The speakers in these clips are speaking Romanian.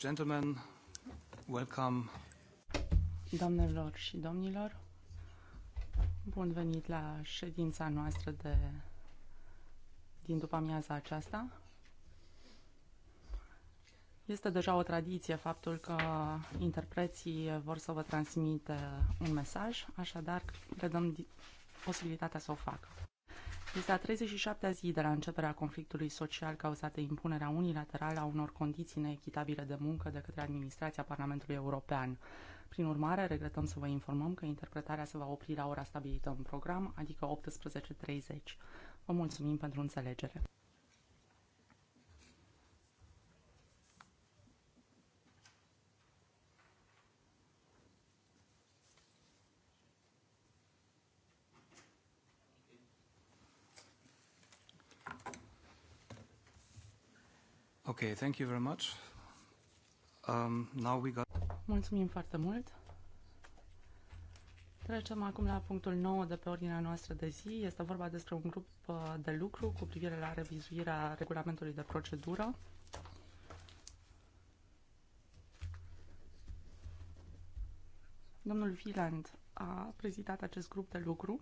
gentlemen, welcome. Doamnelor și domnilor, bun venit la ședința noastră de din după amiaza aceasta. Este deja o tradiție faptul că interpreții vor să vă transmită un mesaj, așadar le dăm posibilitatea să o facă a 37 a zi de la începerea conflictului social cauzat de impunerea unilaterală a unor condiții neechitabile de muncă de către administrația Parlamentului European. Prin urmare, regretăm să vă informăm că interpretarea se va opri la ora stabilită în program, adică 18.30. Vă mulțumim pentru înțelegere. Okay, thank you very much. Um, now we got... Mulțumim foarte mult. Trecem acum la punctul 9 de pe ordinea noastră de zi. Este vorba despre un grup uh, de lucru cu privire la revizuirea regulamentului de procedură. Domnul Viland a prezidat acest grup de lucru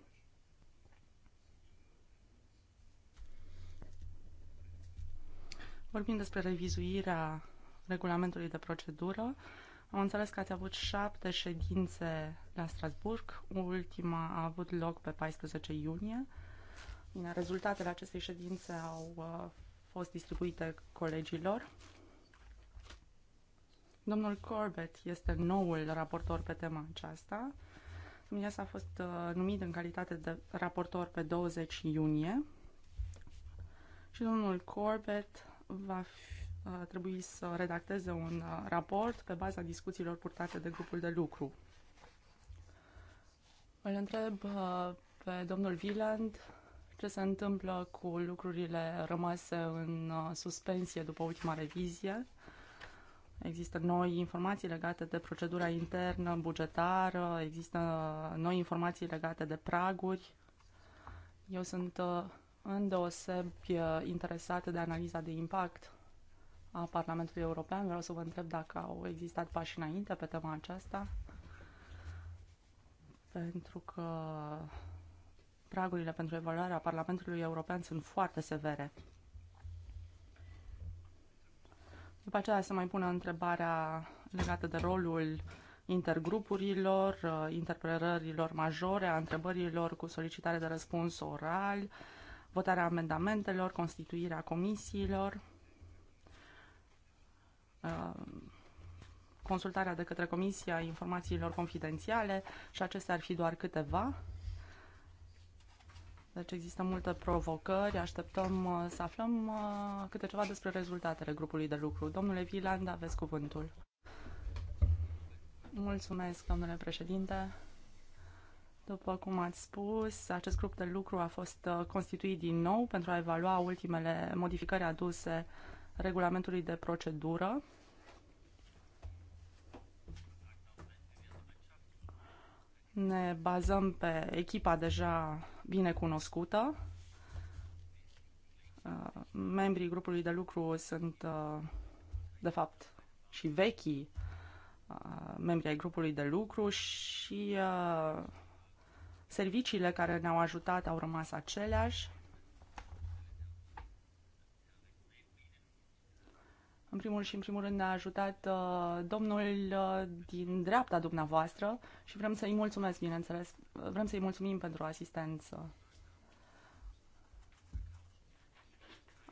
Vorbim despre revizuirea regulamentului de procedură. Am înțeles că ați avut șapte ședințe la Strasburg. Ultima a avut loc pe 14 iunie. Bine, rezultatele acestei ședințe au uh, fost distribuite colegilor. Domnul Corbett este noul raportor pe tema aceasta. Domnia s-a fost uh, numit în calitate de raportor pe 20 iunie și domnul Corbett va trebui să redacteze un raport pe baza discuțiilor purtate de grupul de lucru. Îl întreb pe domnul Wieland ce se întâmplă cu lucrurile rămase în suspensie după ultima revizie. Există noi informații legate de procedura internă bugetară, există noi informații legate de praguri. Eu sunt îndeosebi uh, interesată de analiza de impact a Parlamentului European. Vreau să vă întreb dacă au existat pași înainte pe tema aceasta, pentru că pragurile pentru evaluarea Parlamentului European sunt foarte severe. După aceea se mai pune întrebarea legată de rolul intergrupurilor, uh, interpelărilor majore, a întrebărilor cu solicitare de răspuns oral, votarea amendamentelor, constituirea comisiilor, uh, consultarea de către Comisia Informațiilor Confidențiale și acestea ar fi doar câteva. Deci există multe provocări, așteptăm uh, să aflăm uh, câte ceva despre rezultatele grupului de lucru. Domnule Viland, aveți cuvântul. Mulțumesc, domnule președinte. După cum ați spus, acest grup de lucru a fost uh, constituit din nou pentru a evalua ultimele modificări aduse regulamentului de procedură. Ne bazăm pe echipa deja bine cunoscută. Uh, membrii grupului de lucru sunt, uh, de fapt, și vechii membri ai grupului de lucru și Serviciile care ne-au ajutat au rămas aceleași. În primul și în primul rând ne-a ajutat uh, domnul uh, din dreapta dumneavoastră și vrem să-i mulțumesc, bineînțeles, vrem să-i mulțumim pentru asistență.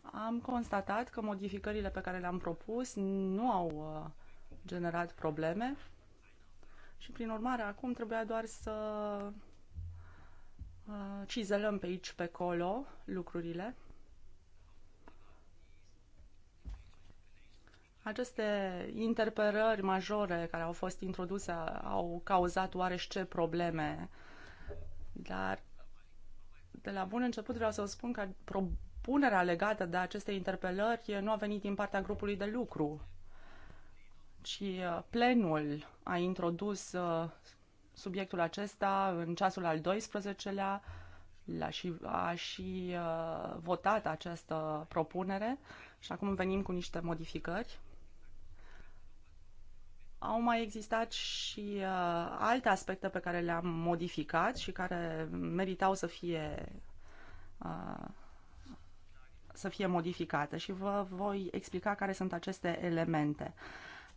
Am constatat că modificările pe care le-am propus nu au uh, generat probleme și, prin urmare, acum trebuia doar să Uh, cizelăm pe aici, pe colo, lucrurile. Aceste interpelări majore care au fost introduse au cauzat ce probleme, dar de la bun început vreau să vă spun că propunerea legată de aceste interpelări nu a venit din partea grupului de lucru, ci uh, plenul a introdus uh, subiectul acesta în ceasul al 12-lea, a și, a și uh, votat această propunere și acum venim cu niște modificări. Au mai existat și uh, alte aspecte pe care le-am modificat și care meritau să fie uh, să fie modificate și vă voi explica care sunt aceste elemente. Uh,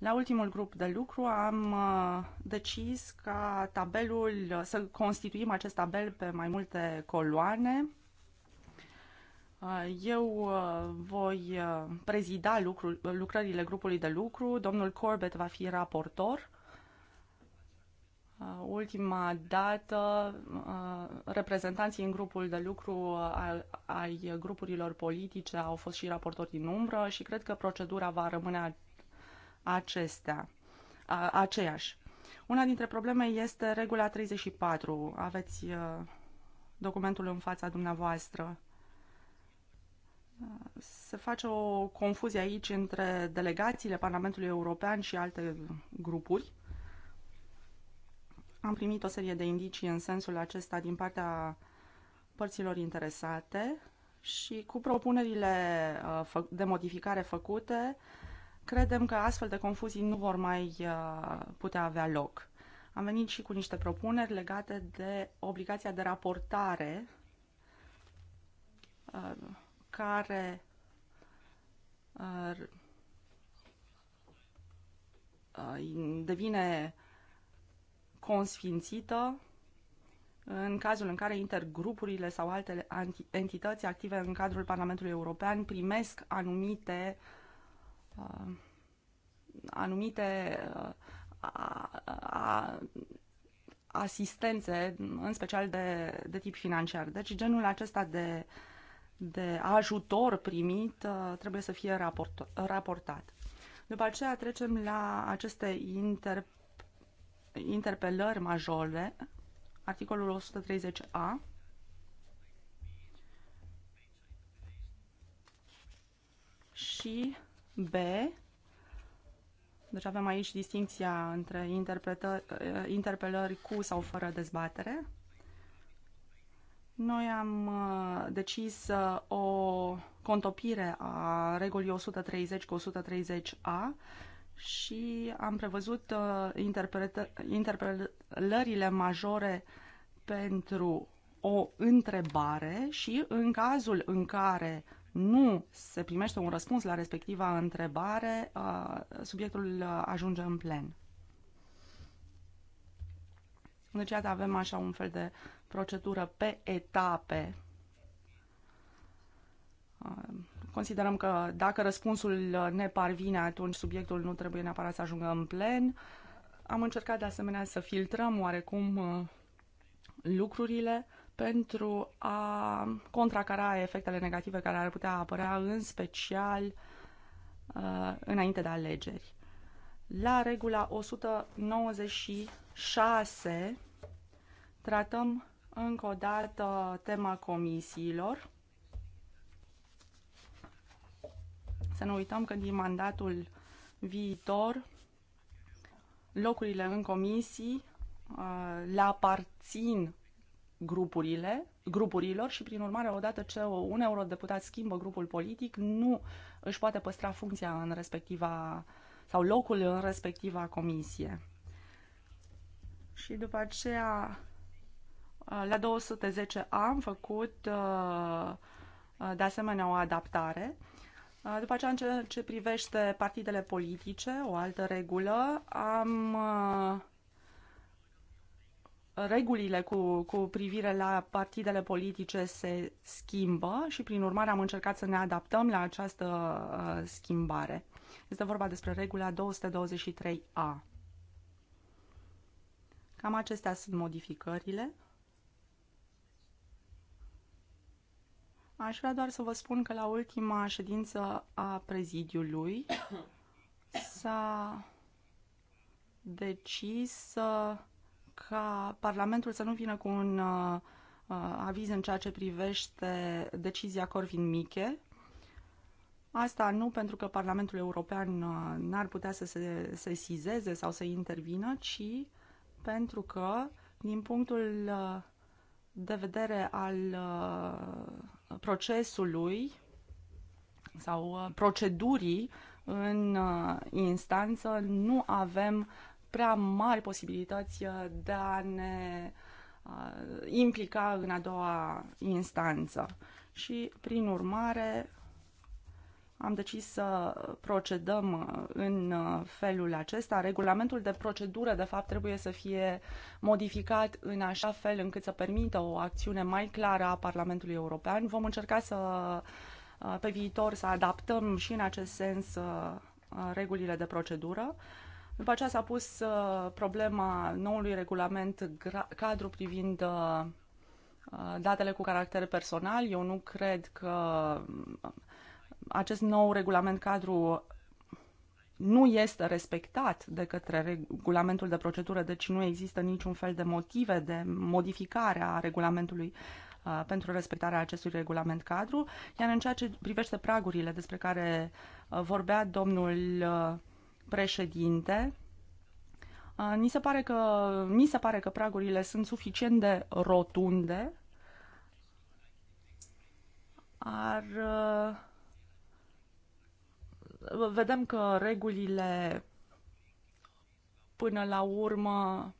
la ultimul grup de lucru am uh, decis ca tabelul, uh, să constituim acest tabel pe mai multe coloane. Uh, eu voi prezida lucru, lucrările grupului de lucru, domnul Corbett va fi raportor. Ultima dată, reprezentanții în grupul de lucru ai grupurilor politice au fost și raportori din umbră și cred că procedura va rămâne acestea, a, aceeași. Una dintre probleme este regula 34. Aveți uh, documentul în fața dumneavoastră. Se face o confuzie aici între delegațiile Parlamentului European și alte grupuri. Am primit o serie de indicii în sensul acesta din partea părților interesate și cu propunerile uh, de modificare făcute, Credem că astfel de confuzii nu vor mai uh, putea avea loc. Am venit și cu niște propuneri legate de obligația de raportare uh, care uh, devine consfințită în cazul în care intergrupurile sau alte entități active în cadrul Parlamentului European primesc anumite uh, Uh, anumite uh, a, a, asistențe, în special de, de tip financiar. Deci genul acesta de, de ajutor primit uh, trebuie să fie raport, raportat. După aceea trecem la aceste inter, interpelări majore, articolul 130a, și B. Deci avem aici distinția între eh, interpelări cu sau fără dezbatere. Noi am eh, decis eh, o contopire a regulii 130 cu 130A și am prevăzut interpelările majore pentru o întrebare și în cazul în care nu se primește un răspuns la respectiva întrebare, subiectul ajunge în plen. Deci, iată, avem așa un fel de procedură pe etape. Considerăm că dacă răspunsul ne parvine, atunci subiectul nu trebuie neapărat să ajungă în plen. Am încercat de asemenea să filtrăm oarecum lucrurile pentru a contracara efectele negative care ar putea apărea, în special uh, înainte de alegeri. La regula 196 tratăm încă o dată tema comisiilor. Să nu uităm că din mandatul viitor locurile în comisii uh, le aparțin grupurile, grupurilor și, prin urmare, odată ce un eurodeputat schimbă grupul politic, nu își poate păstra funcția în respectiva sau locul în respectiva comisie. Și după aceea, la 210 am făcut uh, uh, de asemenea o adaptare. Uh, după aceea, în ce privește partidele politice, o altă regulă, am regulile cu, cu privire la partidele politice se schimbă și, prin urmare, am încercat să ne adaptăm la această uh, schimbare. Este vorba despre regula 223A. Cam acestea sunt modificările. Aș vrea doar să vă spun că la ultima ședință a prezidiului s-a decis să uh, ca Parlamentul să nu vină cu un uh, uh, aviz în ceea ce privește decizia Corvin Miche. Asta nu pentru că Parlamentul European uh, n-ar putea să se sesizeze sau să intervină, ci pentru că, din punctul uh, de vedere al procesului sau procedurii în instanță, nu avem prea mari posibilități uh, de a ne uh, implica în a doua instanță. Și, prin urmare, am decis să procedăm uh, în felul acesta. Regulamentul de procedură, de fapt, trebuie să fie modificat în așa fel încât să permită o acțiune mai clară a Parlamentului European. Vom încerca să, pe viitor, să adaptăm și în acest sens regulile de procedură. După aceea s-a pus uh, problema noului regulament cadru privind uh, uh, datele cu caracter personal. Eu nu cred că acest nou regulament cadru nu este respectat de către regulamentul de procedură, deci nu există niciun fel de motive de modificare a regulamentului uh, pentru respectarea acestui regulament cadru. Iar în ceea ce privește pragurile despre care uh, vorbea domnul uh, președinte. Ni se pare că, mi se pare că pragurile sunt suficient de rotunde. Ar vedem că regulile până la urmă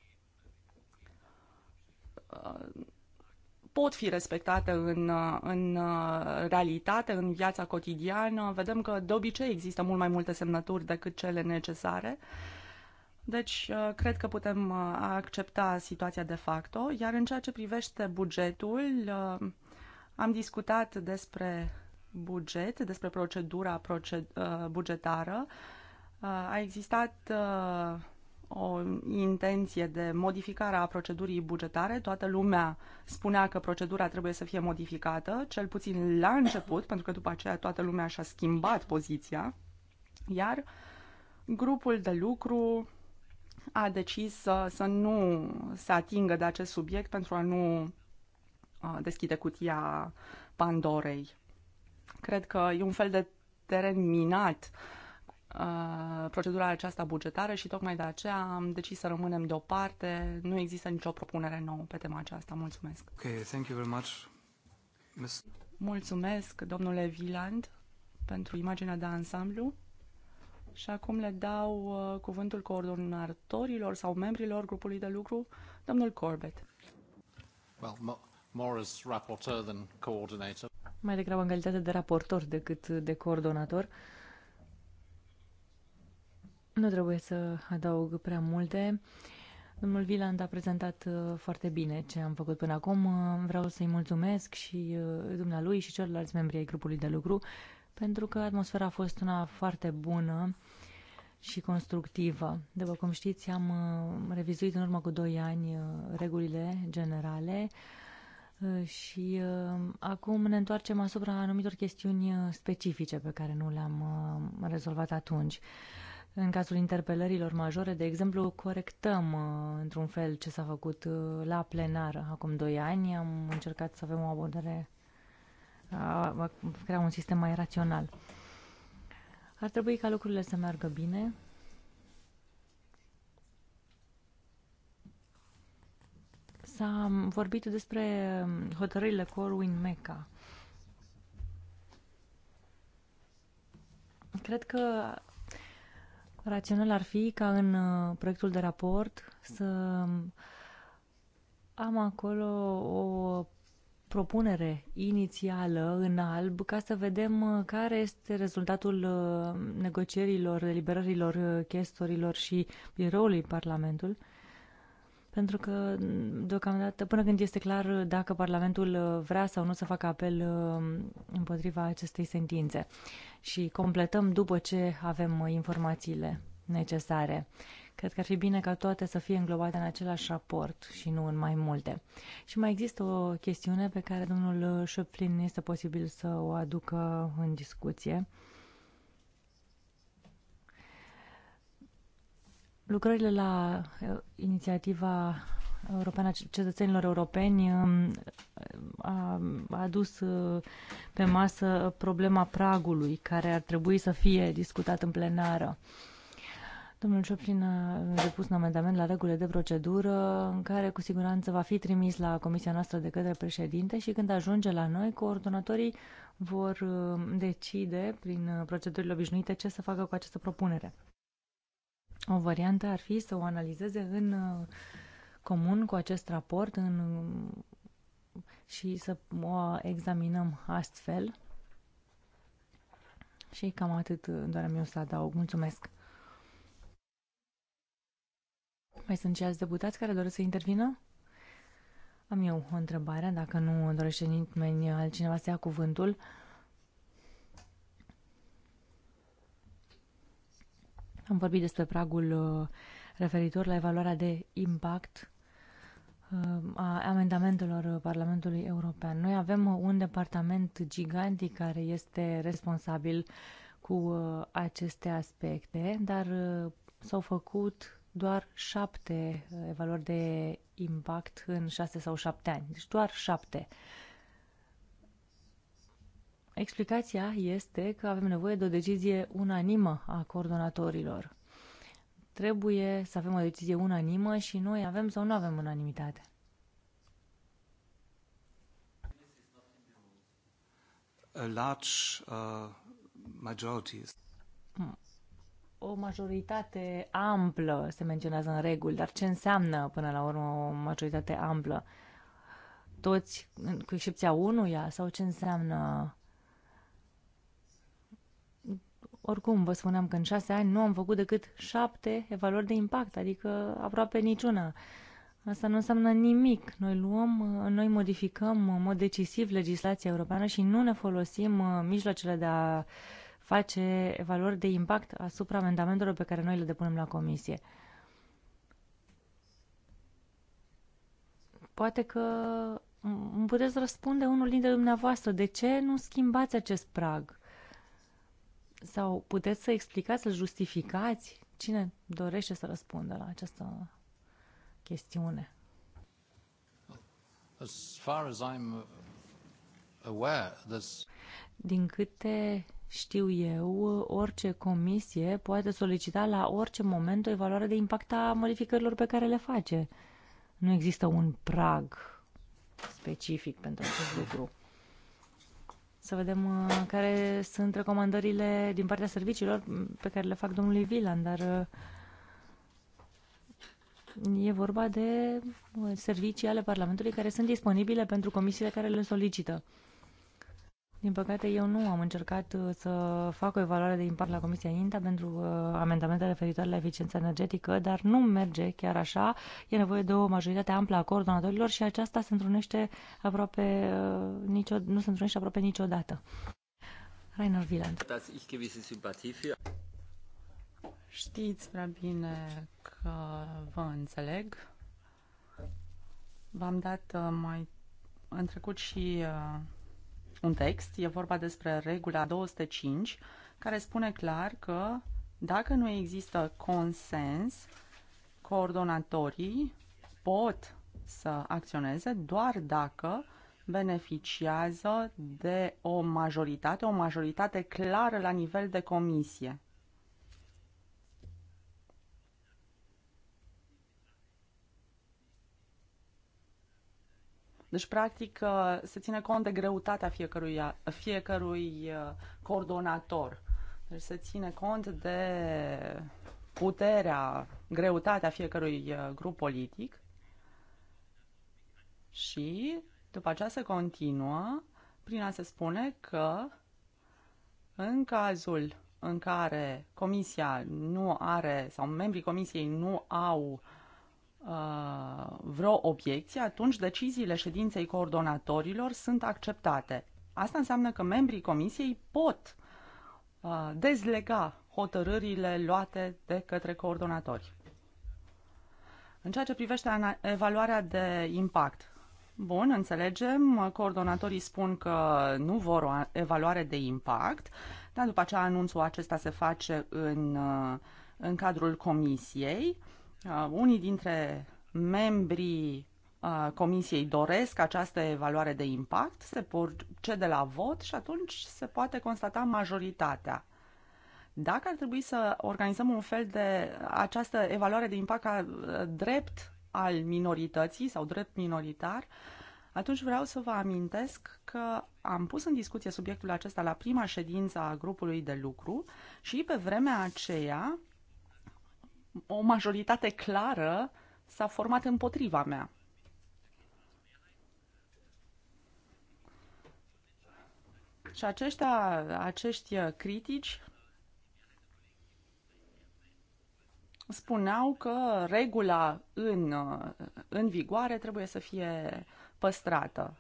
pot fi respectate în, în uh, realitate, în viața cotidiană. Vedem că de obicei există mult mai multe semnături decât cele necesare. Deci, uh, cred că putem uh, accepta situația de facto. Iar în ceea ce privește bugetul, am discutat despre buget, despre procedura proced- bugetară. A existat o intenție de modificare a procedurii bugetare. Toată lumea spunea că procedura trebuie să fie modificată, cel puțin la început, pentru că după aceea toată lumea și-a schimbat poziția. Iar grupul de lucru a decis să, să nu se atingă de acest subiect pentru a nu deschide cutia Pandorei. Cred că e un fel de teren minat uh, Uh, procedura aceasta bugetară și tocmai de aceea am decis să rămânem deoparte. Nu există nicio propunere nouă pe tema aceasta. Mulțumesc. Okay, thank you very much. Miss... Mulțumesc, domnule Viland, pentru imaginea de ansamblu. Și acum le dau uh, cuvântul coordonatorilor sau membrilor grupului de lucru, domnul Corbett. Well, mo- more as rapporteur than coordinator. Mai degrabă în calitate de raportor decât de coordonator. Uh, nu trebuie să adaug prea multe. Domnul Viland a prezentat uh, foarte bine ce am făcut până acum. Uh, vreau să-i mulțumesc și uh, dumnealui și celorlalți membri ai grupului de lucru pentru că atmosfera a fost una foarte bună și constructivă. După cum știți, am revizuit în urmă cu 2 ani regulile generale și acum ne întoarcem asupra anumitor chestiuni specifice pe care nu le-am rezolvat atunci. În cazul interpelărilor majore, de exemplu, corectăm uh, într-un fel ce s-a făcut uh, la plenar acum doi ani. Am încercat să avem o abordare, uh, a crea un sistem mai rațional. Ar trebui ca lucrurile să meargă bine. S-a vorbit despre um, hotărârile Corwin Meca. Cred că Rațional ar fi ca în uh, proiectul de raport să um, am acolo o propunere inițială în alb ca să vedem uh, care este rezultatul uh, negocierilor, eliberărilor chestorilor și biroului Parlamentul, pentru că, deocamdată, până când este clar dacă Parlamentul uh, vrea sau nu să facă apel uh, împotriva acestei sentințe. Și completăm după ce avem uh, informațiile necesare. Cred că ar fi bine ca toate să fie înglobate în același raport și nu în mai multe. Și mai există o chestiune pe care domnul Șoplin este posibil să o aducă în discuție. Lucrările la uh, inițiativa europeană cetățenilor europeni um, a adus uh, pe masă problema pragului, care ar trebui să fie discutat în plenară. Domnul Cioplin a depus un amendament la regulile de procedură, în care cu siguranță va fi trimis la comisia noastră de către președinte și când ajunge la noi, coordonatorii vor uh, decide, prin procedurile obișnuite, ce să facă cu această propunere. O variantă ar fi să o analizeze în uh, comun cu acest raport în, și să o examinăm astfel. Și cam atât uh, doream eu să adaug. Mulțumesc! Mai sunt și alți deputați care doresc să intervină? Am eu o întrebare, dacă nu dorește nimeni altcineva să ia cuvântul. Am vorbit despre pragul uh, referitor la evaluarea de impact uh, a amendamentelor Parlamentului European. Noi avem uh, un departament gigantic care este responsabil cu aceste aspecte, dar s-au făcut doar șapte evaluări de impact în șase sau șapte ani. Deci doar șapte Explicația este că avem nevoie de o decizie unanimă a coordonatorilor. Trebuie să avem o decizie unanimă și noi avem sau nu avem unanimitate. A large uh, majority. Hmm. O majoritate amplă se menționează în reguli, dar ce înseamnă până la urmă o majoritate amplă? Toți, cu excepția unuia, sau ce înseamnă Oricum, vă spuneam că în șase ani nu am făcut decât șapte evaluări de impact, adică aproape niciuna. Asta nu înseamnă nimic. Noi luăm, noi modificăm în mod decisiv legislația europeană și nu ne folosim uh, mijloacele de a face evaluări de impact asupra amendamentelor pe care noi le depunem la comisie. Poate că îmi puteți răspunde unul dintre dumneavoastră de ce nu schimbați acest prag? Sau puteți să explicați, să justificați cine dorește să răspundă la această chestiune? As far as I'm aware, this... Din câte știu eu, orice comisie poate solicita la orice moment o evaluare de impact a modificărilor pe care le face. Nu există un prag specific pentru acest lucru. Să vedem uh, care sunt recomandările din partea serviciilor pe care le fac domnului Vilan, dar uh, e vorba de uh, servicii ale Parlamentului care sunt disponibile pentru comisiile care le solicită. Din păcate, eu nu am încercat uh, să fac o evaluare de impact la Comisia INTA pentru uh, amendamente referitoare la eficiența energetică, dar nu merge chiar așa. E nevoie de o majoritate amplă a coordonatorilor și aceasta se întrunește aproape uh, nicio, nu se întrunește aproape niciodată. Rainer Wieland. Știți prea bine că vă înțeleg. V-am dat mai în trecut și un text, e vorba despre regula 205, care spune clar că dacă nu există consens, coordonatorii pot să acționeze doar dacă beneficiază de o majoritate, o majoritate clară la nivel de comisie. Deci, practic, uh, se ține cont de greutatea fiecărui, fiecărui uh, coordonator. Deci se ține cont de puterea, greutatea fiecărui uh, grup politic și după aceea se continuă prin a se spune că în cazul în care comisia nu are sau membrii comisiei nu au Uh, vreo obiecție, atunci deciziile ședinței coordonatorilor sunt acceptate. Asta înseamnă că membrii comisiei pot uh, dezlega hotărârile luate de către coordonatori. În ceea ce privește evaluarea de impact, Bun, înțelegem. Coordonatorii spun că nu vor o evaluare de impact, dar după aceea anunțul acesta se face în, uh, în cadrul comisiei. Uh, unii dintre membrii uh, comisiei doresc această evaluare de impact, se procede la vot și atunci se poate constata majoritatea. Dacă ar trebui să organizăm un fel de această evaluare de impact ca uh, drept al minorității sau drept minoritar, atunci vreau să vă amintesc că am pus în discuție subiectul acesta la prima ședință a grupului de lucru și pe vremea aceea o majoritate clară s-a format împotriva mea. Și aceștia, acești critici spuneau că regula în, în vigoare trebuie să fie păstrată.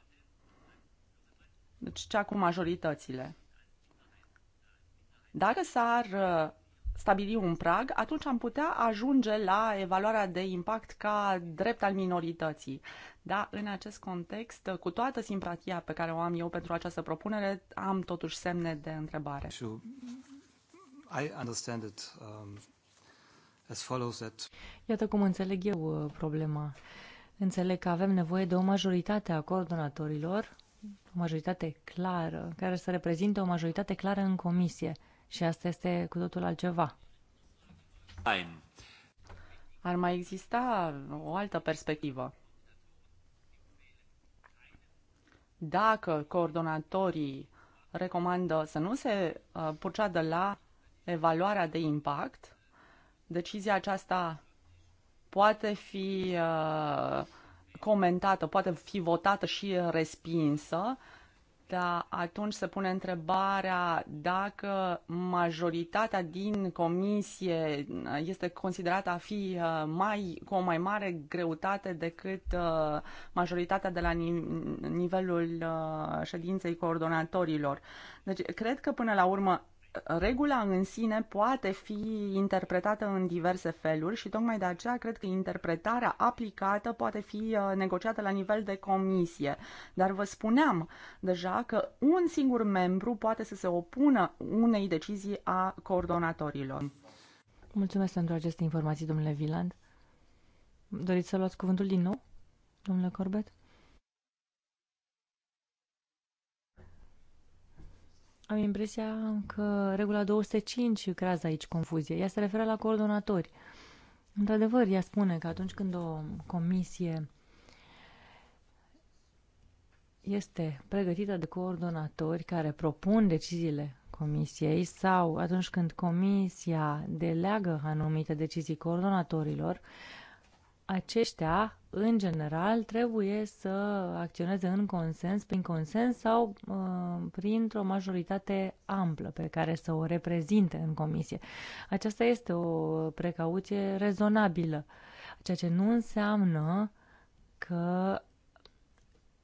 Deci cea cu majoritățile. Dacă s-ar stabili un prag, atunci am putea ajunge la evaluarea de impact ca drept al minorității. Da, în acest context, cu toată simpatia pe care o am eu pentru această propunere, am totuși semne de întrebare. I understand it um, as follows that... Iată cum înțeleg eu uh, problema. Înțeleg că avem nevoie de o majoritate a coordonatorilor, o majoritate clară, care să reprezinte o majoritate clară în comisie. Și asta este cu totul altceva. Ein. Ar mai exista o altă perspectivă. Dacă coordonatorii recomandă să nu se uh, procedă la evaluarea de impact, decizia aceasta poate fi uh, comentată, poate fi votată și respinsă, da, atunci se pune întrebarea dacă majoritatea din comisie este considerată a fi uh, mai, cu o mai mare greutate decât uh, majoritatea de la nivelul uh, ședinței coordonatorilor. Deci, cred că până la urmă regula în sine poate fi interpretată în diverse feluri și tocmai de aceea cred că interpretarea aplicată poate fi uh, negociată la nivel de comisie. Dar vă spuneam deja că un singur membru poate să se opună unei decizii a coordonatorilor. Mulțumesc pentru aceste informații, domnule Viland. Doriți să luați cuvântul din nou, domnule Corbet? Am impresia că regula 205 creează aici confuzie. Ea se referă la coordonatori. Într-adevăr, ea spune că atunci când o comisie este pregătită de coordonatori care propun deciziile comisiei sau atunci când comisia deleagă anumite decizii coordonatorilor, aceștia, în general, trebuie să acționeze în consens, prin consens sau uh, printr-o majoritate amplă pe care să o reprezinte în comisie. Aceasta este o precauție rezonabilă, ceea ce nu înseamnă că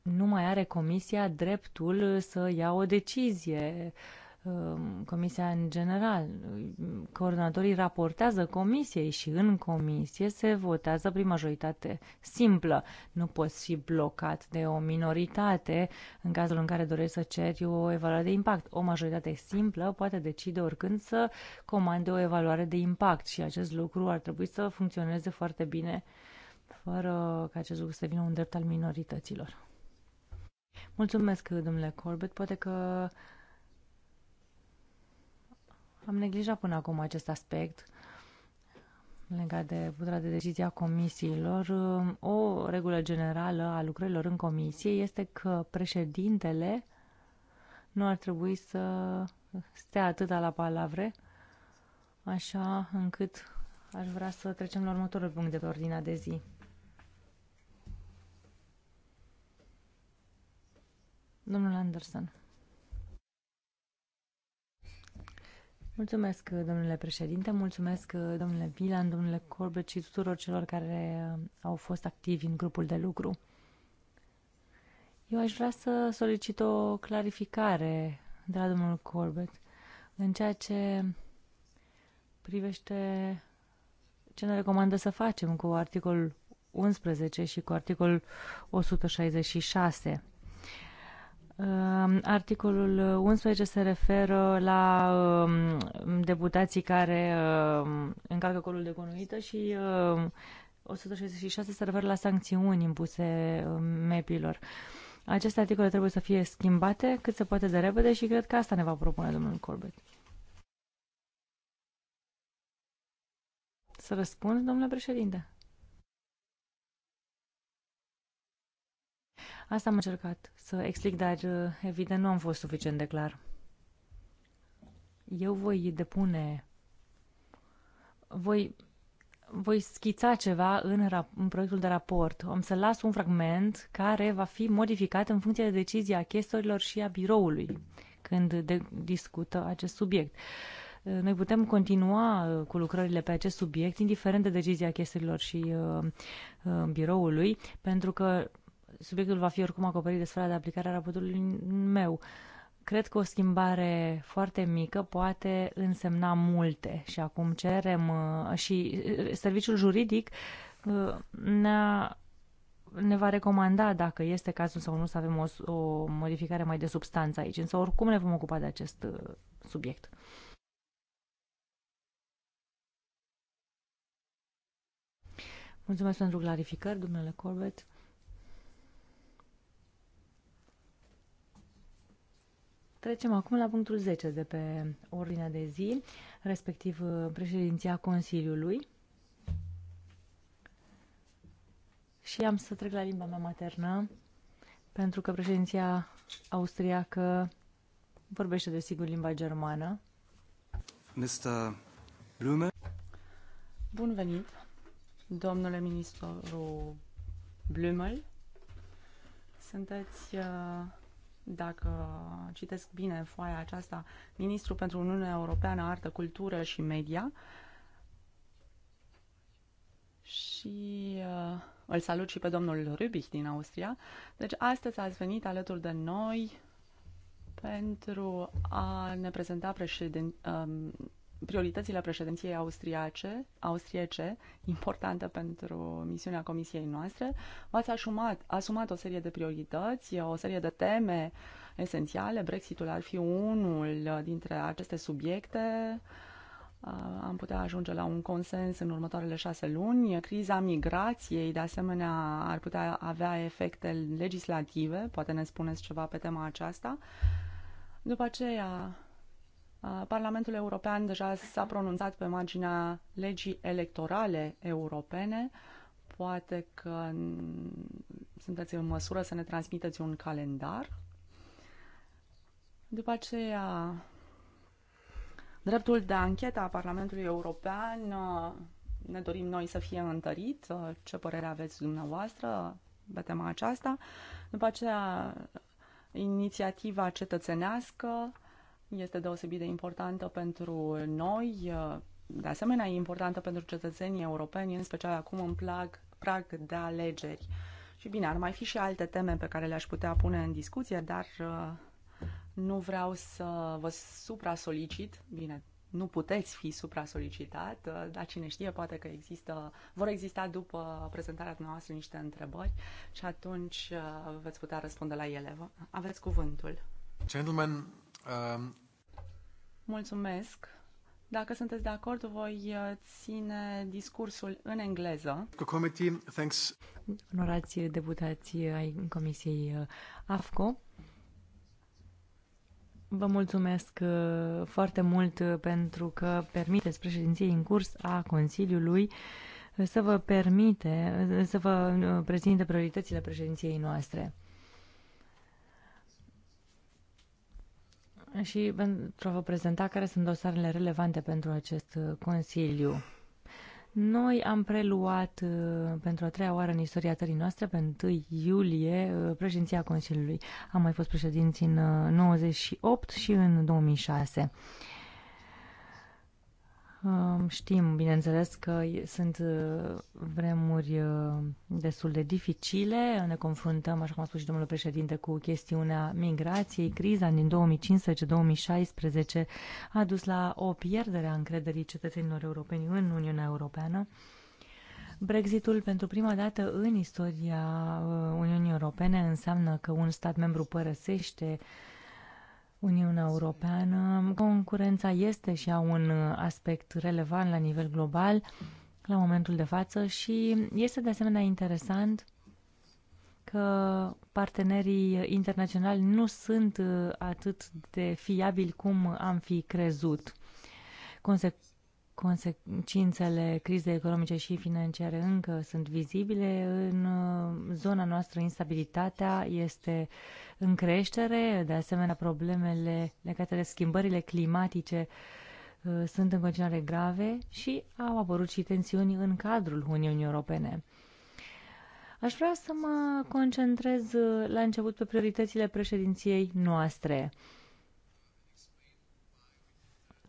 nu mai are comisia dreptul să ia o decizie uh, Um, comisia în general. Coordonatorii raportează comisiei și în comisie se votează prin majoritate simplă. Nu poți fi blocat de o minoritate în cazul în care dorești să ceri o evaluare de impact. O majoritate simplă poate decide oricând să comande o evaluare de impact și acest lucru ar trebui să funcționeze foarte bine fără ca acest lucru să vină un drept al minorităților. Mulțumesc, domnule Corbett. Poate că am neglijat până acum acest aspect legat de puterea de decizie a comisiilor. O regulă generală a lucrărilor în comisie este că președintele nu ar trebui să stea atâta la palavre, așa încât aș vrea să trecem la următorul punct de pe ordinea de zi. Domnul Anderson. Mulțumesc, domnule președinte, mulțumesc, domnule Vilan, domnule Corbett și tuturor celor care uh, au fost activi în grupul de lucru. Eu aș vrea să solicit o clarificare de la domnul Corbett în ceea ce privește ce ne recomandă să facem cu articolul 11 și cu articolul 166. Articolul 11 se referă la um, deputații care um, încarcă colul de conuită și 166 um, se referă la sancțiuni impuse MEP-ilor. Aceste articole trebuie să fie schimbate cât se poate de repede și cred că asta ne va propune domnul Corbett. Să răspund, domnule președinte? Asta am încercat să explic, dar uh, evident nu am fost suficient de clar. Eu voi depune, voi, voi schița ceva în, rap, în proiectul de raport. Am să las un fragment care va fi modificat în funcție de decizia chestorilor și a biroului când de, discută acest subiect. Uh, noi putem continua uh, cu lucrările pe acest subiect, indiferent de decizia chestiilor și uh, uh, biroului, pentru că subiectul va fi oricum acoperit de sfera de aplicare a raportului meu. Cred că o schimbare foarte mică poate însemna multe și acum cerem uh, și uh, serviciul juridic uh, ne-a ne va recomanda dacă este cazul sau nu să avem o, o modificare mai de substanță aici, însă oricum ne vom ocupa de acest subiect. Mulțumesc pentru clarificări, domnule Corbett. Trecem acum la punctul 10 de pe ordinea de zi, respectiv uh, președinția Consiliului. Și am să trec la limba mea maternă, pentru că președinția austriacă vorbește desigur limba germană. Mr. Blume. Bun venit, domnule ministru Blumel. Sunteți uh, dacă citesc bine foaia aceasta, ministru pentru Uniunea Europeană, Artă, Cultură și Media. Și uh, îl salut și pe domnul Rübich din Austria. Deci astăzi ați venit alături de noi pentru a ne prezenta președin, uh, prioritățile președinției austriace, austriece, importantă pentru misiunea comisiei noastre, v-ați asumat, asumat o serie de priorități, o serie de teme esențiale. Brexitul ar fi unul dintre aceste subiecte. Am putea ajunge la un consens în următoarele șase luni. Criza migrației, de asemenea, ar putea avea efecte legislative. Poate ne spuneți ceva pe tema aceasta. După aceea, Uh, Parlamentul European deja s-a pronunțat pe marginea legii electorale europene. Poate că sunteți în măsură să ne transmiteți un calendar. După aceea, dreptul de anchetă a Parlamentului European uh, ne dorim noi să fie întărit. Uh, ce părere aveți dumneavoastră pe tema aceasta? După aceea, inițiativa cetățenească este deosebit de importantă pentru noi, de asemenea e importantă pentru cetățenii europeni, în special acum în plag, prag de alegeri. Și bine, ar mai fi și alte teme pe care le-aș putea pune în discuție, dar uh, nu vreau să vă supra-solicit. Bine, nu puteți fi supra-solicitat, uh, dar cine știe, poate că există, vor exista după prezentarea noastră niște întrebări și atunci uh, veți putea răspunde la ele. Aveți cuvântul. Gentlemen, Um, mulțumesc. Dacă sunteți de acord, voi uh, ține discursul în engleză. Committee, thanks. Onorați deputați ai Comisiei uh, AFCO, vă mulțumesc uh, foarte mult pentru că permiteți președinției în curs a Consiliului să vă permite să vă prezinte prioritățile președinției noastre. și pentru a vă prezenta care sunt dosarele relevante pentru acest uh, Consiliu. Noi am preluat uh, pentru a treia oară în istoria țării noastre, pe 1 iulie, uh, președinția Consiliului. Am mai fost președinți în 98 și în 2006. Știm, bineînțeles, că sunt uh, vremuri uh, destul de dificile. Ne confruntăm, așa cum a spus și domnul președinte, cu chestiunea migrației. Criza din 2015-2016 a dus la o pierdere a încrederii cetățenilor europeni în Uniunea Europeană. Brexitul pentru prima dată în istoria uh, Uniunii Europene înseamnă că un stat membru părăsește uh, Uniunea Europeană. Concurența este și a un uh, aspect relevant la nivel global la momentul de față și este de asemenea interesant că partenerii internaționali nu sunt uh, atât de fiabili cum am fi crezut consecințele crizei economice și financiare încă sunt vizibile. În uh, zona noastră instabilitatea este în creștere, de asemenea problemele legate de schimbările climatice uh, sunt în continuare grave și au apărut și tensiuni în cadrul Uniunii Europene. Aș vrea să mă concentrez uh, la început pe prioritățile președinției noastre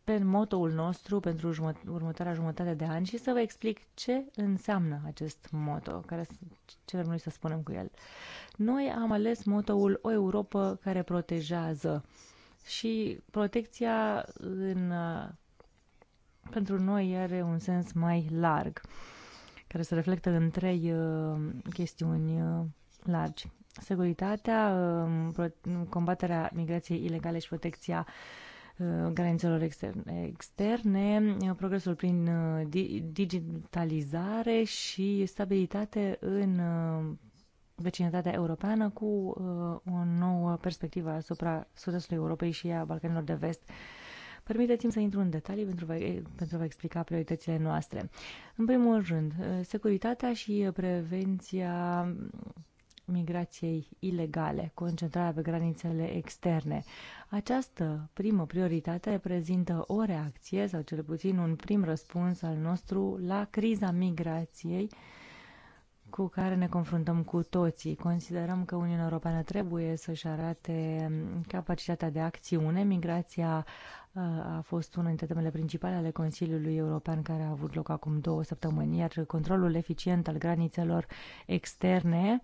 pe motoul nostru pentru următoarea jumătate de ani și să vă explic ce înseamnă acest moto, care ce vrem noi să spunem cu el. Noi am ales motoul O Europa care protejează și protecția în, pentru noi are un sens mai larg, care se reflectă în trei uh, chestiuni uh, largi. Securitatea, uh, combaterea migrației ilegale și protecția uh, Uh, granițelor externe, externe, uh, progresul prin uh, digitalizare și stabilitate în vecinătatea europeană cu o nouă perspectivă asupra sud-estului Europei și a Balcanilor de vest. Permiteți-mi să intru în detalii pentru, pentru a vă explica prioritățile noastre. În primul rând, securitatea și prevenția migrației ilegale, concentrarea pe granițele externe. Această primă prioritate reprezintă o reacție sau cel puțin un prim răspuns al nostru la criza migrației cu care ne confruntăm cu toții. Considerăm că Uniunea Europeană trebuie să-și arate capacitatea de acțiune. Migrația uh, a fost una dintre temele principale ale Consiliului European care a avut loc acum două săptămâni, iar controlul eficient al granițelor externe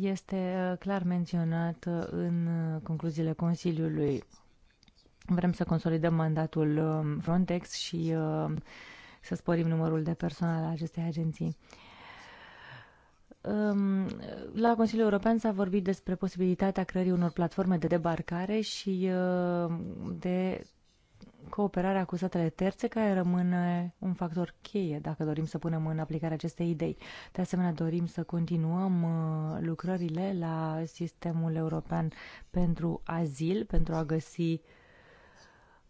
este uh, clar menționat uh, în uh, concluziile Consiliului. Vrem să consolidăm mandatul um, Frontex și um, să sporim numărul de personal al acestei agenții. Um, la Consiliul European s-a vorbit despre posibilitatea creării unor platforme de debarcare și de cooperarea cu statele terțe, care rămâne un factor cheie dacă dorim să punem în aplicare aceste idei. De asemenea, dorim să continuăm uh, lucrările la sistemul european pentru azil, pentru a găsi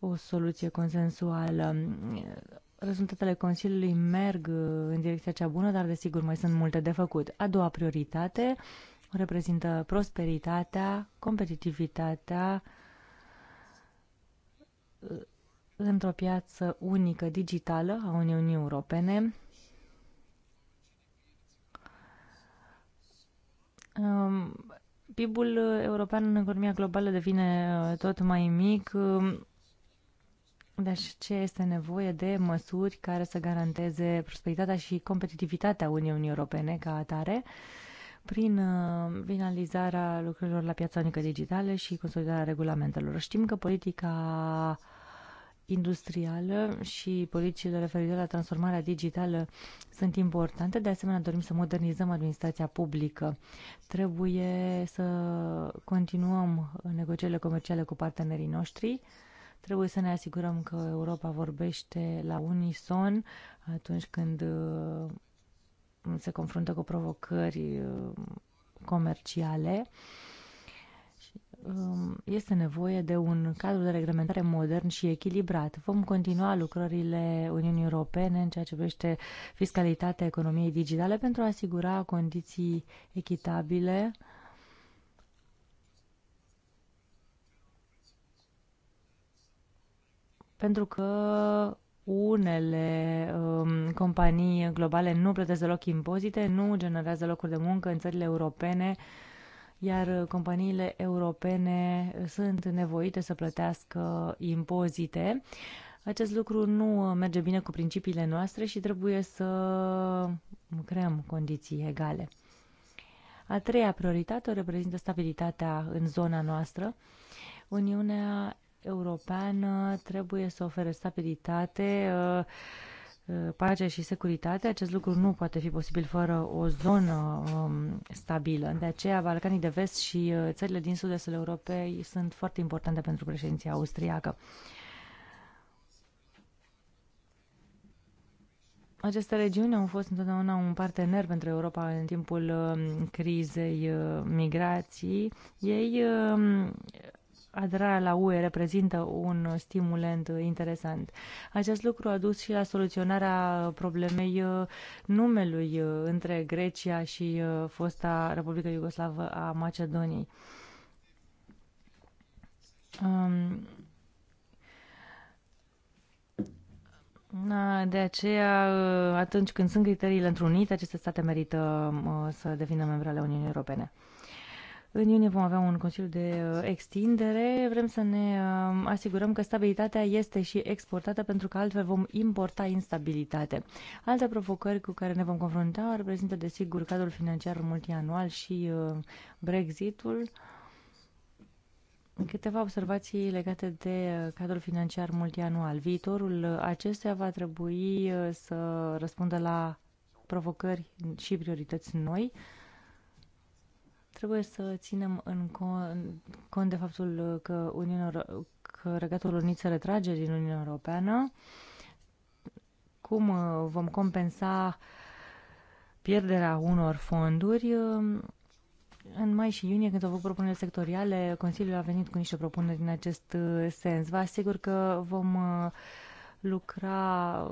o soluție consensuală. Rezultatele Consiliului merg uh, în direcția cea bună, dar desigur mai sunt multe de făcut. A doua prioritate reprezintă prosperitatea, competitivitatea, uh, într-o piață unică digitală a Uniunii Europene. Um, PIB-ul european în economia globală devine uh, tot mai mic, deci ce este nevoie de măsuri care să garanteze prosperitatea și competitivitatea Uniunii Europene ca atare prin uh, finalizarea lucrurilor la piața unică digitală și consolidarea regulamentelor. Știm că politica industrială și politicile referitoare la transformarea digitală sunt importante. De asemenea, dorim să modernizăm administrația publică. Trebuie să continuăm negocierile comerciale cu partenerii noștri. Trebuie să ne asigurăm că Europa vorbește la unison atunci când uh, se confruntă cu provocări uh, comerciale. Um, este nevoie de un cadru de reglementare modern și echilibrat. Vom continua lucrările Uniunii Europene în ceea ce privește fiscalitatea economiei digitale pentru a asigura condiții echitabile pentru că unele um, companii globale nu plătesc deloc impozite, nu generează locuri de muncă în țările europene uh, iar uh, companiile europene uh, sunt nevoite să plătească impozite. Acest lucru nu uh, merge bine cu principiile noastre și trebuie să creăm condiții egale. A treia prioritate o reprezintă stabilitatea în zona noastră. Uniunea Europeană trebuie să ofere stabilitate uh, Uh, pace și securitate. Acest lucru nu poate fi posibil fără o zonă um, stabilă. De aceea, Balcanii de Vest și uh, țările din sud-estul Europei sunt foarte importante pentru președinția austriacă. Aceste regiuni au fost întotdeauna un partener pentru Europa în timpul um, crizei uh, migrației. Ei um, aderarea la UE reprezintă un stimulent interesant. Acest lucru a dus și la soluționarea problemei uh, numelui uh, între Grecia și uh, fosta Republica Iugoslavă a Macedoniei. Um, de aceea, atunci când sunt criteriile întrunite, aceste state merită să devină membre ale Uniunii Europene. În iunie vom avea un consiliu de uh, extindere. Vrem să ne uh, asigurăm că stabilitatea este și exportată pentru că altfel vom importa instabilitate. Alte provocări cu care ne vom confrunta reprezintă desigur cadrul financiar multianual și uh, Brexitul. Câteva observații legate de cadrul financiar multianual. Viitorul acestea va trebui să răspundă la provocări și priorități noi Trebuie să ținem în cont de faptul că, Uniunea, că Regatul Unit se retrage din Uniunea Europeană. Cum uh, vom compensa pierderea unor fonduri? Um, în mai și iunie, când au avut propuneri sectoriale, Consiliul a venit cu niște propuneri în acest uh, sens. Vă asigur că vom uh, lucra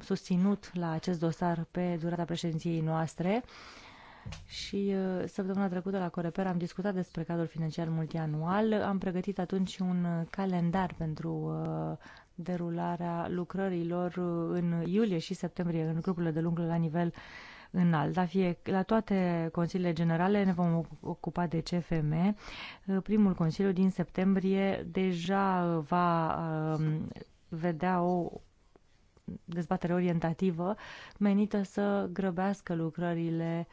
susținut la acest dosar pe durata președinției noastre și uh, săptămâna trecută la Coreper am discutat despre cadrul financiar multianual. Am pregătit atunci un uh, calendar pentru uh, derularea lucrărilor în iulie și septembrie în grupurile de lungă la nivel înalt. La, fie, la toate consiliile generale ne vom ocupa de CFM. Primul consiliu din septembrie deja va um, vedea o dezbatere orientativă menită să grăbească lucrările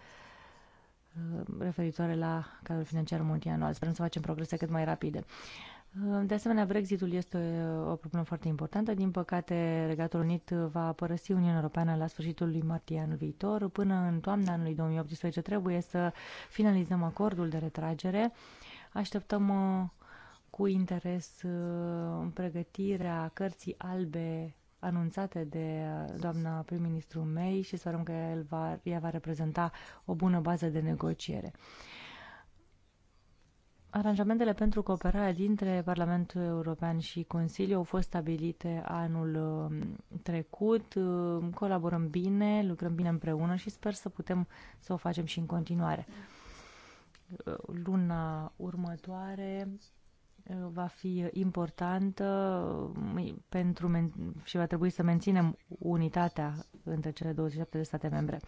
Uh, referitoare la cadrul financiar multianual. Sperăm să facem progrese cât mai rapide. Uh, de asemenea, Brexitul este uh, o problemă foarte importantă. Din păcate, Regatul Unit va părăsi Uniunea Europeană la sfârșitul lui martie anul viitor. Până în toamna anului 2018 trebuie să finalizăm acordul de retragere. Așteptăm cu interes pregătirea cărții albe anunțate de uh, doamna prim-ministru May și sperăm că el va, ea va reprezenta o bună bază de negociere. Aranjamentele pentru cooperarea dintre Parlamentul European și Consiliu au fost stabilite anul uh, trecut. Uh, colaborăm bine, lucrăm bine împreună și sper să putem să o facem și în continuare. Luna următoare va fi importantă uh, pentru și va trebui să menținem unitatea între cele 27 de state membre.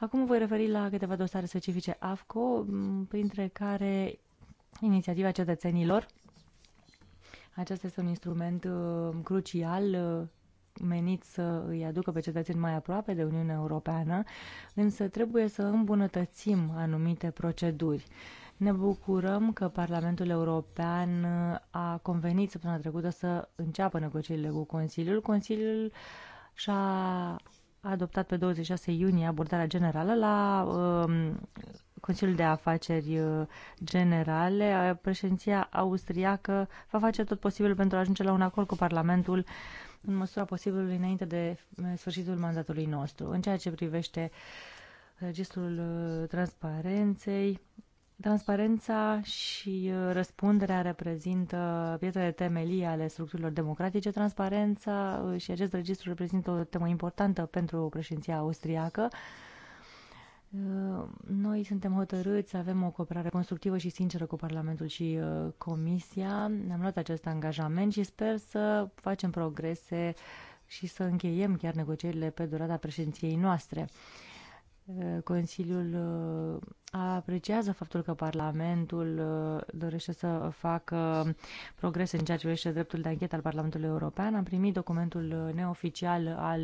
Acum voi referi la câteva dosare specifice AFCO, printre care inițiativa cetățenilor. Acesta este un instrument uh, crucial uh, menit să îi aducă pe cetățeni mai aproape de Uniunea Europeană, însă trebuie să îmbunătățim anumite proceduri. Uh, ne bucurăm că Parlamentul European a convenit săptămâna trecută să înceapă negocierile cu Consiliul. Consiliul și-a adoptat pe 26 iunie abordarea generală la um, Consiliul de Afaceri uh, Generale. Președinția austriacă va face tot posibilul pentru a ajunge la un acord cu Parlamentul în măsura posibilului înainte de uh, sfârșitul mandatului nostru. În ceea ce privește registrul uh, transparenței, Transparența și uh, răspunderea reprezintă pietrele temelii ale structurilor democratice. Transparența uh, și acest registru reprezintă o temă importantă pentru președinția austriacă. Uh, noi suntem hotărâți să avem o cooperare constructivă și sinceră cu Parlamentul și Comisia. Ne-am luat acest angajament și sper să facem progrese și să încheiem chiar negocierile pe durata președinției noastre. Consiliul uh, apreciază faptul că Parlamentul uh, dorește să facă progrese în ceea ce privește dreptul de anchetă al Parlamentului European. Am primit documentul uh, neoficial al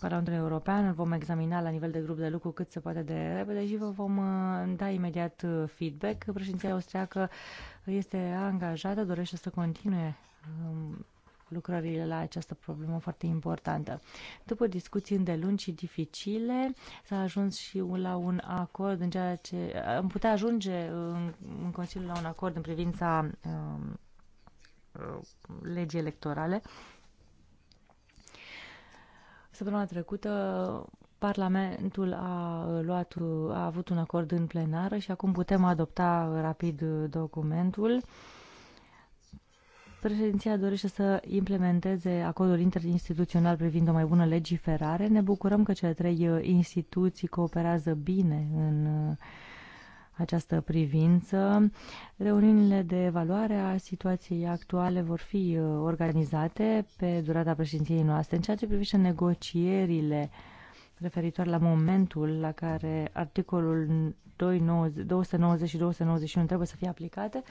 Parlamentului European, îl vom examina la nivel de grup de lucru cât se poate de repede și vă vom da imediat feedback. Președinția austriacă este angajată, dorește să continue um, lucrările la această problemă foarte importantă. După discuții îndelungi și dificile, s-a ajuns și la un acord în ceea ce... Am putea ajunge în, în Consiliu la un acord în privința um, uh, legii electorale. Săptămâna trecută Parlamentul a, luat, a avut un acord în plenară și acum putem adopta rapid documentul. Președinția dorește să implementeze acordul interinstituțional privind o mai bună legiferare. Ne bucurăm că cele trei uh, instituții cooperează bine în uh, această privință. Reuniunile de evaluare a situației actuale vor fi uh, organizate pe durata președinției noastre. În ceea ce privește negocierile referitoare la momentul la care articolul 290 și 291 trebuie să fie aplicate,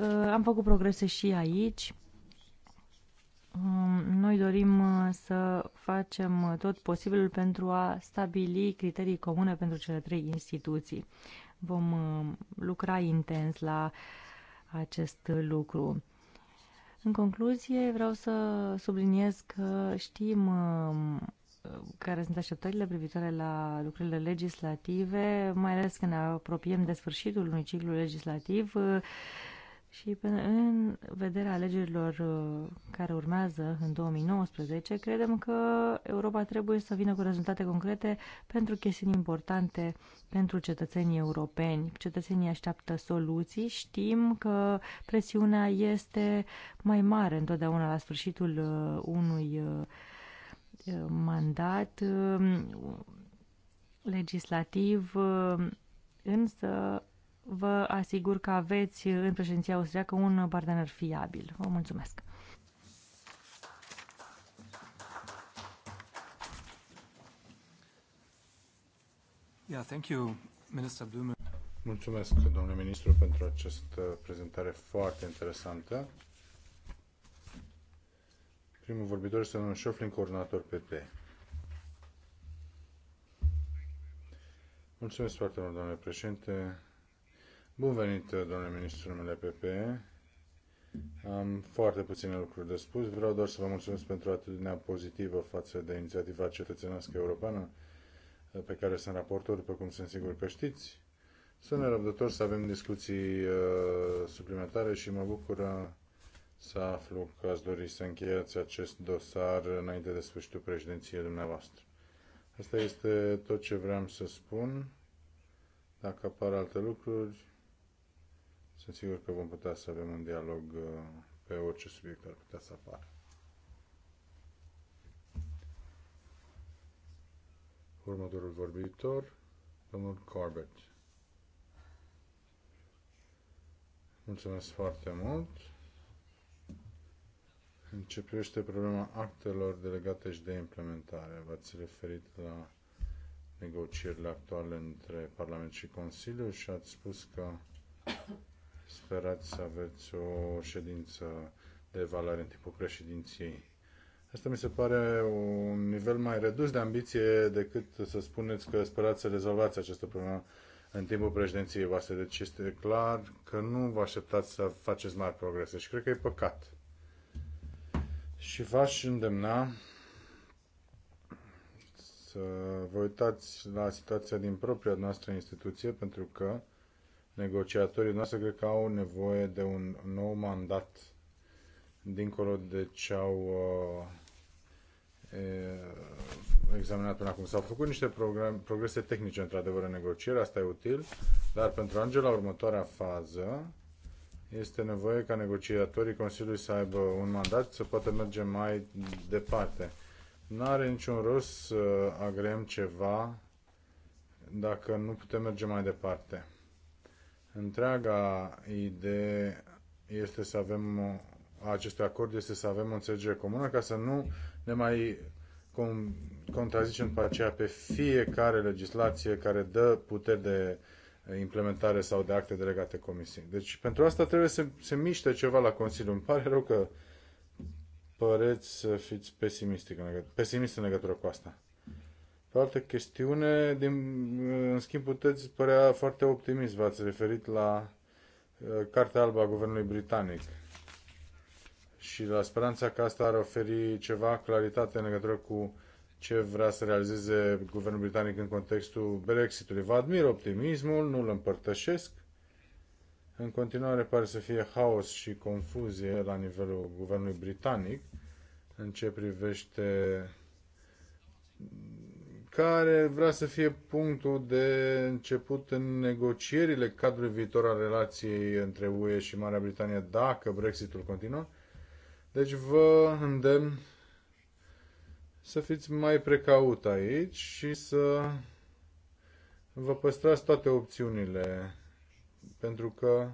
Uh, am făcut progrese și aici. Um, noi dorim uh, să facem uh, tot posibilul pentru a stabili criterii comune pentru cele trei instituții. Vom lucra intens la acest lucru. În concluzie, vreau să subliniez că știm care sunt așteptările privitoare la lucrurile legislative, mai ales când ne apropiem de sfârșitul unui ciclu legislativ. Și până în vederea alegerilor uh, care urmează în 2019, credem că Europa trebuie să vină cu rezultate concrete pentru chestiuni importante pentru cetățenii europeni. Cetățenii așteaptă soluții, știm că presiunea este mai mare întotdeauna la sfârșitul uh, unui uh, mandat um, legislativ, însă vă asigur că aveți în președinția austriacă un partener fiabil. Vă mulțumesc! Yeah, thank you, Minister Blumen. Mulțumesc, domnule ministru, pentru această prezentare foarte interesantă. Primul vorbitor este domnul Șoflin, coordonator PP. Mulțumesc foarte mult, domnule președinte. Bun venit, domnule ministru, numele PP. Am foarte puține lucruri de spus. Vreau doar să vă mulțumesc pentru atitudinea pozitivă față de inițiativa cetățenească europeană pe care sunt raportor, după cum sunt sigur că știți. Sunt nerăbdător să avem discuții uh, suplimentare și mă bucură să aflu că ați dori să încheiați acest dosar înainte de sfârșitul președinției dumneavoastră. Asta este tot ce vreau să spun. Dacă apar alte lucruri, sunt sigur că vom putea să avem un dialog uh, pe orice subiect ar putea să apară. Următorul vorbitor, domnul Corbett. Mulțumesc foarte mult. În ce privește problema actelor delegate și de implementare, v-ați referit la negocierile actuale între Parlament și Consiliu și ați spus că sperați să aveți o ședință de evaluare în timpul președinției. Asta mi se pare un nivel mai redus de ambiție decât să spuneți că sperați să rezolvați această problemă în timpul președinției voastre. Deci este clar că nu vă așteptați să faceți mari progrese și cred că e păcat. Și v-aș îndemna să vă uitați la situația din propria noastră instituție, pentru că negociatorii noastre cred că au nevoie de un nou mandat dincolo de ce au uh, examinat până acum. S-au făcut niște progrese tehnice, într-adevăr, în negociere, asta e util, dar pentru Angela, următoarea fază este nevoie ca negociatorii Consiliului să aibă un mandat, să poată merge mai departe. Nu are niciun rost să agrem ceva dacă nu putem merge mai departe. Întreaga idee este să avem acest acord este să avem o înțelegere comună ca să nu ne mai contrazicem pe aceea pe fiecare legislație care dă puteri de eh, implementare sau de acte delegate comisiei. Deci pentru asta trebuie să se miște ceva la Consiliu. Îmi pare rău că păreți să fiți pesimistic în legătură, pesimist în legătură cu asta. Pe altă chestiune, din, în schimb, puteți părea foarte optimist. V-ați referit la uh, Cartea Albă a Guvernului Britanic și la speranța că asta ar oferi ceva claritate în legătură cu ce vrea să realizeze guvernul britanic în contextul Brexitului. Vă admir optimismul, nu îl împărtășesc. În continuare pare să fie haos și confuzie la nivelul guvernului britanic în ce privește care vrea să fie punctul de început în negocierile cadrului viitor al relației între UE și Marea Britanie dacă Brexitul continuă. Deci vă îndemn să fiți mai precaut aici și să vă păstrați toate opțiunile, pentru că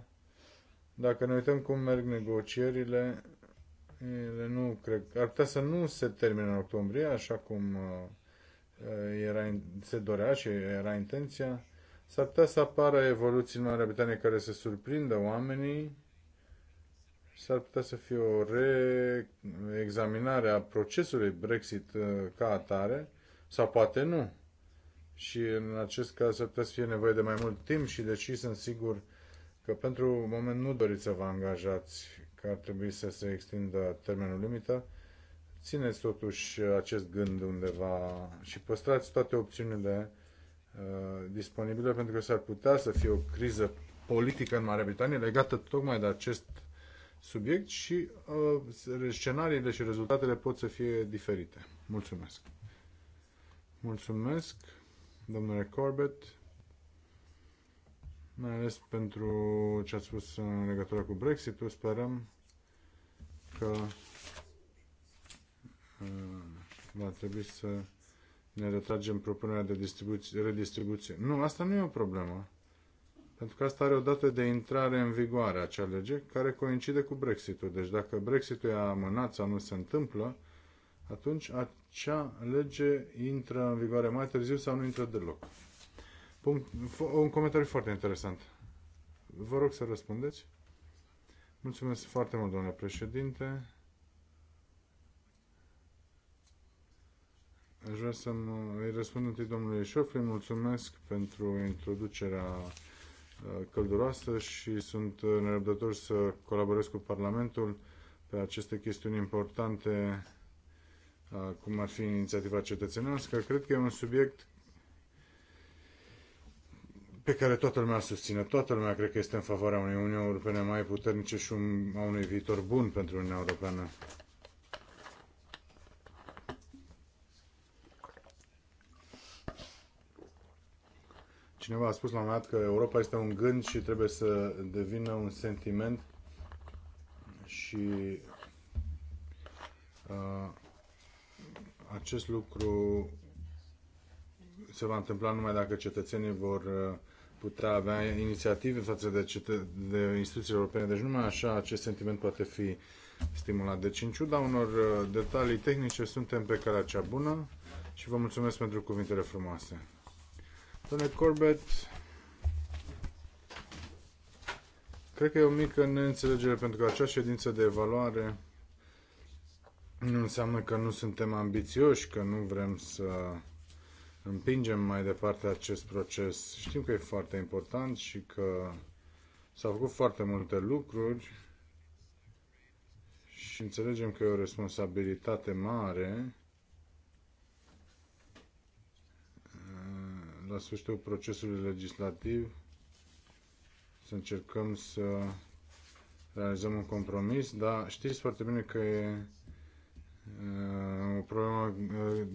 dacă ne uităm cum merg negocierile, ele nu cred, ar putea să nu se termine în octombrie, așa cum uh, Eh, era, se dorea și era intenția, s-ar putea să apară evoluții în Marea Britanie care să surprindă oamenii, s-ar putea să fie o reexaminare a procesului Brexit eh, ca atare, sau poate nu. Și în acest caz ar putea să fie nevoie de mai mult timp și deși sunt sigur că pentru moment nu doriți să vă angajați că ar trebui să se extindă termenul limită, țineți totuși acest gând undeva și păstrați toate opțiunile uh, disponibile pentru că s-ar putea să fie o criză politică în Marea Britanie legată tocmai de acest subiect și uh, scenariile și rezultatele pot să fie diferite. Mulțumesc! Mulțumesc, domnule Corbett, mai ales pentru ce ați spus în legătură cu Brexit-ul. Sperăm că Ehm, va trebui să ne retragem propunerea de distribuție, redistribuție. Nu, asta nu e o problemă. Pentru că asta are o dată de intrare în vigoare acea lege, care coincide cu Brexitul. Deci dacă Brexitul e amânat sau nu se întâmplă, atunci acea lege intră în vigoare mai târziu sau nu intră deloc. Punct, un comentariu foarte interesant. Vă rog să răspundeți. Mulțumesc foarte mult, domnule președinte. Aș vrea să îi răspund întâi domnului îi Mulțumesc pentru introducerea uh, călduroasă și sunt uh, nerăbdător să colaborez cu Parlamentul pe aceste chestiuni importante, uh, cum ar fi inițiativa cetățenească. Cred că e un subiect pe care toată lumea susține. Toată lumea cred că este în favoarea unei Uniuni Europene mai puternice și a unui viitor bun pentru Uniunea Europeană. Cineva a spus la un moment dat că Europa este un gând și trebuie să devină un sentiment și uh, acest lucru se va întâmpla numai dacă cetățenii vor uh, putea avea inițiative față de, cetă- de instituțiile europene. Deci numai așa acest sentiment poate fi stimulat. Deci în ciuda unor uh, detalii tehnice suntem pe calea cea bună și vă mulțumesc pentru cuvintele frumoase. Domnule Corbett, cred că e o mică neînțelegere pentru că acea ședință de evaluare nu înseamnă că nu suntem ambițioși, că nu vrem să împingem mai departe acest proces. Știm că e foarte important și că s-au făcut foarte multe lucruri și înțelegem că e o responsabilitate mare la sfârșitul procesului legislativ să încercăm să realizăm un compromis, dar știți foarte bine că e uh, o problemă uh,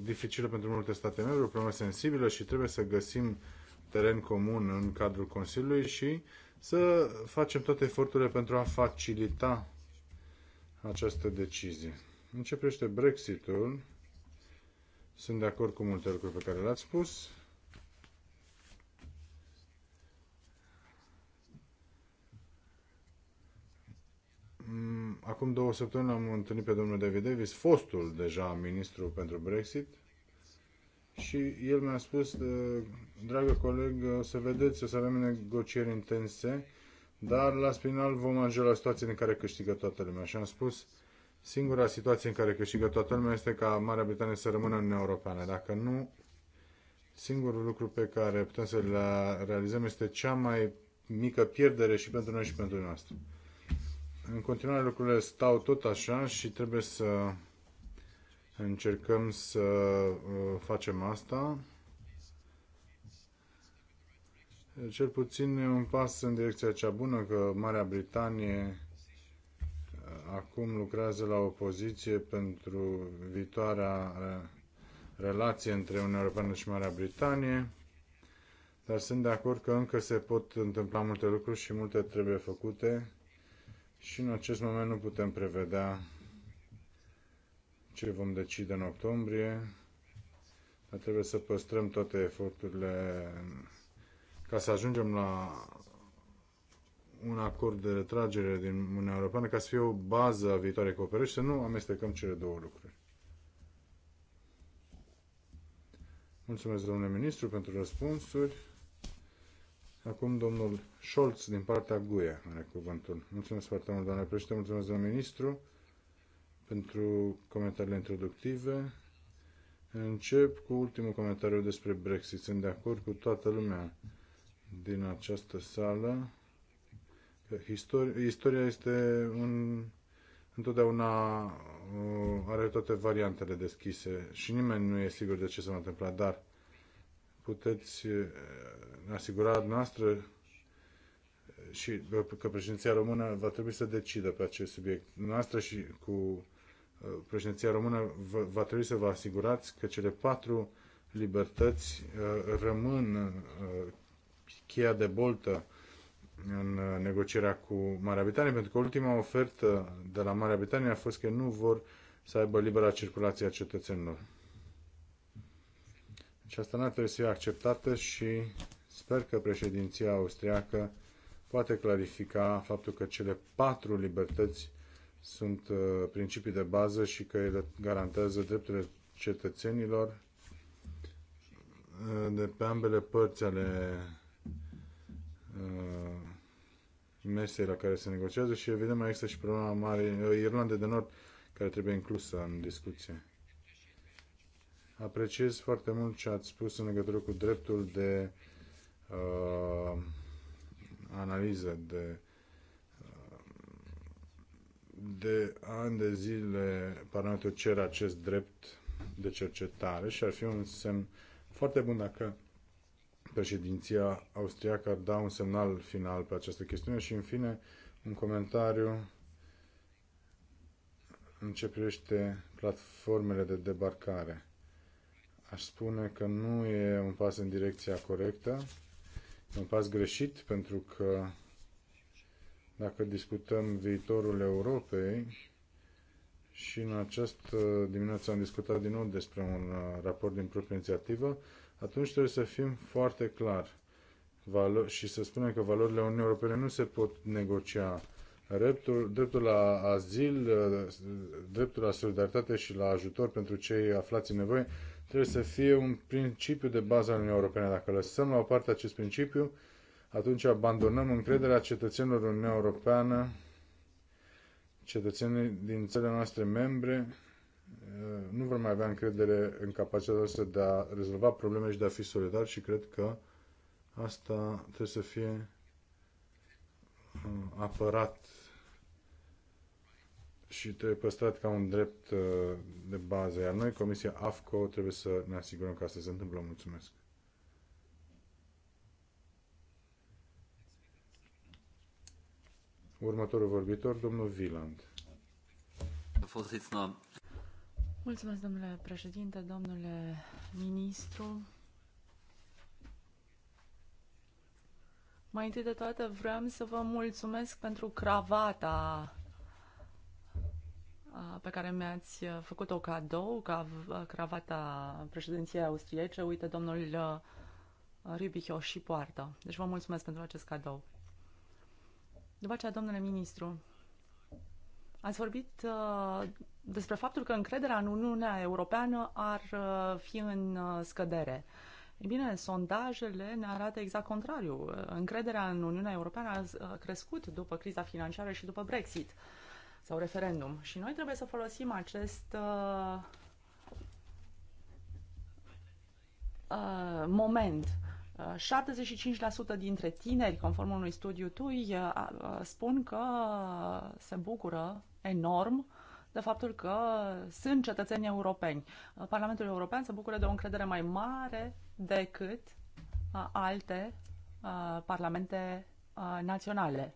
dificilă pentru multe state membre, o problemă sensibilă și trebuie să găsim teren comun în cadrul Consiliului și să facem toate eforturile pentru a facilita această decizie. Începește Brexitul, sunt de acord cu multe lucruri pe care le-ați spus. Mm, acum două săptămâni am întâlnit pe domnul David Davis, fostul deja ministru pentru Brexit, și el mi-a spus, ă, dragă coleg, o să vedeți, o să avem negocieri intense, dar la spinal vom ajunge la situații în care câștigă toată lumea. Și am spus, singura situație în care câștigă toată lumea este ca Marea Britanie să rămână în Uniunea Europeană. Dacă nu, singurul lucru pe care putem să-l realizăm este cea mai mică pierdere și pentru noi și pentru noastră. În continuare lucrurile stau tot așa și trebuie să încercăm să uh, facem asta. Cel puțin e un pas în direcția cea bună că Marea Britanie uh, acum lucrează la o poziție pentru viitoarea uh, relație între Uniunea Europeană și Marea Britanie, dar sunt de acord că încă se pot întâmpla multe lucruri și multe trebuie făcute și în acest moment nu putem prevedea ce vom decide în octombrie, dar trebuie să păstrăm toate eforturile ca să ajungem la un acord de retragere din Uniunea Europeană ca să fie o bază a viitoarei cooperări și să nu amestecăm cele două lucruri. Mulțumesc, domnule ministru, pentru răspunsuri. Acum domnul Scholz din partea GUE are cuvântul. Mulțumesc foarte mult, doamne președinte, mulțumesc, domnul ministru, pentru comentariile introductive. Încep cu ultimul comentariu despre Brexit. Sunt de acord cu toată lumea din această sală. Istoria, istoria este un, întotdeauna uh, are toate variantele deschise și nimeni nu e sigur de ce se va întâmpla, dar puteți eh, asigura noastră eh, și eh, că președinția română va trebui să decidă pe acest subiect. Noastră și cu președinția română va trebui să vă asigurați că cele patru libertăți rămân cheia de boltă în negocierea cu Marea Britanie, pentru că ultima ofertă de la Marea Britanie a fost că nu vor să aibă libera circulație a cetățenilor asta n-ar trebui să fie acceptată și sper că președinția austriacă poate clarifica faptul că cele patru libertăți sunt uh, principii de bază și că ele garantează drepturile cetățenilor uh, de pe ambele părți ale uh, mesei la care se negociază și evident mai există și problema mare Irlandei de Nord care trebuie inclusă în discuție. Apreciez foarte mult ce ați spus în legătură cu dreptul de uh, analiză, de, uh, de ani de zile Parlamentul cere acest drept de cercetare și ar fi un semn foarte bun dacă președinția austriacă ar da un semnal final pe această chestiune și, în fine, un comentariu în ce privește platformele de debarcare aș spune că nu e un pas în direcția corectă, e un pas greșit, pentru că dacă discutăm viitorul Europei, și în această dimineață am discutat din nou despre un uh, raport din proprie inițiativă, atunci trebuie să fim foarte clar și să spunem că valorile Uniunii Europene nu se pot negocia. Dreptul, dreptul la azil, uh, dreptul la solidaritate și la ajutor pentru cei aflați în nevoie trebuie să fie un principiu de bază al Uniunii Europene. Dacă lăsăm la o parte acest principiu, atunci abandonăm încrederea cetățenilor Uniunii europene, Europeană, cetățenii din țările noastre membre, eh, nu vor mai avea încredere în capacitatea noastră de a rezolva probleme și de a fi solidar și cred că asta trebuie să fie eh, apărat și trebuie păstrat ca un drept uh, de bază. Iar noi, Comisia AFCO, trebuie să ne asigurăm că asta se întâmplă. Mulțumesc! Următorul vorbitor, domnul Viland. Mulțumesc, domnule președinte, domnule ministru. Mai întâi de toate vreau să vă mulțumesc pentru cravata pe care mi-ați făcut-o cadou, ca cravata președinției austriece, uite, domnul Ribichio și poartă. Deci vă mulțumesc pentru acest cadou. După aceea, domnule ministru, ați vorbit despre faptul că încrederea în Uniunea Europeană ar fi în scădere. Ei bine, sondajele ne arată exact contrariu. Încrederea în Uniunea Europeană a crescut după criza financiară și după Brexit. Uh, sau referendum. Și noi trebuie să folosim acest uh, uh, moment. 75% dintre tineri, conform unui studiu TUI, uh, uh, spun că se bucură enorm de faptul că sunt cetățeni europeni. Uh, Parlamentul European se bucură de o încredere mai mare decât alte parlamente naționale.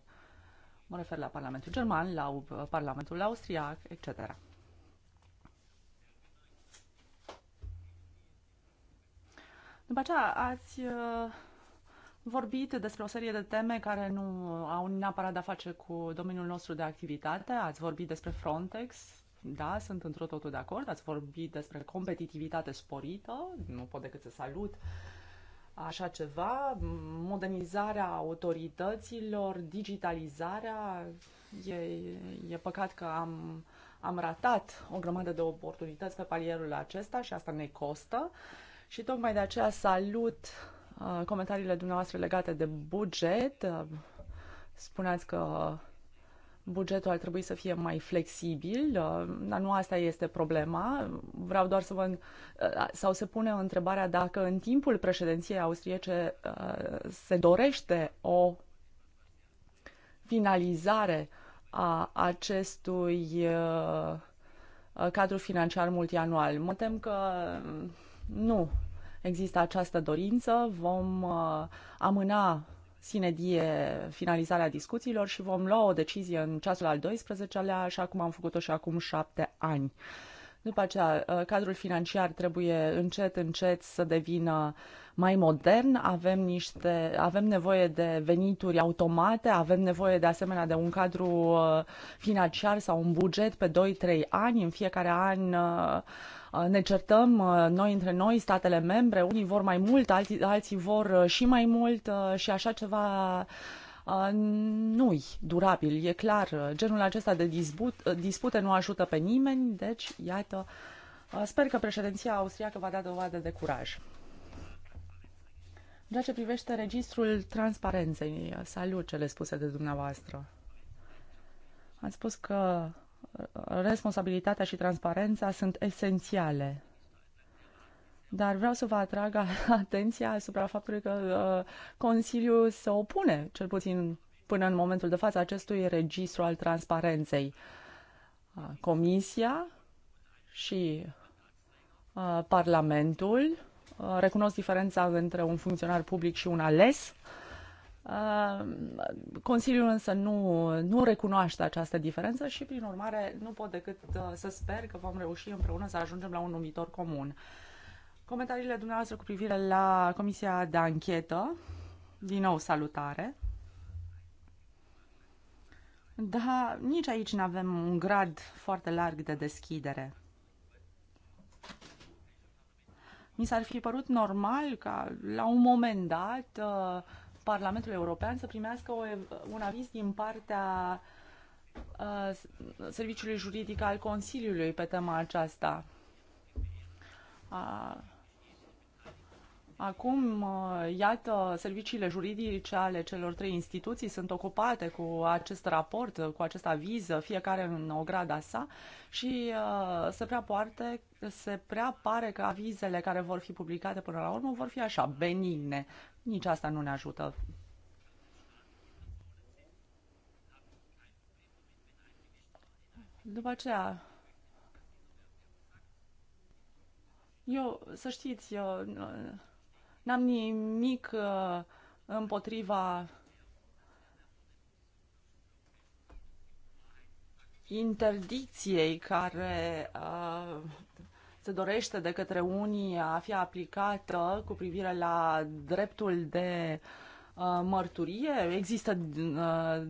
Mă refer la Parlamentul German, la uh, Parlamentul Austriac, etc. După aceea ați uh, vorbit despre o serie de teme care nu au neapărat de-a face cu domeniul nostru de activitate. Ați vorbit despre Frontex, da, sunt într-o totul de acord. Ați vorbit despre competitivitate sporită, nu pot decât să salut uh, așa ceva, modernizarea autorităților, digitalizarea. E, e păcat că am, am ratat o grămadă de oportunități pe palierul acesta și asta ne costă. Și tocmai de aceea salut uh, comentariile dumneavoastră legate de buget. Uh, spuneați că bugetul ar trebui să fie mai flexibil, uh, dar nu asta este problema. Vreau doar să vă... Uh, sau se pune întrebarea dacă în timpul președinției austriece uh, se dorește o finalizare a acestui cadru financiar multianual. Mă tem că nu există această dorință, vom amâna sine die finalizarea discuțiilor și vom lua o decizie în ceasul al 12-lea, așa cum am făcut-o și acum șapte ani. După aceea, uh, cadrul financiar trebuie încet, încet să devină uh, mai modern, avem, niște, avem nevoie de venituri automate, avem nevoie de asemenea de un cadru uh, financiar sau un buget pe 2-3 ani. În fiecare an uh, uh, ne certăm noi între noi, statele membre, unii vor mai mult, alții, alții vor și mai mult și așa ceva nu-i durabil, e clar. Genul acesta de disput, dispute nu ajută pe nimeni, deci, iată, sper că președinția austriacă va da dovadă de curaj. În ceea ce privește registrul transparenței, salut cele spuse de dumneavoastră. Ați spus că uh, responsabilitatea și transparența sunt esențiale. Dar vreau să vă atrag atenția asupra faptului că uh, Consiliul se opune, cel puțin până în momentul de față, acestui registru al transparenței. Uh, Comisia și uh, Parlamentul Uh, recunosc diferența între un funcționar public și un ales. Uh, Consiliul însă nu, nu recunoaște această diferență și, prin urmare, nu pot decât uh, să sper că vom reuși împreună să ajungem la un numitor comun. Comentariile dumneavoastră cu privire la Comisia de Anchetă, din nou salutare. Da, nici aici nu avem un grad foarte larg de deschidere. Mi s-ar fi părut normal ca la un moment dat uh, Parlamentul European să primească o, un aviz din partea uh, Serviciului Juridic al Consiliului pe tema aceasta. Acum, uh, iată, serviciile juridice ale celor trei instituții sunt ocupate cu acest raport, cu acest aviz, fiecare în ograda sa și se prea poate se prea pare că avizele care vor fi publicate până la urmă vor fi așa, benigne. Nici asta nu ne ajută. După aceea, eu, să știți, eu n-am nimic uh, împotriva interdicției care uh, se dorește de către unii a fi aplicată cu privire la dreptul de uh, mărturie. Există uh,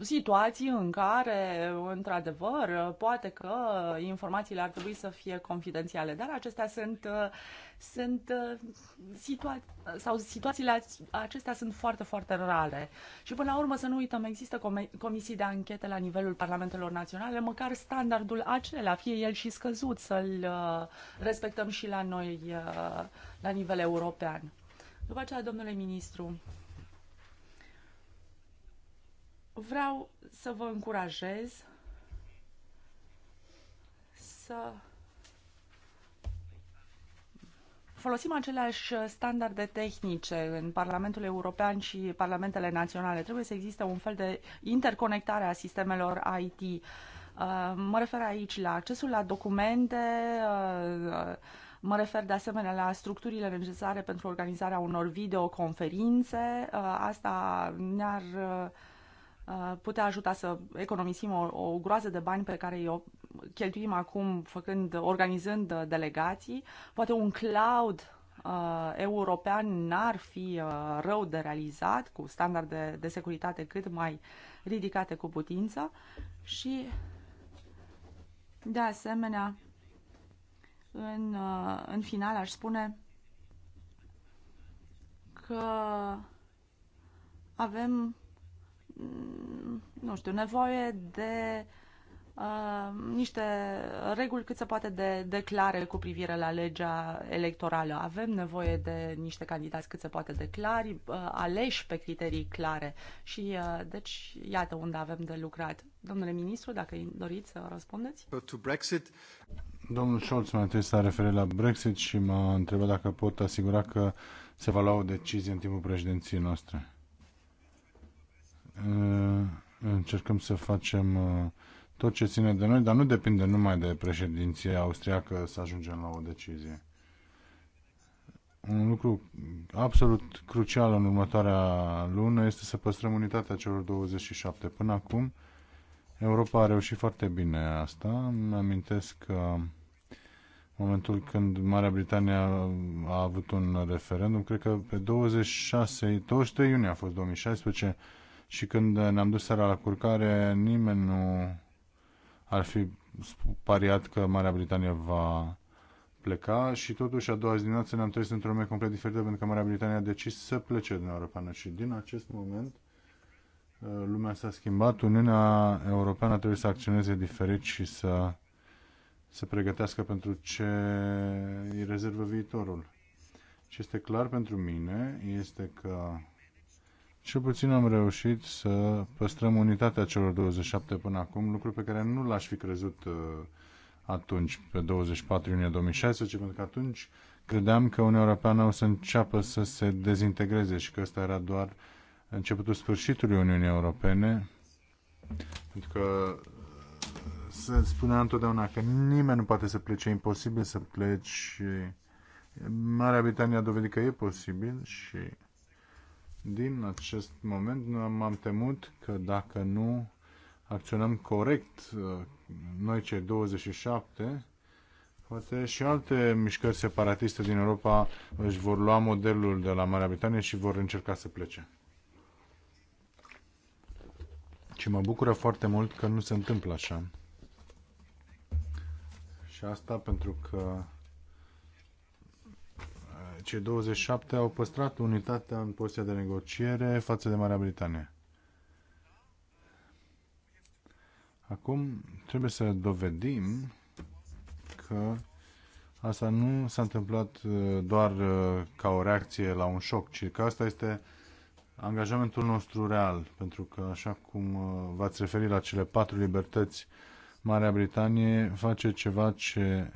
situații în care, într-adevăr, poate că informațiile ar trebui să fie confidențiale, dar acestea sunt, sunt situa- sau situațiile acestea sunt foarte, foarte rare. Și până la urmă să nu uităm, există comisii de anchete la nivelul parlamentelor naționale, măcar standardul acela, fie el și scăzut, să-l respectăm și la noi, la nivel european. După aceea, domnule ministru, Vreau să vă încurajez să folosim aceleași standarde tehnice în Parlamentul European și Parlamentele Naționale. Trebuie să existe un fel de interconectare a sistemelor IT. Uh, mă refer aici la accesul la documente, uh, mă refer de asemenea la structurile necesare pentru organizarea unor videoconferințe. Uh, asta ne-ar Uh, putea ajuta să economisim o, o groază de bani pe care i-o cheltuim acum făcând, organizând uh, delegații. Poate un cloud uh, european n-ar fi uh, rău de realizat, cu standarde de, de securitate cât mai ridicate cu putință și, de asemenea, în, uh, în final aș spune că avem Mm, nu știu, nevoie de uh, niște reguli cât se poate de, de clare cu privire la legea electorală. Avem nevoie de niște candidați cât se poate de clari, uh, aleși pe criterii clare. Și, uh, deci, iată unde avem de lucrat. Domnule ministru, dacă doriți să răspundeți. To Brexit. Domnul Scholz mai întâi s-a referit la Brexit și m-a întrebat dacă pot asigura că se va lua o decizie în timpul președinției noastre. Eh, încercăm să facem eh, tot ce ține de noi, dar nu depinde numai de președinție austriacă să ajungem la o decizie. Un lucru absolut crucial în următoarea lună este să păstrăm unitatea celor 27. Până acum, Europa a reușit foarte bine asta. Îmi amintesc că momentul când Marea Britanie a, a avut un referendum, cred că pe 26, 23 iunie a fost 2016, și când ne-am dus seara la curcare, nimeni nu ar fi pariat că Marea Britanie va pleca și totuși a doua zi dimineață ne-am trezit într-o lume complet diferită pentru că Marea Britanie a decis să plece din Europeană și din acest moment uh, lumea s-a schimbat, Uniunea Europeană trebuie să acționeze diferit și să se pregătească pentru ce îi rezervă viitorul. Ce este clar pentru mine este că cel puțin am reușit să păstrăm unitatea celor 27 până acum, lucru pe care nu l-aș fi crezut uh, atunci, pe 24 iunie 2016, pentru că atunci credeam că Uniunea Europeană o să înceapă să se dezintegreze și că ăsta era doar începutul sfârșitului Uniunii Europene, pentru că uh, se spunea întotdeauna că nimeni nu poate să plece, imposibil să pleci. Marea Britanie a dovedit că e posibil și din acest moment m-am temut că dacă nu acționăm corect noi cei 27, poate și alte mișcări separatiste din Europa își vor lua modelul de la Marea Britanie și vor încerca să plece. Și mă bucură foarte mult că nu se întâmplă așa. Și asta pentru că cei 27 au păstrat unitatea în poziția de negociere față de Marea Britanie. Acum trebuie să dovedim că asta nu s-a întâmplat uh, doar uh, ca o reacție la un șoc, ci că asta este angajamentul nostru real, pentru că, așa cum uh, v-ați referit la cele patru libertăți Marea Britanie face ceva ce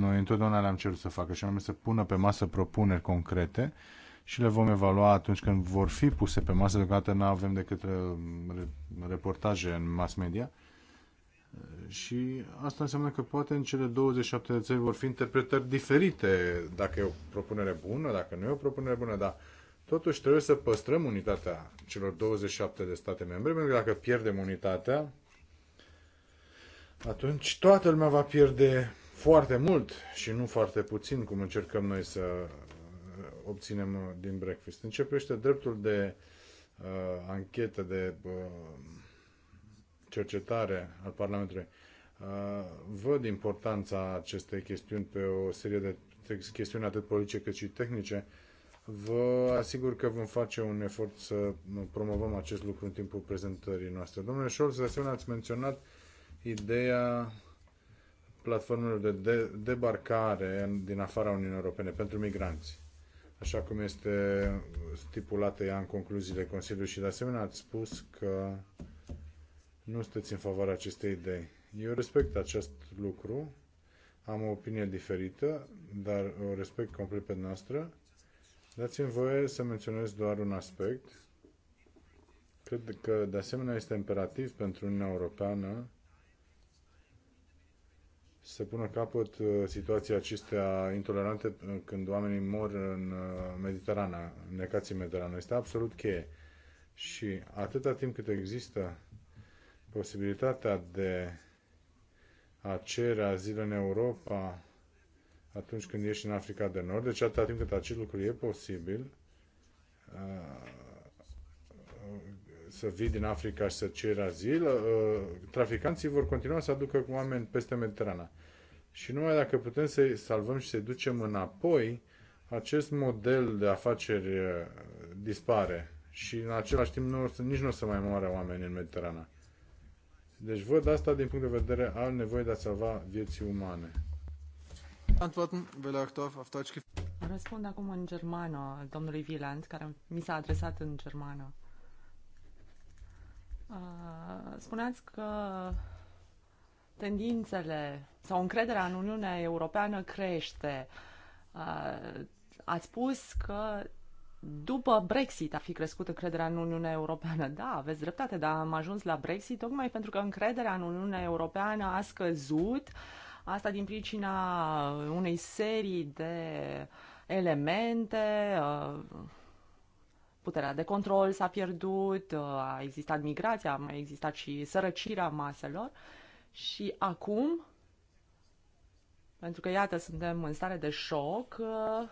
noi întotdeauna le-am cerut să facă, și anume să pună pe masă propuneri concrete și le vom evalua atunci când vor fi puse pe masă, deocamdată nu avem decât uh, reportaje în mass media. Și asta înseamnă că poate în cele 27 de țări vor fi interpretări diferite, dacă e o propunere bună, dacă nu e o propunere bună, dar totuși trebuie să păstrăm unitatea celor 27 de state membre, pentru că dacă pierdem unitatea, atunci toată lumea va pierde foarte mult și nu foarte puțin, cum încercăm noi să uh, obținem uh, din breakfast. Începește dreptul de uh, anchetă, de uh, cercetare al Parlamentului. Uh, văd importanța acestei chestiuni pe o serie de chestiuni atât politice cât și tehnice. Vă asigur că vom face un efort să promovăm acest lucru în timpul prezentării noastre. Domnule Scholz, de asemenea, ați menționat uh, ideea platformelor de, de debarcare din afara Uniunii Europene pentru migranți, așa cum este stipulată ea în concluziile Consiliului și de asemenea ați spus că nu sunteți în favoarea acestei idei. Eu respect acest lucru, am o opinie diferită, dar o respect complet pe noastră. Dați-mi voie să menționez doar un aspect. Cred că, de asemenea, este imperativ pentru Uniunea Europeană se pună capăt uh, situația acestea intolerante uh, când oamenii mor în uh, Mediterana, în necații Mediterana. Este absolut cheie. Și atâta timp cât există posibilitatea de a cere azil în Europa atunci când ești în Africa de Nord, deci atâta timp cât acest lucru e posibil, să vii din Africa și să ceri azil, uh, traficanții vor continua să aducă oameni peste Mediterana. Și numai dacă putem să-i salvăm și să-i ducem înapoi, acest model de afaceri uh, dispare. Și în același timp nu, nici nu o să mai moară oameni în Mediterana. Deci văd asta din punct de vedere al nevoii de a salva vieții umane. Răspund acum în germană domnului Wieland, care mi s-a adresat în germană. Uh, spuneați că tendințele sau încrederea în Uniunea Europeană crește. Uh, ați spus că după Brexit a fi crescut încrederea în Uniunea Europeană. Da, aveți dreptate, dar am ajuns la Brexit tocmai pentru că încrederea în Uniunea Europeană a scăzut. Asta din pricina unei serii de elemente, uh, puterea de control s-a pierdut, uh, a existat migrația, a mai existat și sărăcirea maselor și acum, pentru că iată, suntem în stare de șoc, uh,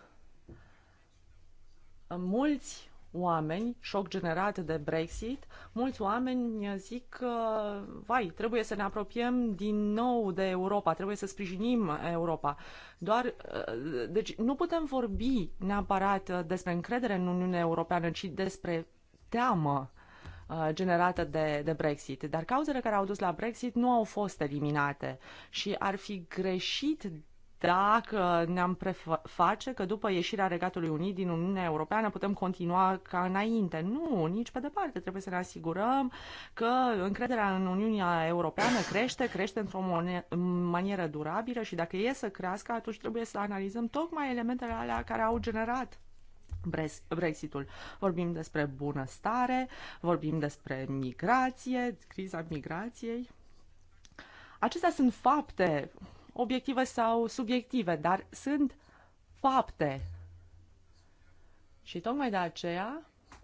mulți oameni, șoc generat de Brexit, mulți oameni zic că, uh, vai, trebuie să ne apropiem din nou de Europa, trebuie să sprijinim Europa. Doar, uh, deci nu putem vorbi neapărat uh, despre încredere în Uniunea Europeană, ci despre teamă generată de, de Brexit. Dar cauzele care au dus la Brexit nu au fost eliminate și ar fi greșit dacă ne-am preface că după ieșirea Regatului Unit din Uniunea Europeană putem continua ca înainte. Nu, nici pe departe. Trebuie să ne asigurăm că încrederea în Uniunea Europeană crește, crește într-o manieră durabilă și dacă e să crească, atunci trebuie să analizăm tocmai elementele alea care au generat Brexitul. Vorbim despre bunăstare, vorbim despre migrație, criza migrației. Acestea sunt fapte obiective sau subiective, dar sunt fapte. Și tocmai de aceea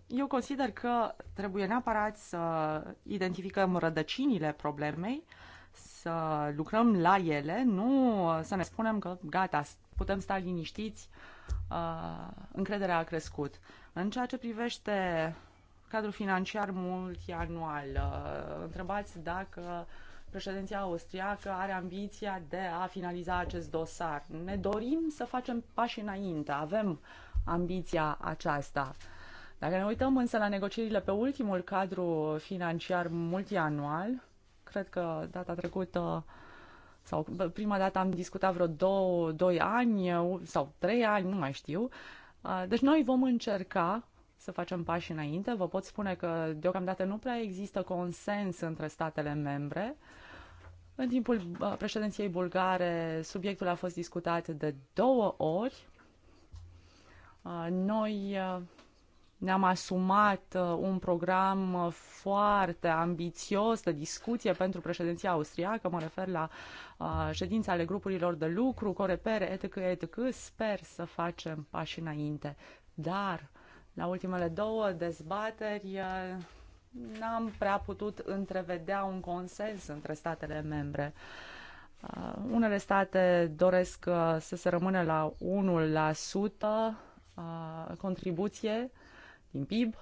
eu consider că trebuie neapărat să identificăm rădăcinile problemei, să lucrăm la ele, nu să ne spunem că gata, putem sta liniștiți, uh, încrederea a crescut. În ceea ce privește cadrul financiar multianual, uh, întrebați dacă Președinția austriacă are ambiția de a finaliza acest dosar. Ne dorim să facem pași înainte, avem ambiția aceasta. Dacă ne uităm însă la negocierile pe ultimul cadru financiar multianual, cred că data trecută sau prima dată am discutat vreo 2 doi ani sau trei ani, nu mai știu. Deci noi vom încerca să facem pași înainte. Vă pot spune că deocamdată nu prea există consens între statele membre. În timpul uh, președinției bulgare, subiectul a fost discutat de două ori. Uh, noi uh, ne-am asumat un program foarte ambițios de discuție pentru președinția austriacă, mă refer la ședința ale grupurilor de lucru, corepere, etc., etc. Sper să facem pași înainte. Dar la ultimele două dezbateri uh, n-am prea putut întrevedea un consens între statele membre. Uh, unele state doresc uh, să se rămână la 1% contribuție din PIB.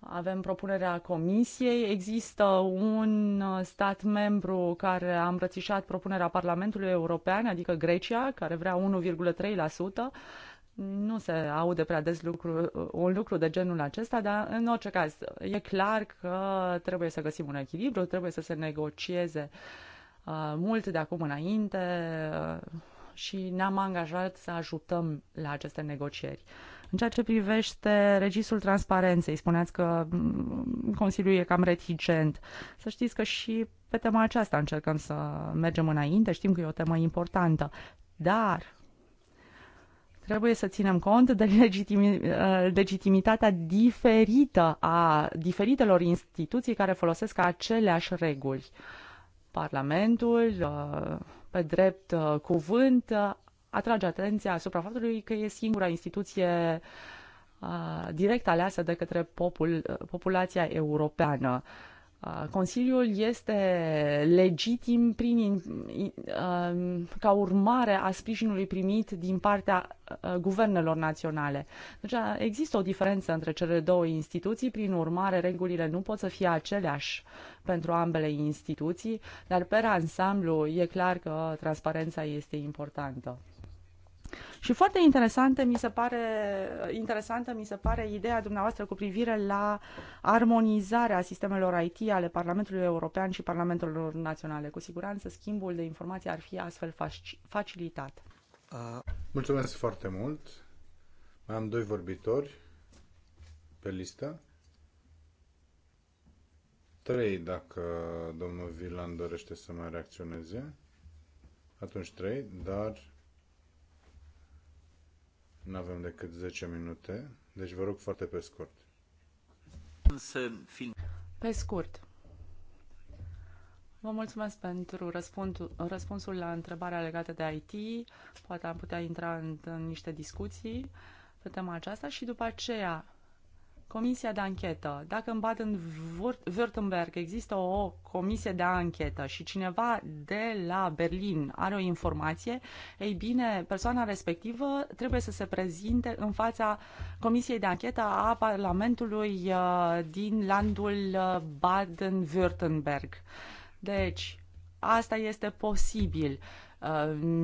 Avem propunerea Comisiei. Există un stat membru care a îmbrățișat propunerea Parlamentului European, adică Grecia, care vrea 1,3% nu se aude prea des lucru, un lucru de genul acesta, dar în orice caz e clar că trebuie să găsim un echilibru, trebuie să se negocieze uh, mult de acum înainte uh, și ne-am angajat să ajutăm la aceste negocieri. În ceea ce privește registrul transparenței, spuneați că mm, Consiliul e cam reticent. Să știți că și pe tema aceasta încercăm să mergem înainte, știm că e o temă importantă, dar Trebuie să ținem cont de uh, legitimitatea diferită a diferitelor instituții care folosesc aceleași reguli. Parlamentul, uh, pe drept uh, cuvânt, atrage atenția asupra faptului că e singura instituție direct aleasă de către popul, populația europeană. Consiliul este legitim prin, ca urmare a sprijinului primit din partea guvernelor naționale. Deci există o diferență între cele două instituții, prin urmare regulile nu pot să fie aceleași pentru ambele instituții, dar pe ansamblu e clar că transparența este importantă. Și foarte interesantă mi se pare, interesantă mi se pare ideea dumneavoastră cu privire la armonizarea sistemelor IT ale Parlamentului European și Parlamentelor Naționale. Cu siguranță schimbul de informații ar fi astfel facilitat. Uh, mulțumesc foarte mult. Mai am doi vorbitori pe listă. Trei, dacă domnul Vilan dorește să mai reacționeze. Atunci trei, dar nu avem decât 10 minute, deci vă rog foarte pe scurt. Pe scurt. Vă mulțumesc pentru răspunsul, răspunsul la întrebarea legată de IT. Poate am putea intra în, în niște discuții pe tema aceasta și după aceea Comisia de anchetă. Dacă în Baden-Württemberg există o comisie de anchetă și cineva de la Berlin are o informație, ei bine, persoana respectivă trebuie să se prezinte în fața comisiei de anchetă a Parlamentului uh, din landul uh, Baden-Württemberg. Deci, asta este posibil. Uh, Uh,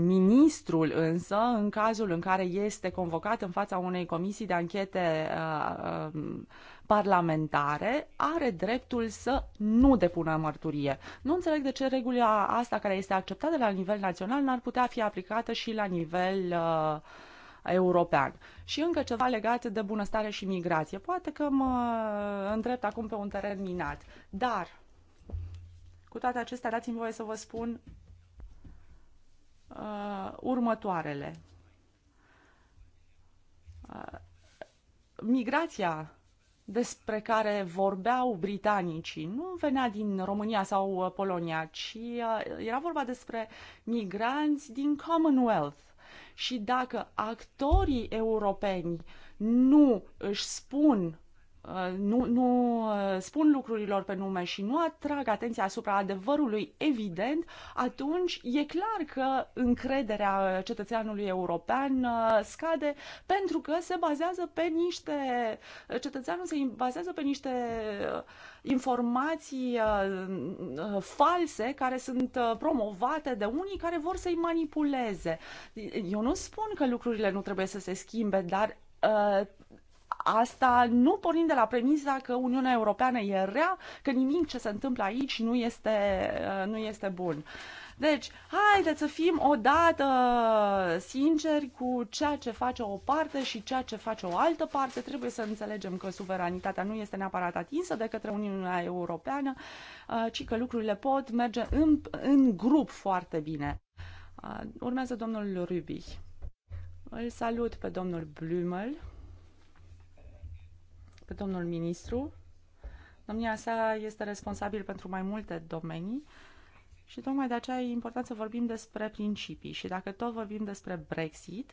ministrul însă, în cazul în care este convocat în fața unei comisii de anchete uh, um, parlamentare, are dreptul să nu depună mărturie. Nu înțeleg de ce regula asta care este acceptată la nivel național n-ar putea fi aplicată și la nivel uh, european. Și încă ceva legat de bunăstare și migrație. Poate că mă îndrept acum pe un teren minat, dar cu toate acestea dați-mi voie să vă spun uh, următoarele. Uh, migrația despre care vorbeau britanicii nu venea din România sau uh, Polonia, ci uh, era vorba despre migranți din Commonwealth. Și dacă actorii europeni nu își spun Uh, nu, nu uh, spun lucrurilor pe nume și nu atrag atenția asupra adevărului evident, atunci e clar că încrederea cetățeanului european uh, scade pentru că se bazează pe niște cetățeanul se bazează pe niște informații false care sunt promovate de unii care vor să-i manipuleze. Eu nu spun că lucrurile nu trebuie să se schimbe, dar Asta nu pornind de la premiza că Uniunea Europeană e rea, că nimic ce se întâmplă aici nu este, uh, nu este bun. Deci, haideți să fim odată sinceri cu ceea ce face o parte și ceea ce face o altă parte. Trebuie să înțelegem că suveranitatea nu este neapărat atinsă de către Uniunea Europeană, uh, ci că lucrurile pot merge în, în grup foarte bine. Uh, urmează domnul Rubi. Îl salut pe domnul Blümel pe domnul ministru. Domnia sa este responsabil pentru mai multe domenii și tocmai de aceea e important să vorbim despre principii. Și dacă tot vorbim despre Brexit,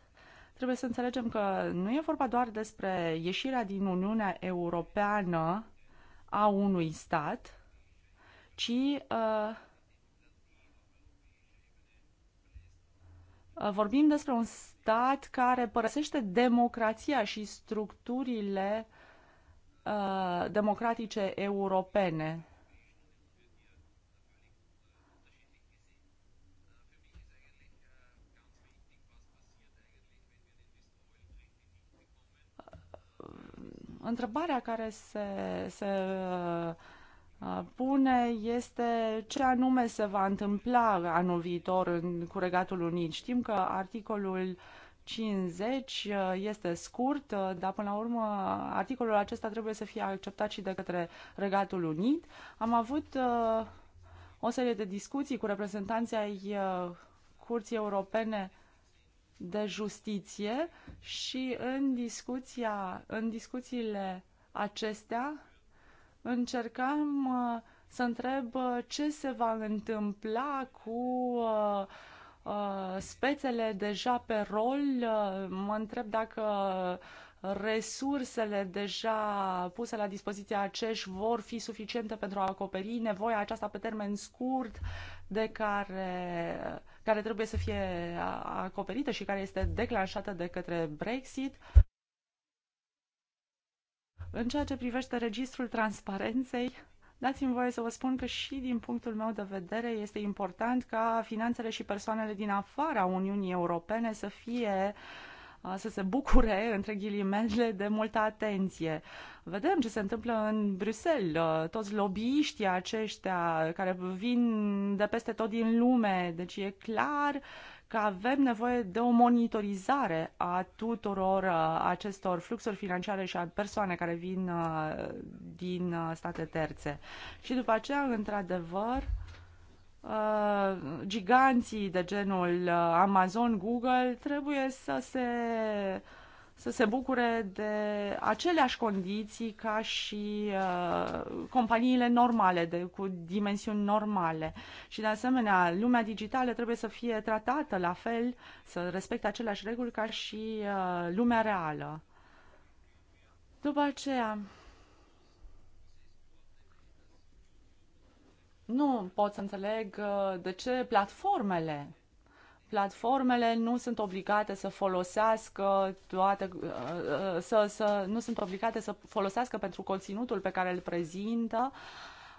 trebuie să înțelegem că nu e vorba doar despre ieșirea din Uniunea Europeană a unui stat, ci uh, uh vorbim despre un stat care părăsește democrația și structurile uh, Uh, democratice europene. Întrebarea care se, se uh, pune este ce anume se va întâmpla anul viitor în, cu Regatul Unit. Știm că articolul uh, 50 uh, este scurt, uh, dar până la urmă articolul acesta trebuie să fie acceptat și de către Regatul Unit. Am avut uh, o serie de discuții cu reprezentanții ai Curții Europene de Justiție și în, discuția, în discuțiile acestea încercam să întreb ce se va întâmpla cu uh, Uh, spețele deja pe rol. Uh, mă întreb dacă resursele deja puse la dispoziția acești vor fi suficiente pentru a acoperi nevoia aceasta pe termen scurt de care, care trebuie să fie acoperită și care este declanșată de către Brexit. În ceea ce privește registrul transparenței, Dați-mi voie să vă spun că și din punctul meu de vedere este important ca finanțele și persoanele din afara Uniunii Europene să fie uh, să se bucure, între ghilimele, de multă atenție. Vedem ce se întâmplă în Bruxelles. Uh, toți lobbyiștii aceștia care vin de peste tot din lume. Deci e clar că avem nevoie de o monitorizare a tuturor uh, acestor fluxuri financiare și a persoane care vin uh, din uh, state terțe. Și după aceea, într-adevăr, giganții de genul Amazon, Google trebuie să se să se bucure de aceleași condiții ca și uh, companiile normale, de, cu dimensiuni normale. Și de asemenea, lumea digitală trebuie să fie tratată la fel, să respecte aceleași reguli ca și uh, lumea reală. După aceea, nu pot să înțeleg uh, de ce platformele platformele nu sunt obligate să folosească toate, uh, uh, să, să, nu sunt obligate să folosească pentru conținutul pe care îl prezintă,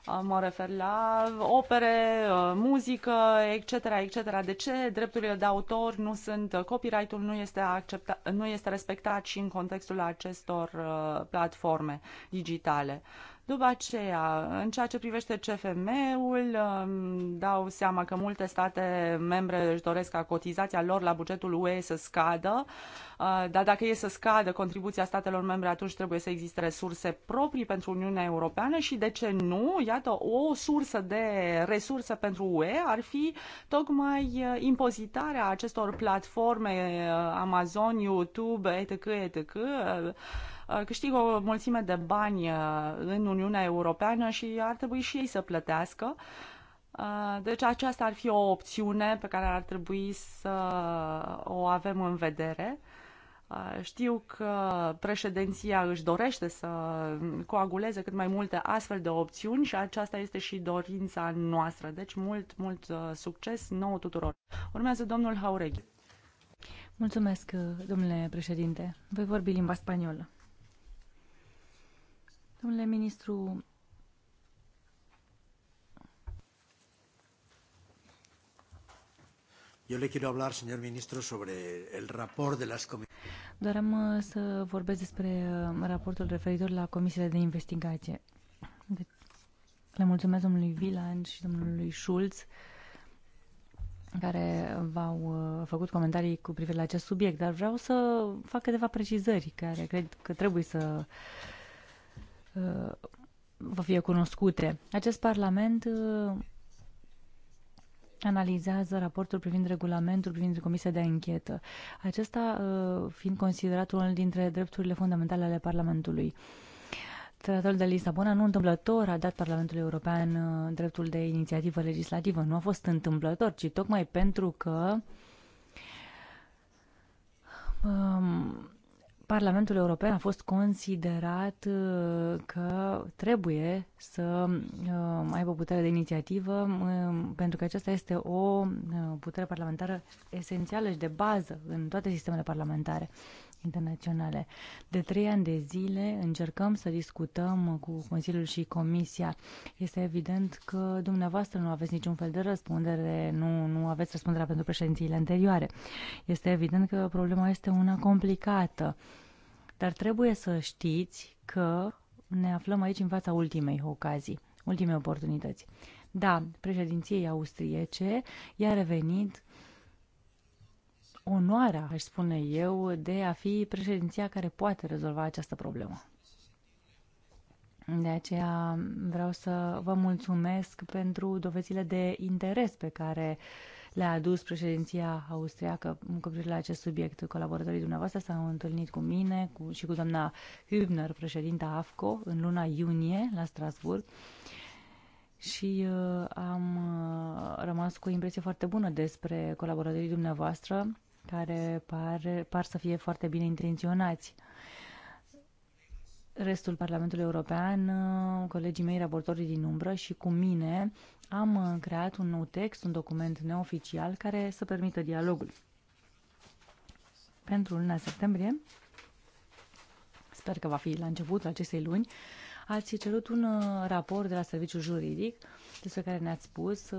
uh, mă refer la opere, muzică, etc., etc. De ce drepturile de autor nu sunt, copyright-ul nu este, acceptat, nu este respectat și în contextul acestor platforme digitale? După aceea, în ceea ce privește CFM-ul, um, dau seama că multe state membre își doresc ca cotizația lor la bugetul UE să scadă, uh, dar dacă e să scadă contribuția statelor membre, atunci trebuie să existe resurse proprii pentru Uniunea Europeană și de ce nu? Iată, o sursă de resurse pentru UE ar fi tocmai uh, impozitarea acestor platforme uh, Amazon, YouTube, etc., etc., Uh, câștigă o mulțime de bani uh, în Uniunea Europeană și ar trebui și ei să plătească. Uh, deci aceasta ar fi o opțiune pe care ar trebui să o avem în vedere. Știu că președinția își dorește să coaguleze cât mai multe astfel de opțiuni și aceasta este și dorința noastră. Deci mult, mult succes nouă tuturor. Urmează domnul Haureghi. Mulțumesc, domnule președinte. Voi vorbi limba spaniolă. Domnule ministru, Eu le quiero hablar, señor ministro, sobre el raport de las comisiones. Doream uh, să vorbesc despre uh, raportul referitor la comisiile de investigație. Deci, le mulțumesc domnului Viland și domnului Schulz care v-au uh, făcut comentarii cu privire la acest subiect, dar vreau să fac câteva precizări care cred că trebuie să uh, Uh, vă fie cunoscute. Acest Parlament uh, analizează raportul privind regulamentul privind Comisia de Anchetă, acesta uh, fiind considerat unul dintre drepturile fundamentale ale Parlamentului. Tratatul de Lisabona nu întâmplător a dat Parlamentului European dreptul de inițiativă legislativă. Nu a fost întâmplător, ci tocmai pentru că um, Parlamentul European a fost considerat uh, că trebuie să uh, aibă putere de inițiativă, um, pentru că aceasta este o uh, putere parlamentară esențială și de bază în toate sistemele parlamentare internaționale. De trei ani de zile încercăm să discutăm cu Consiliul și Comisia. Este evident că dumneavoastră nu aveți niciun fel de răspundere, nu, nu aveți răspunderea pentru președințiile anterioare. Este evident că problema este una complicată, dar trebuie să știți că ne aflăm aici în fața ultimei ocazii, ultimei oportunități. Da, președinției austriece i-a revenit onoarea, aș spune eu, de a fi președinția care poate rezolva această problemă. De aceea vreau să vă mulțumesc pentru dovezile de interes pe care le-a adus președinția austriacă în privire la acest subiect. Colaboratorii dumneavoastră s-au întâlnit cu mine cu, și cu doamna Hübner, președinta AFCO, în luna iunie la Strasburg și uh, am uh, rămas cu o impresie foarte bună despre colaboratorii dumneavoastră care par, par să fie foarte bine intenționați. Restul Parlamentului European, colegii mei raportorii din umbră și cu mine am creat un nou text, un document neoficial care să permită dialogul. Pentru luna septembrie, sper că va fi la începutul acestei luni, ați cerut un raport de la serviciul juridic despre care ne-ați spus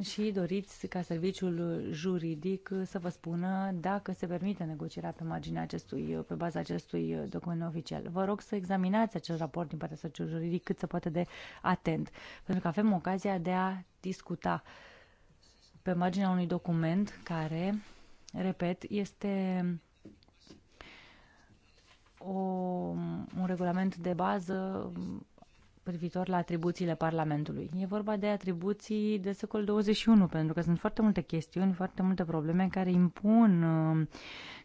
și doriți ca serviciul juridic să vă spună dacă se permite negocierea pe marginea acestui, pe baza acestui document oficial. Vă rog să examinați acest raport din partea serviciului juridic cât se poate de atent, pentru că avem ocazia de a discuta pe marginea unui document care, repet, este o, un regulament de bază privitor la atribuțiile Parlamentului. E vorba de atribuții de secol 21, pentru că sunt foarte multe chestiuni, foarte multe probleme care impun uh,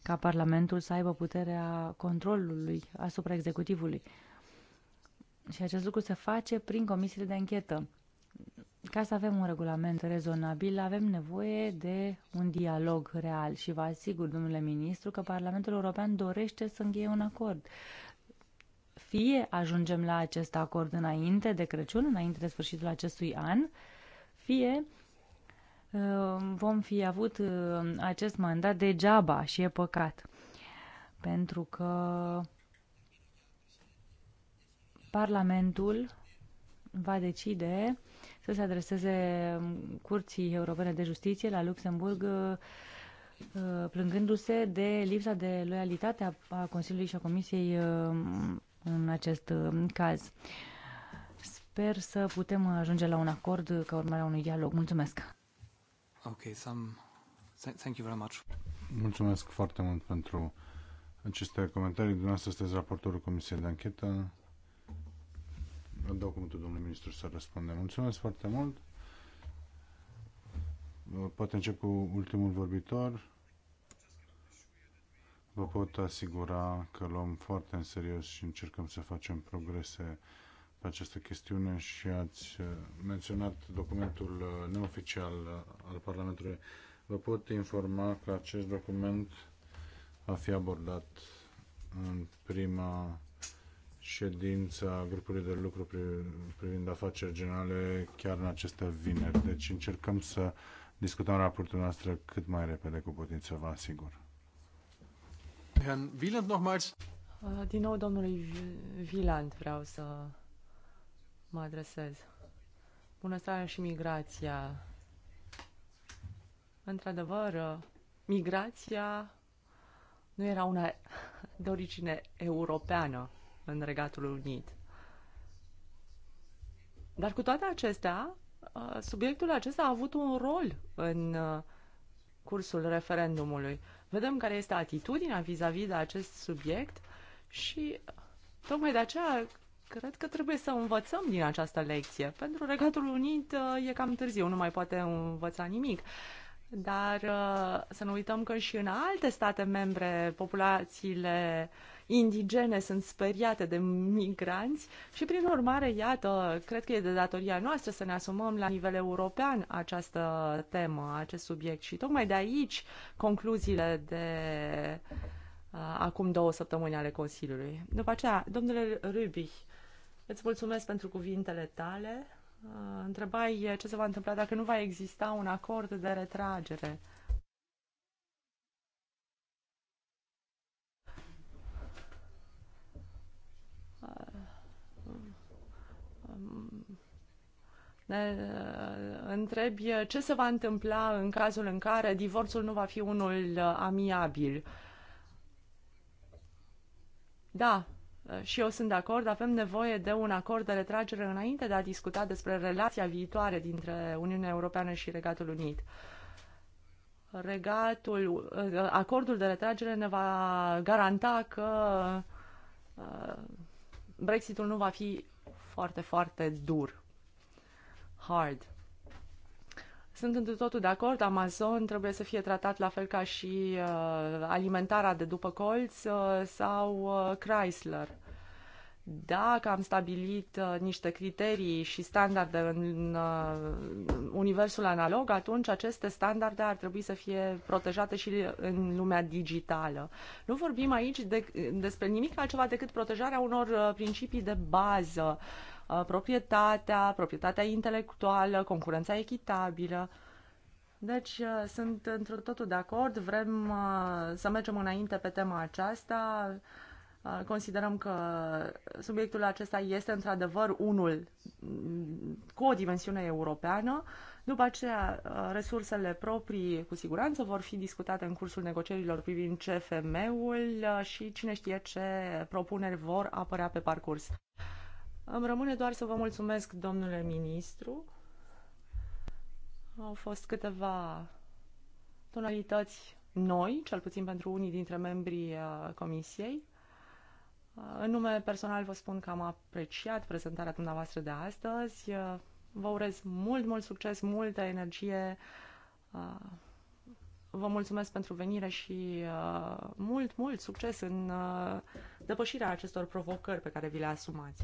ca Parlamentul să aibă puterea controlului asupra executivului. Și acest lucru se face prin comisiile de închetă. Ca să avem un regulament rezonabil, avem nevoie de un dialog real și vă asigur, domnule ministru, că Parlamentul European dorește să încheie un acord fie ajungem la acest acord înainte de Crăciun, înainte de sfârșitul acestui an, fie uh, vom fi avut uh, acest mandat degeaba și e păcat. Pentru că Parlamentul va decide să se adreseze Curții Europene de Justiție la Luxemburg uh, plângându-se de lipsa de loialitate a Consiliului și a Comisiei în acest uh, caz. Sper să putem ajunge la un acord ca urmare a unui dialog. Mulțumesc! Ok, some... thank you very much. Mulțumesc foarte mult pentru aceste comentarii. Dumneavoastră sunteți raportorul Comisiei de Anchetă. Dau cuvântul domnului ministru să răspunde. Mulțumesc foarte mult. Poate încep cu ultimul vorbitor vă pot asigura că luăm foarte în serios și încercăm să facem progrese pe această chestiune și ați uh, menționat documentul uh, neoficial uh, al Parlamentului. Vă pot informa că acest document va fi abordat în prima ședință a grupului de lucru privind afaceri generale chiar în aceste vineri. Deci încercăm să discutăm raportul noastră cât mai repede cu putință, vă asigur. Herrn Wieland nochmals. Uh, din nou domnului Viland vreau să mă adresez. Bunăstarea și migrația. Într-adevăr, uh, migrația nu era una de origine europeană în Regatul Unit. Dar cu toate acestea, uh, subiectul acesta a avut un rol în cursul referendumului vedem care este atitudinea vis-a-vis -vis de acest subiect și tocmai de aceea cred că trebuie să învățăm din această lecție. Pentru Regatul Unit uh, e cam târziu, nu mai poate învăța nimic. Dar uh, să nu uităm că și în alte state membre populațiile uh, indigene sunt speriate de migranți și, prin urmare, iată, cred că e de datoria noastră să ne asumăm la nivel european această temă, acest subiect și tocmai de aici concluziile de acum două săptămâni ale Consiliului. După aceea, domnule Rubi, îți mulțumesc pentru cuvintele tale. Întrebai ce se va întâmpla dacă nu va exista un acord de retragere. ne uh, întrebi uh, ce se va întâmpla în cazul în care divorțul nu va fi unul uh, amiabil. Da, și eu sunt de acord, avem nevoie de un acord de retragere înainte de a discuta despre relația viitoare dintre Uniunea Europeană și Regatul Unit. Regatul, acordul de retragere ne va garanta că Brexitul nu va fi foarte, foarte dur. Hard. Sunt întru totul de acord, Amazon trebuie să fie tratat la fel ca și uh, alimentarea de după colț uh, sau uh, Chrysler. Dacă am stabilit uh, niște criterii și standarde în uh, universul analog, atunci aceste standarde ar trebui să fie protejate și în lumea digitală. Nu vorbim aici de, despre nimic altceva decât protejarea unor uh, principii de bază. Uh, Uh, proprietatea, proprietatea intelectuală, concurența echitabilă. Deci uh, sunt într totul de acord, vrem uh, să mergem înainte pe tema aceasta. Considerăm că subiectul acesta este într-adevăr unul cu o dimensiune europeană. După aceea, resursele proprii cu siguranță vor fi discutate în cursul negocierilor privind CFM-ul și cine știe ce propuneri vor apărea pe parcurs. Îmi rămâne doar să vă mulțumesc, domnule ministru. Au fost câteva tonalități noi, cel puțin pentru unii dintre membrii uh, comisiei. Uh, în nume personal vă spun că am apreciat prezentarea dumneavoastră de astăzi. Uh, vă urez mult, mult succes, multă energie. Vă mulțumesc pentru venire și mult, mult succes în depășirea acestor provocări pe care vi le asumați.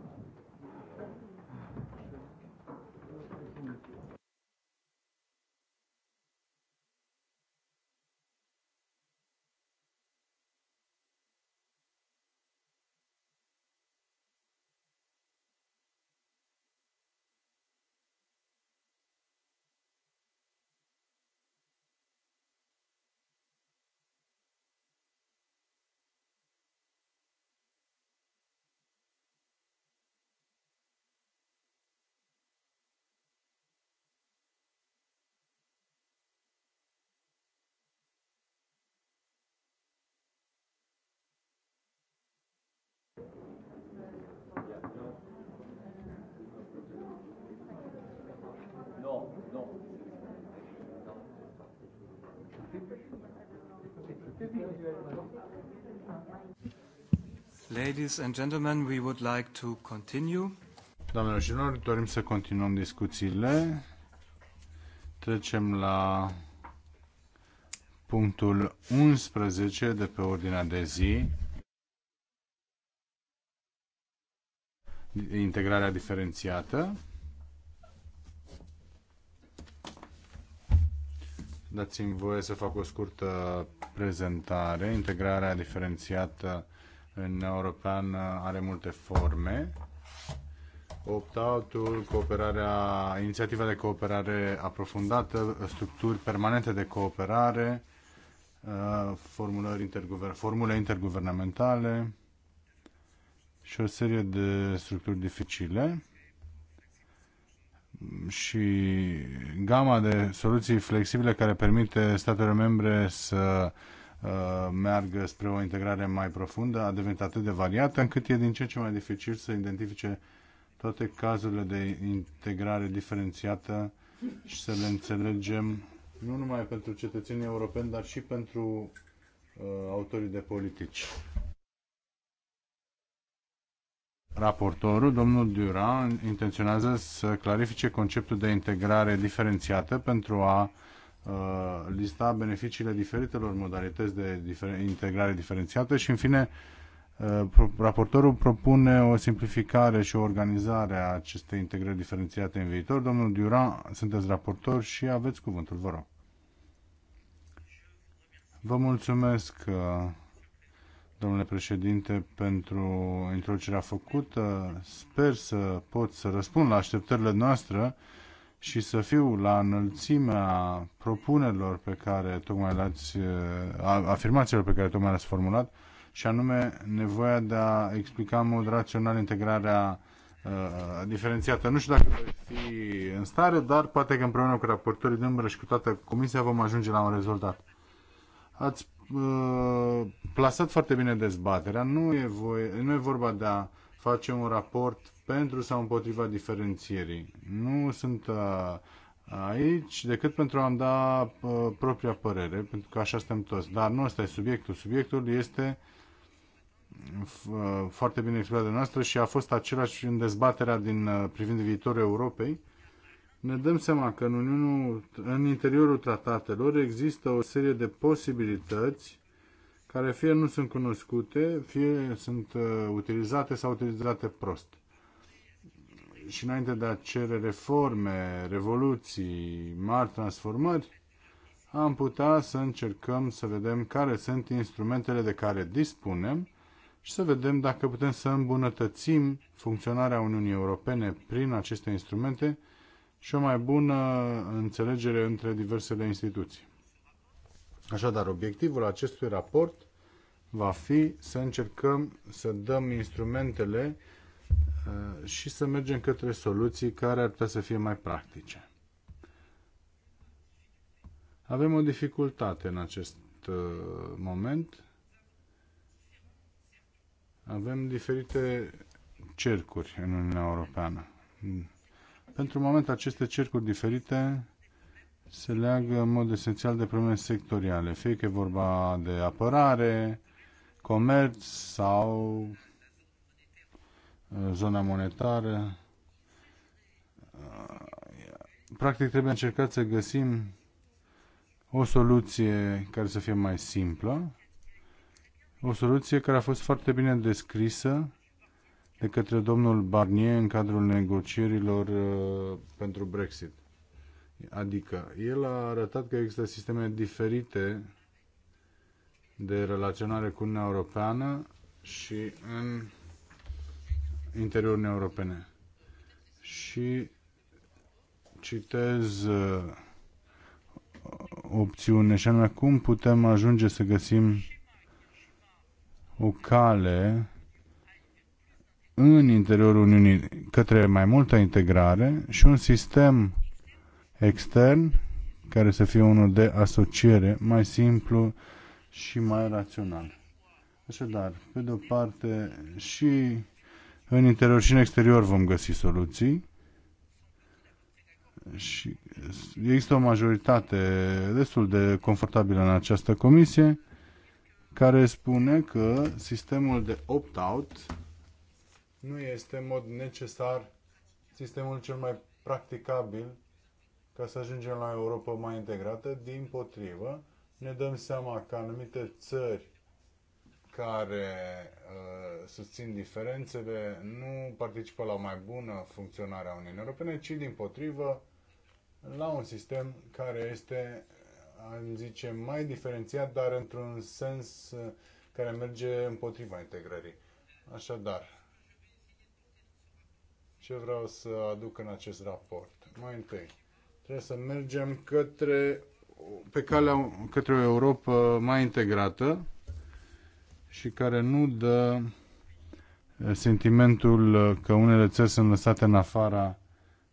Ladies and gentlemen, we would like to continue. Doamnelor și domnilor, dorim să continuăm discuțiile. Trecem la punctul 11 de pe ordinea de zi. Integrarea diferențiată. Dați-mi voie să fac o scurtă prezentare. Integrarea diferențiată în european are multe forme. Opt-out-ul, cooperarea, inițiativa de cooperare aprofundată, structuri permanente de cooperare, uh, formulări interguver- formule interguvernamentale și o serie de structuri dificile și gama de soluții flexibile care permite statelor membre să uh, Uh, meargă spre o integrare mai profundă a devenit atât de variată încât e din ce ce mai dificil să identifice toate cazurile de integrare diferențiată și să le înțelegem nu numai pentru cetățenii europeni, dar și pentru uh, autorii de politici. Raportorul, domnul Dura, intenționează să clarifice conceptul de integrare diferențiată pentru a Uh, lista beneficiile diferitelor modalități de integrare diferențiată și, în fine, uh, raportorul propune o simplificare și o organizare a acestei integrări diferențiate în viitor. Domnul Dura, sunteți raportor și aveți cuvântul, vă rog. Vă mulțumesc, uh, domnule președinte, pentru introducerea făcută. Sper să pot să răspund la așteptările noastre și să fiu la înălțimea propunerilor pe care tocmai le-ați, eh, afirmațiilor pe care tocmai le-ați formulat, și anume nevoia de a explica în mod rațional integrarea eh, diferențiată. Nu știu dacă voi fi în stare, dar poate că împreună cu raportorii de umbră și cu toată comisia vom ajunge la un rezultat. Ați uh, plasat foarte bine dezbaterea. Nu e, voie, nu e vorba de a face un raport pentru sau împotriva diferențierii. Nu sunt uh, aici decât pentru a-mi da uh, propria părere, pentru că așa suntem toți. Dar nu ăsta e subiectul. Subiectul este uh, foarte bine explicat de noastră și a fost același în dezbaterea din privind viitorul Europei. Ne dăm seama că în, Uniunul, în interiorul tratatelor există o serie de posibilități care fie nu sunt cunoscute, fie sunt uh, utilizate sau utilizate prost. Și înainte de a cere reforme, revoluții, mari transformări, am putea să încercăm să vedem care sunt instrumentele de care dispunem și să vedem dacă putem să îmbunătățim funcționarea Uniunii Europene prin aceste instrumente și o mai bună înțelegere între diversele instituții. Așadar, obiectivul acestui raport va fi să încercăm să dăm instrumentele uh, și să mergem către soluții care ar putea să fie mai practice. Avem o dificultate în acest uh, moment. Avem diferite cercuri în Uniunea Europeană. Pentru moment, aceste cercuri diferite se leagă în mod esențial de probleme sectoriale, fie că e vorba de apărare, comerț sau uh, zona monetară. Uh, practic trebuie încercat să găsim o soluție care să fie mai simplă, o soluție care a fost foarte bine descrisă de către domnul Barnier în cadrul negocierilor uh, pentru Brexit. Adică, el a arătat că există sisteme diferite de relaționare cu Uniunea Europeană și în interiorul Uniunii Europene. Și citez uh, opțiune și anume cum putem ajunge să găsim o cale în interiorul Uniunii către mai multă integrare și un sistem extern, care să fie unul de asociere, mai simplu și mai rațional. Așadar, pe de o parte și în interior și în exterior vom găsi soluții și există o majoritate destul de confortabilă în această comisie care spune că sistemul de opt-out nu este în mod necesar sistemul cel mai practicabil ca să ajungem la Europa mai integrată. Din potrivă, ne dăm seama că anumite țări care uh, susțin diferențele nu participă la o mai bună funcționare a Uniunii Europene, ci din potrivă la un sistem care este, am zice, mai diferențiat, dar într-un sens uh, care merge împotriva integrării. Așadar, ce vreau să aduc în acest raport? Mai întâi, Trebuie să mergem către, pe calea către o Europa mai integrată și care nu dă eh, sentimentul eh, că unele țări sunt lăsate în afara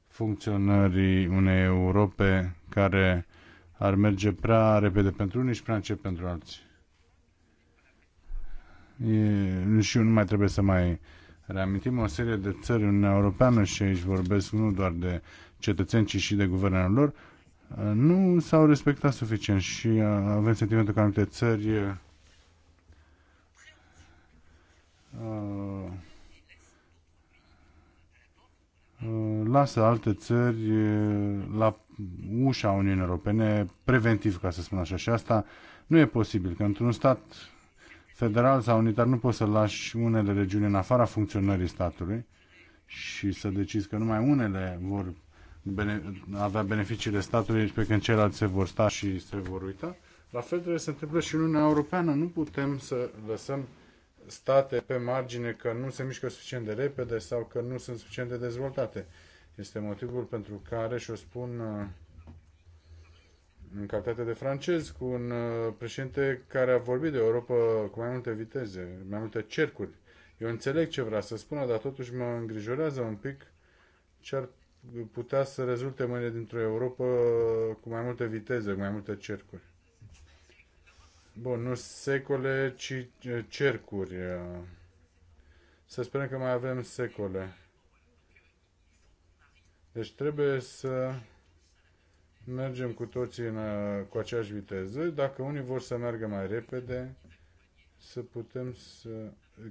funcționării unei Europe care ar merge prea repede pentru unii și prea încet pentru alții. E, și nu mai trebuie să mai reamintim o serie de țări în Uniunea Europeană și aici vorbesc nu doar de cetățeni, ci și de guvernele lor, uh, nu s-au respectat suficient și uh, avem sentimentul că anumite țări uh, lasă alte țări la ușa Uniunii Europene preventiv, ca să spun așa. Și asta nu e posibil, că într-un stat federal sau unitar nu poți să lași unele regiuni în afara funcționării statului și să decizi că numai unele vor bene, avea beneficiile statului, pe când ceilalți se vor sta și se vor uita. La fel trebuie să întâmple și în Uniunea Europeană. Nu putem să lăsăm state pe margine că nu se mișcă suficient de repede sau că nu sunt suficient de dezvoltate. Este motivul pentru care, și o spun uh, în calitate de francez, cu un uh, președinte care a vorbit de Europa cu mai multe viteze, mai multe cercuri. Eu înțeleg ce vrea să spună, dar totuși mă îngrijorează un pic ce ar putea să rezulte mâine dintr-o Europa cu mai multe viteze, cu mai multe cercuri. Bun, nu secole, ci eh, cercuri. Să sperăm că mai avem secole. Deci trebuie să mergem cu toții în, eh, cu aceeași viteză. Dacă unii vor să meargă mai repede, să putem să...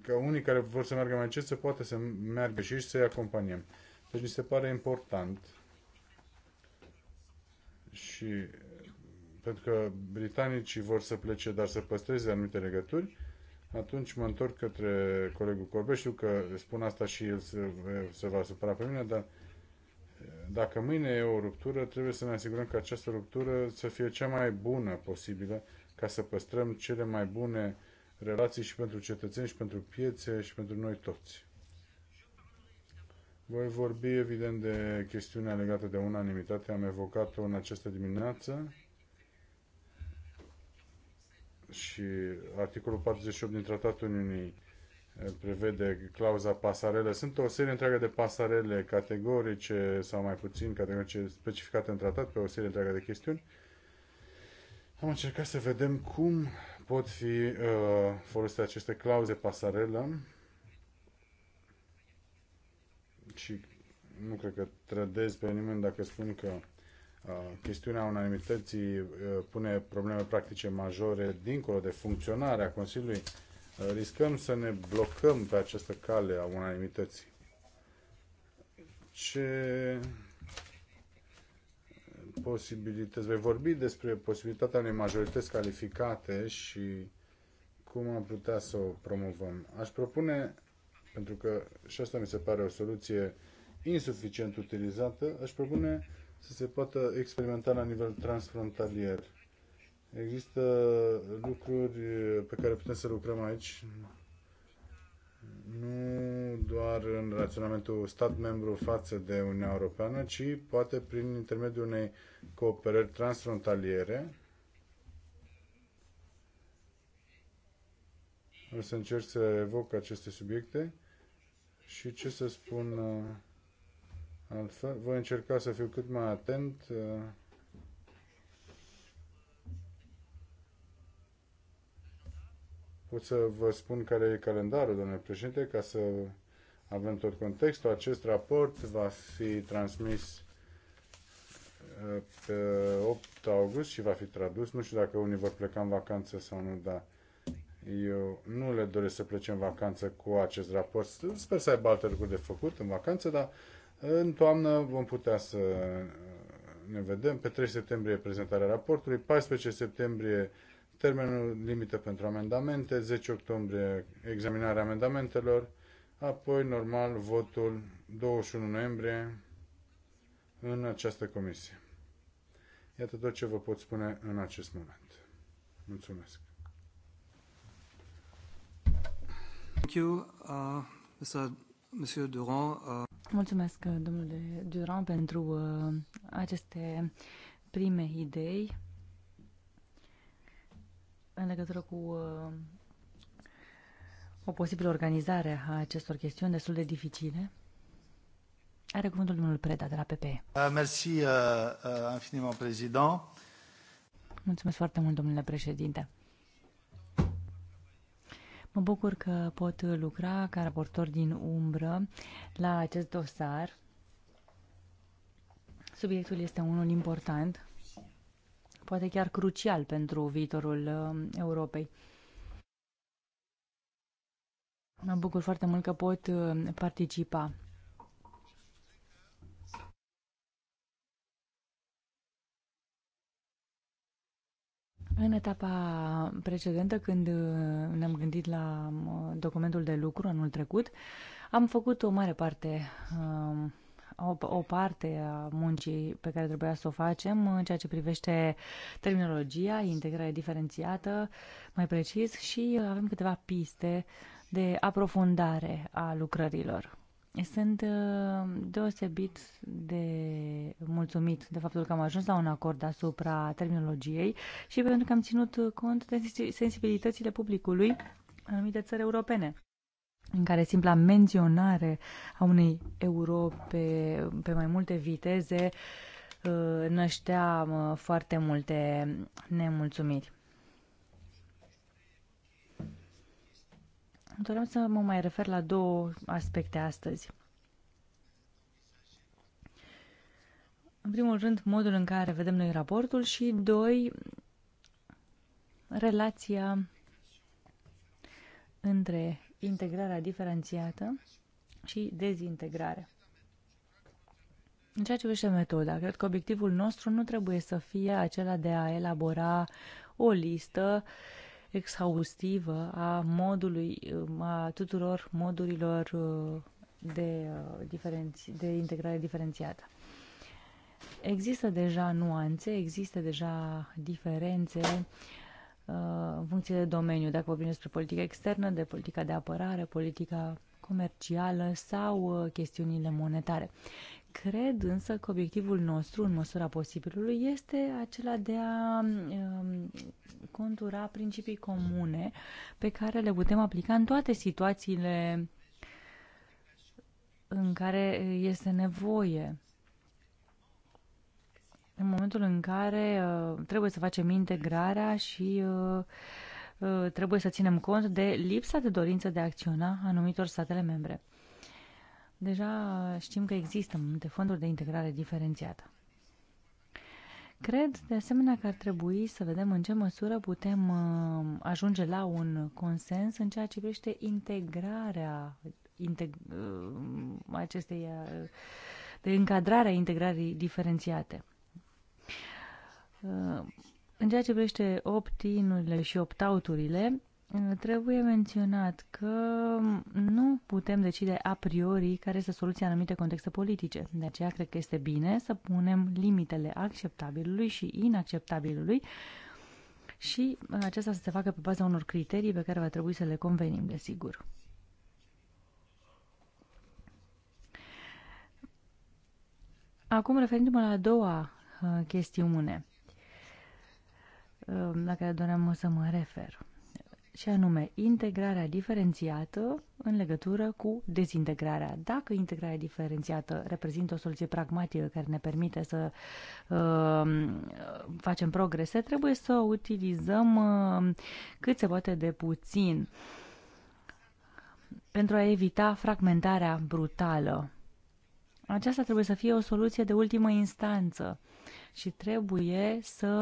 Ca unii care vor să meargă mai încet, să poată să meargă și să-i acompaniem. Deci mi se pare important și pentru că britanicii vor să plece, dar să păstreze anumite legături, atunci mă întorc către colegul Corbe. Știu că spun asta și el se, se va supăra pe mine, dar dacă mâine e o ruptură, trebuie să ne asigurăm că această ruptură să fie cea mai bună posibilă ca să păstrăm cele mai bune relații și pentru cetățeni, și pentru piețe, și pentru noi toți. Voi vorbi, evident, de chestiunea legată de unanimitate. Am evocat-o în această dimineață și articolul 48 din Tratatul Uniunii eh, prevede clauza pasarele. Sunt o serie întreagă de pasarele categorice sau mai puțin categorice specificate în tratat pe o serie întreagă de chestiuni. Am încercat să vedem cum pot fi uh, folosite aceste clauze pasarele și nu cred că trădez pe nimeni dacă spun că chestiunea unanimității pune probleme practice majore dincolo de funcționarea Consiliului. Riscăm să ne blocăm pe această cale a unanimității. Ce posibilități? Vei vorbi despre posibilitatea unei majorități calificate și cum am putea să o promovăm. Aș propune pentru că și asta mi se pare o soluție insuficient utilizată, aș propune să se poată experimenta la nivel transfrontalier. Există lucruri pe care putem să lucrăm aici, nu doar în raționamentul stat membru față de Uniunea Europeană, ci poate prin intermediul unei cooperări transfrontaliere. O să încerc să evoc aceste subiecte. Și ce să spun uh, altfel? Voi încerca să fiu cât mai atent. Uh, Pot să vă spun care e calendarul, domnule președinte, ca să avem tot contextul. Acest raport va fi transmis uh, pe 8 august și va fi tradus. Nu știu dacă unii vor pleca în vacanță sau nu, dar eu nu le doresc să plece în vacanță cu acest raport. Sper să aibă alte lucruri de făcut în vacanță, dar în toamnă vom putea să ne vedem. Pe 3 septembrie prezentarea raportului, 14 septembrie termenul limită pentru amendamente, 10 octombrie examinarea amendamentelor, apoi, normal, votul 21 noiembrie în această comisie. Iată tot ce vă pot spune în acest moment. Mulțumesc! Thank you, uh, Mr. Monsieur Durand. Uh... Mulțumesc, uh, domnule Durand, pentru uh, aceste prime idei în legătură cu uh, o posibilă organizare a acestor chestiuni destul de dificile. Are cuvântul domnul Preda de la PPE. Uh, merci uh, uh, infiniment, Mulțumesc foarte mult, domnule președinte. Mă bucur că pot lucra ca raportor din umbră la acest dosar. Subiectul este unul important, poate chiar crucial pentru viitorul um, Europei. Mă bucur foarte mult că pot um, participa În etapa precedentă, când uh, ne-am gândit la um, documentul de lucru anul trecut, am făcut o mare parte, um, o, o parte a muncii pe care trebuia să o facem în ceea ce privește terminologia, integrare diferențiată, mai precis, și avem câteva piste de aprofundare a lucrărilor. Sunt uh, deosebit de mulțumit de faptul că am ajuns la un acord asupra terminologiei și pentru că am ținut cont de sensibilitățile publicului în anumite țări europene în care simpla menționare a unei Europe pe mai multe viteze uh, năștea uh, foarte multe nemulțumiri. Doream să mă mai refer la două aspecte astăzi. În primul rând, modul în care vedem noi raportul și, doi, relația între integrarea diferențiată și dezintegrare. În ceea ce privește metoda, cred că obiectivul nostru nu trebuie să fie acela de a elabora o listă uh, exhaustivă a modului, a tuturor modurilor uh, de, uh, diferenți, de integrare diferențiată. Există deja nuanțe, există deja diferențe uh, în funcție de domeniu, dacă vorbim despre politică externă, de politica de apărare, politica comercială sau chestiunile monetare. Cred însă că obiectivul nostru, în măsura posibilului, este acela de a um, contura principii comune pe care le putem aplica în toate situațiile în care este nevoie. În momentul în care uh, trebuie să facem integrarea și uh, uh, trebuie să ținem cont de lipsa de dorință de a acționa anumitor statele membre. Deja știm că există multe fonduri de integrare diferențiată. Cred, de asemenea, că ar trebui să vedem în ce măsură putem uh, ajunge la un consens în ceea ce privește integrarea integ uh, acestei uh, de încadrarea integrării diferențiate. În ceea ce privește opt-inurile și opt-auturile, Trebuie menționat că nu putem decide a priori care este soluția în anumite contexte politice. De aceea cred că este bine să punem limitele acceptabilului și inacceptabilului și uh, acesta să se facă pe baza unor criterii pe care va trebui să le convenim, desigur. Acum, referindu-mă la a doua uh, chestiune uh, la care doream să mă refer și anume integrarea diferențiată în legătură cu dezintegrarea. Dacă integrarea diferențiată reprezintă o soluție pragmatică care ne permite să uh, facem progrese, trebuie să o utilizăm uh, cât se poate de puțin pentru a evita fragmentarea brutală. Aceasta trebuie să fie o soluție de ultimă instanță și trebuie să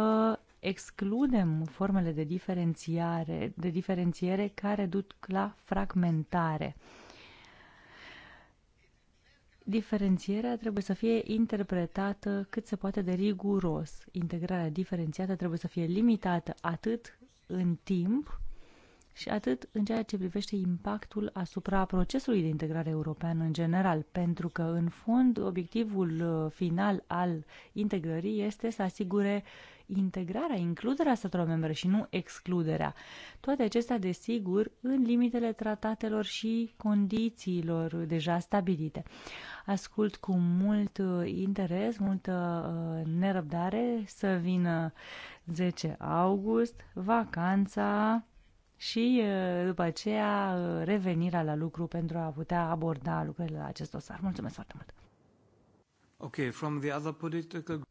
excludem formele de diferențiare, de diferențiere care duc la fragmentare. Diferențierea trebuie să fie interpretată cât se poate de riguros. Integrarea diferențiată trebuie să fie limitată atât în timp și atât în ceea ce privește impactul asupra procesului de integrare european în general, pentru că, în fond, obiectivul uh, final al integrării este să asigure uh, integrarea, includerea statelor membre și nu excluderea. Toate acestea, desigur, în limitele tratatelor și condițiilor deja stabilite. Ascult cu mult uh, interes, multă uh, nerăbdare să vină 10 august, vacanța și uh, după aceea revenirea la lucru pentru a putea aborda lucrurile la acest dosar. Mulțumesc foarte mult! Okay, from the other political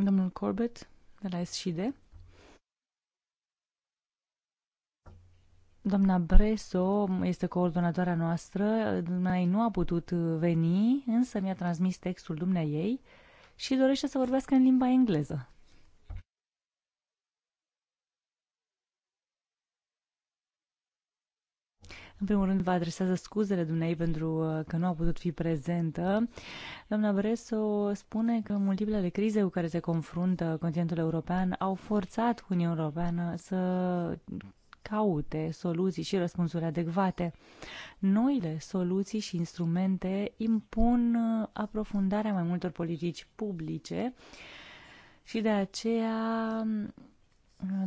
Domnul Corbett, de la SCD. Doamna Breso este coordonatoarea noastră, mai nu a putut veni, însă mi-a transmis textul dumneai ei și dorește să vorbească în limba engleză. În primul rând, vă adresează scuzele dumnei pentru uh, că nu a putut fi prezentă. Doamna Breso spune că multiplele crize cu care se confruntă continentul european au forțat Uniunea Europeană să caute soluții și răspunsuri adecvate. Noile soluții și instrumente impun uh, aprofundarea mai multor politici publice și de aceea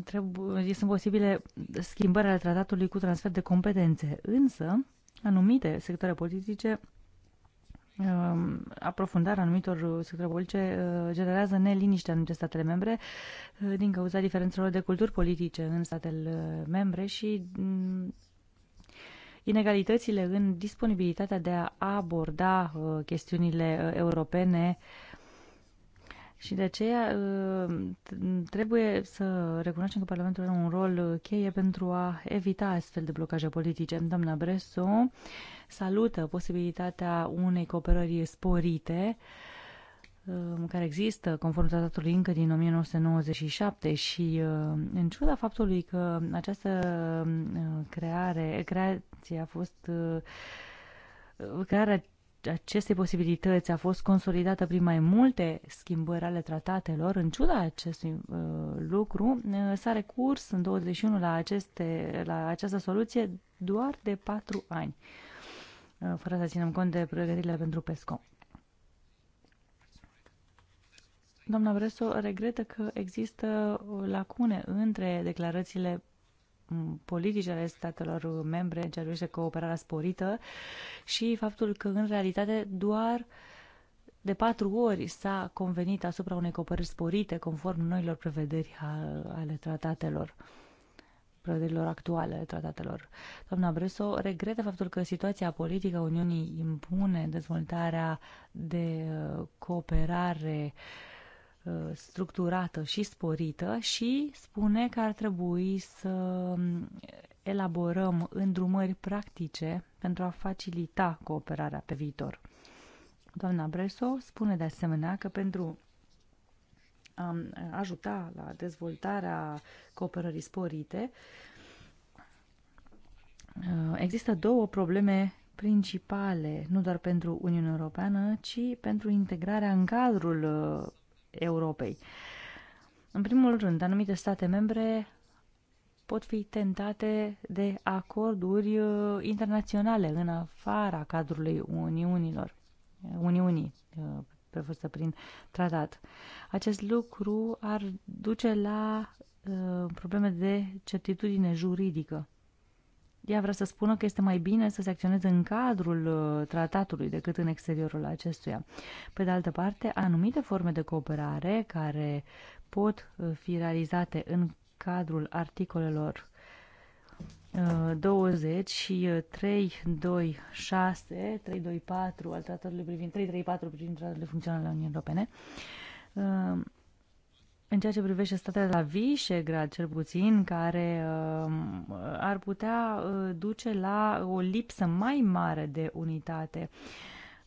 trebuie, sunt posibile schimbări ale tratatului cu transfer de competențe, însă anumite sectoare politice um, aprofundarea anumitor sectoare politice uh, generează neliniște în anumite statele membre uh, din cauza diferențelor de culturi politice în statele uh, membre și mm, inegalitățile în disponibilitatea de a aborda chestiunile europene uh, și de aceea uh, trebuie să recunoaștem că Parlamentul are un rol cheie pentru a evita astfel de blocaje politice. Doamna Bresu salută posibilitatea unei cooperări sporite uh, care există conform tratatului încă din 1997 și uh, în ciuda faptului că această creare, creație a fost crearea aceste posibilități a fost consolidată prin mai multe schimbări ale tratatelor, în ciuda acestui uh, lucru, uh, s-a recurs în 21 la, aceste, la această soluție doar de 4 ani, uh, fără să ținem cont de pregătirile pentru PESCO. Doamna Breso regretă că există lacune între declarațiile politici ale statelor membre în ce privește cooperarea sporită și faptul că, în realitate, doar de patru ori s-a convenit asupra unei cooperări sporite conform noilor prevederi ale tratatelor prevederilor actuale tratatelor. Doamna Breso regretă faptul că situația politică a Uniunii impune dezvoltarea de uh, cooperare uh, Uh, structurată și sporită și spune că ar trebui să um, elaborăm îndrumări practice pentru a facilita cooperarea pe viitor. Doamna Breso spune de asemenea că pentru a um, ajuta la dezvoltarea cooperării sporite, uh, există două probleme principale, nu doar pentru Uniunea Europeană, ci pentru integrarea în cadrul uh, Europei. În primul rând, anumite state membre pot fi tentate de acorduri uh, internaționale în afara cadrului Uniunilor, Uniunii uh, prevăzută prin tratat. Acest lucru ar duce la uh, probleme de certitudine juridică. Ea vrea să spună că este mai bine să se acționeze în cadrul uh, tratatului decât în exteriorul acestuia. Pe de altă parte, anumite forme de cooperare care pot uh, fi realizate în cadrul articolelor 20 uh, și 326, 324 al tratatului privind 334 privind tratatul de funcționare al Uniunii Europene în ceea ce privește statele de la Visegrad, cel puțin, care uh, ar putea uh, duce la o lipsă mai mare de unitate.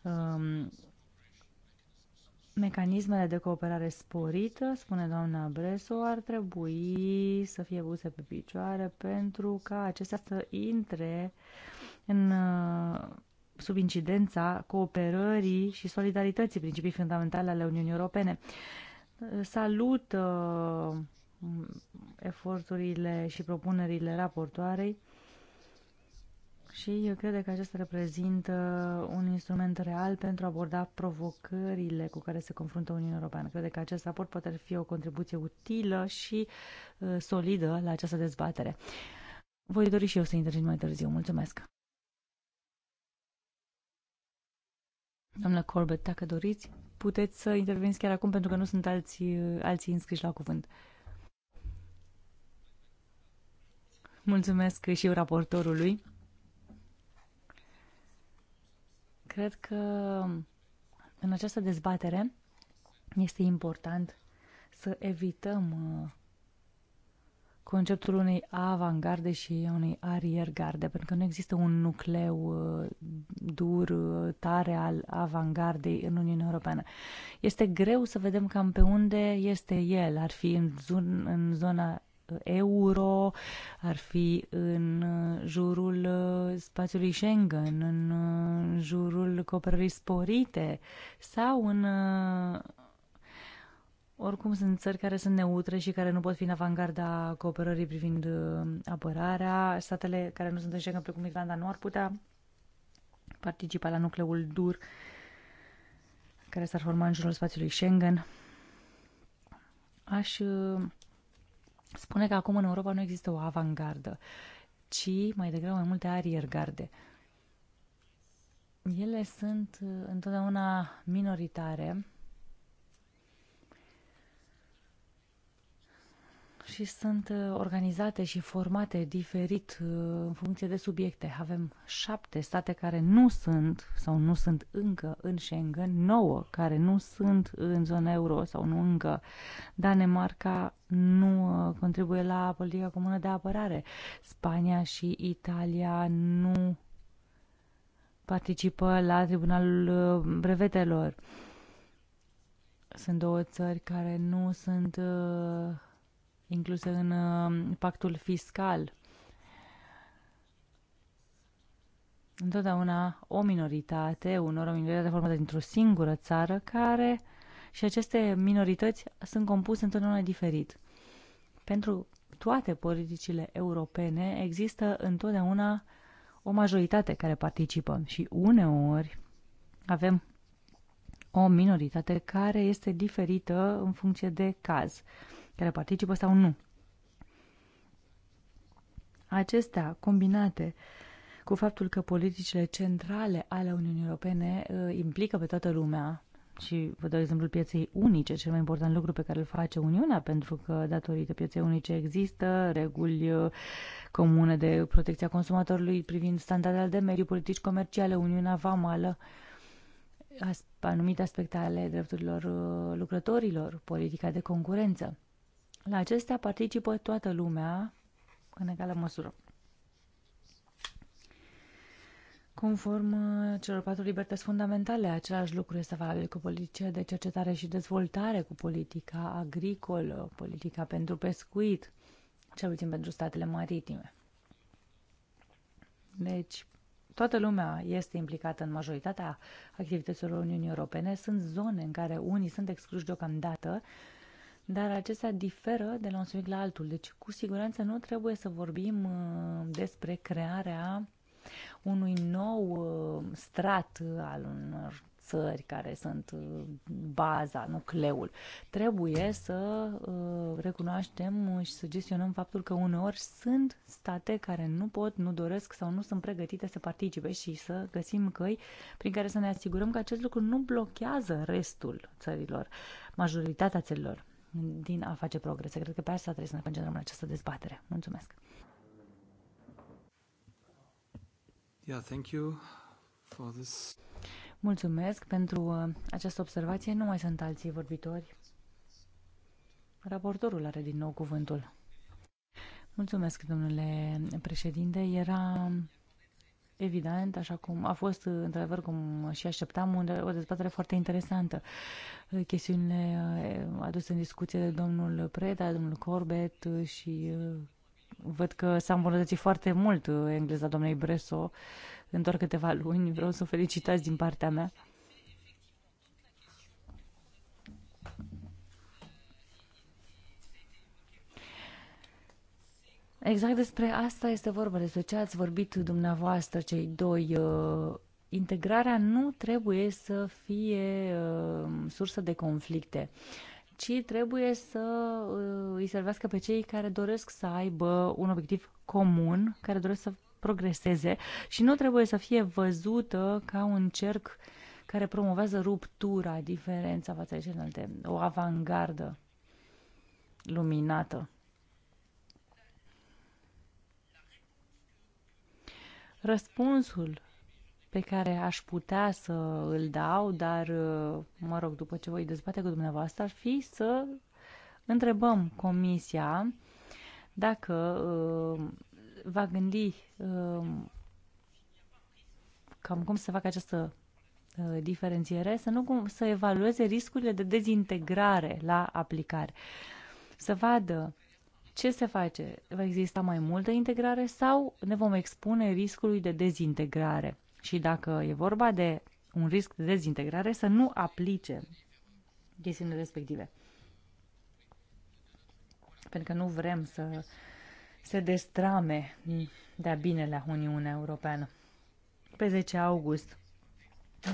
Uh, mecanismele de cooperare sporită, spune doamna Bresu, ar trebui să fie puse pe picioare pentru ca acestea să intre în uh, sub incidența cooperării și solidarității, principii fundamentale ale Uniunii Europene salut uh, eforturile și propunerile raportoarei și eu cred că acesta reprezintă un instrument real pentru a aborda provocările cu care se confruntă Uniunea Europeană. Cred că acest raport poate fi o contribuție utilă și uh, solidă la această dezbatere. Voi dori și eu să intervin mai târziu. Mulțumesc! Doamna Corbett, dacă doriți puteți să interveniți chiar acum pentru că nu sunt alții, alții înscriși la cuvânt. Mulțumesc și eu raportorului. Cred că în această dezbatere este important să evităm uh, conceptul unei avangarde și unei ariergarde, pentru că nu există un nucleu uh, dur, uh, tare al avangardei în Uniunea Europeană. Este greu să vedem cam pe unde este el. Ar fi în, zon, în zona uh, euro, ar fi în jurul spațiului Schengen, în jurul cooperării sporite sau în oricum sunt țări care sunt neutre și care nu pot fi în avangarda cooperării privind uh, apărarea. Statele care nu sunt în Schengen, precum Irlanda, nu ar putea participa la nucleul dur care s-ar forma în jurul spațiului Schengen. Aș uh, spune că acum în Europa nu există o avangardă, ci mai degrabă mai multe ariergarde. Ele sunt uh, întotdeauna minoritare și sunt uh, organizate și formate diferit uh, în funcție de subiecte. Avem șapte state care nu sunt sau nu sunt încă în Schengen, nouă care nu sunt în zona euro sau nu încă. Danemarca nu uh, contribuie la politica comună de apărare. Spania și Italia nu participă la Tribunalul Brevetelor. Sunt două țări care nu sunt uh, incluse în uh, pactul fiscal. Întotdeauna o minoritate, unor o minoritate formată dintr-o singură țară care și aceste minorități sunt compuse întotdeauna diferit. Pentru toate politicile europene există întotdeauna o majoritate care participă și uneori avem o minoritate care este diferită în funcție de caz care participă sau nu. Acestea, combinate cu faptul că politicile centrale ale Uniunii Europene uh, implică pe toată lumea, și vă dau exemplul pieței unice, cel mai important lucru pe care îl face Uniunea, pentru că datorită pieței unice există reguli uh, comune de protecția consumatorului privind standardele de mediu, politici comerciale, Uniunea Vamală, anumite aspecte ale drepturilor uh, lucrătorilor, politica de concurență. La acestea participă toată lumea în egală măsură. Conform uh, celor patru libertăți fundamentale, același lucru este valabil cu politica de cercetare și dezvoltare, cu politica agricolă, politica pentru pescuit, cel puțin pentru statele maritime. Deci, toată lumea este implicată în majoritatea activităților Uniunii Europene. Sunt zone în care unii sunt excluși deocamdată dar acestea diferă de la un subiect la altul. Deci, cu siguranță, nu trebuie să vorbim uh, despre crearea unui nou uh, strat uh, al unor țări care sunt baza, nucleul. Trebuie să recunoaștem și să gestionăm faptul că uneori sunt state care nu pot, nu doresc sau nu sunt pregătite să participe și să găsim căi prin care să ne asigurăm că acest lucru nu blochează restul țărilor, majoritatea țărilor din a face progrese. Cred că pe asta trebuie să ne concentrăm în această dezbatere. Mulțumesc! Yeah, thank you for this. Mulțumesc pentru uh, această observație. Nu mai sunt alții vorbitori. Raportorul are din nou cuvântul. Mulțumesc, domnule președinte. Era Evident, așa cum a fost, într-adevăr, cum și așteptam, o dezbatere foarte interesantă. Chestiunile uh, aduse în discuție de domnul Preda, domnul Corbett uh, și uh, văd că s-a îmbunătățit foarte mult engleza domnului Breso în doar câteva luni. Vreau să o felicitați din partea mea. Exact despre asta este vorba, despre ce ați vorbit dumneavoastră, cei doi. Uh, integrarea nu trebuie să fie uh, sursă de conflicte, ci trebuie să uh, îi servească pe cei care doresc să aibă un obiectiv comun, care doresc să progreseze și nu trebuie să fie văzută ca un cerc care promovează ruptura, diferența față de celelalte, o avangardă luminată. Răspunsul pe care aș putea să îl dau, dar, uh, mă rog, după ce voi dezbate cu dumneavoastră, ar fi să întrebăm comisia dacă uh, va gândi uh, cam cum să facă această uh, diferențiere, să, nu cum, să evalueze riscurile de dezintegrare la aplicare. Să vadă ce se face? Va exista mai multă integrare sau ne vom expune riscului de dezintegrare? Și dacă e vorba de un risc de dezintegrare, să nu aplice chestiunile respective. Pentru că nu vrem să se destrame de-a binelea Uniunea Europeană. Pe 10 august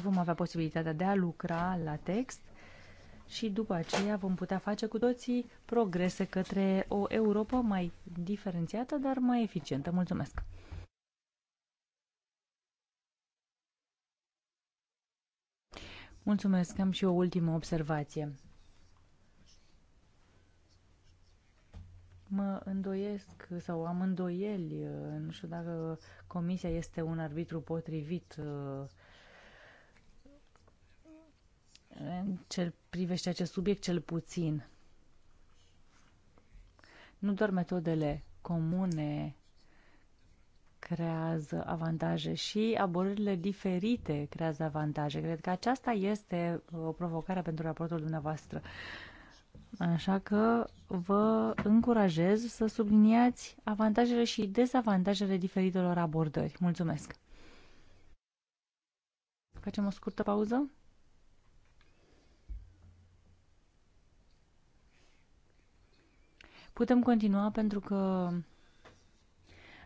vom avea posibilitatea de a lucra la text și după aceea vom putea face cu toții progrese către o Europa mai diferențiată, dar mai eficientă. Mulțumesc! Mulțumesc, am și o ultimă observație. Mă îndoiesc sau am îndoieli, nu știu dacă comisia este un arbitru potrivit uh, în ce privește acest subiect cel puțin. Nu doar metodele comune creează avantaje și abordările diferite creează avantaje. Cred că aceasta este uh, o provocare pentru raportul dumneavoastră. Așa că vă încurajez să subliniați avantajele și dezavantajele diferitelor abordări. Mulțumesc! Facem o scurtă pauză? Putem continua pentru că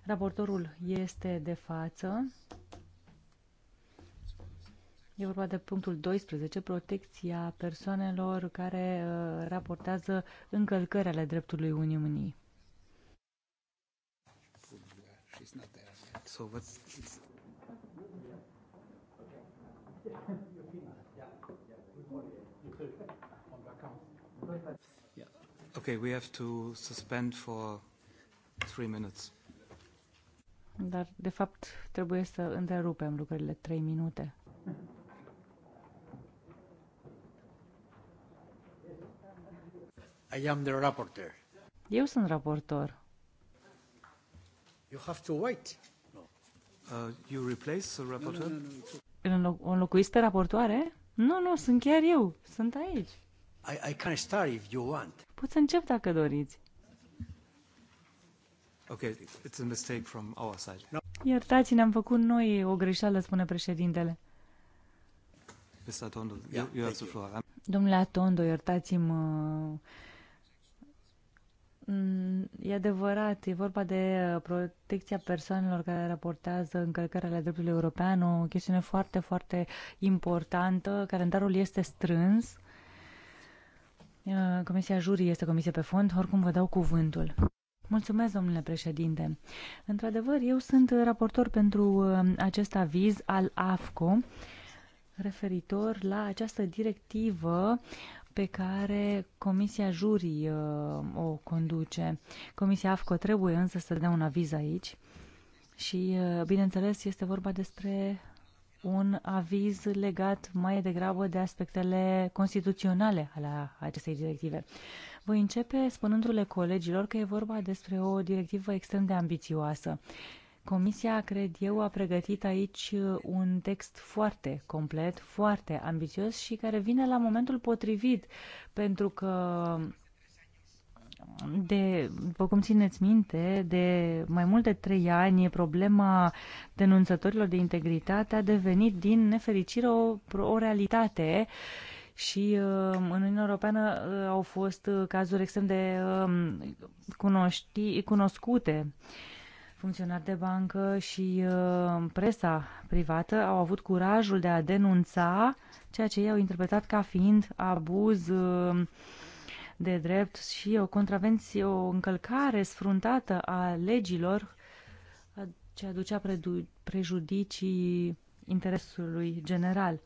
raportorul este de față. E vorba de punctul 12, protecția persoanelor care uh, raportează încălcări ale dreptului Uniunii. So what's Okay, we have to suspend for three minutes. Dar, de fapt, trebuie să întrerupem lucrurile trei minute. I am the reporter. Eu sunt raportor. You have to wait. No. Uh, you replace the reporter? No, no, no, no. Înlocuiți pe raportoare? Nu, nu, sunt chiar eu. Sunt aici. I, I can start if you want. Pot să încep dacă doriți. Okay, it's a mistake from our side. No. Iertați-ne, am făcut noi o greșeală, spune președintele. Mr. Tondo, yeah, you, have the floor. Domnule Atondo, iertați-mă. Mm, e adevărat, e vorba de uh, protecția persoanelor care raportează încălcarea la dreptului european, o chestiune foarte, foarte importantă. Calendarul este strâns Uh, Comisia Jurii este comisie pe fond, oricum vă dau cuvântul. Mulțumesc, domnule președinte. Într-adevăr, eu sunt raportor pentru uh, acest aviz al AFCO referitor la această directivă pe care Comisia Jurii uh, o conduce. Comisia AFCO trebuie însă să dea un aviz aici și, bineînțeles, este vorba despre un aviz legat mai degrabă de aspectele constituționale ale acestei directive. Voi începe spunându-le colegilor că e vorba despre o directivă extrem de ambițioasă. Comisia, cred eu, a pregătit aici un text foarte complet, foarte ambițios și care vine la momentul potrivit, pentru că de, după cum țineți minte, de mai mult de trei ani, problema denunțătorilor de integritate a devenit, din nefericire, o, o realitate și uh, în Uniunea Europeană uh, au fost uh, cazuri extrem de uh, cunoști, cunoscute. Funcționari de bancă și uh, presa privată au avut curajul de a denunța ceea ce ei au interpretat ca fiind abuz uh, de drept și o contravenție, o încălcare sfruntată a legilor ce aducea prejudicii interesului general.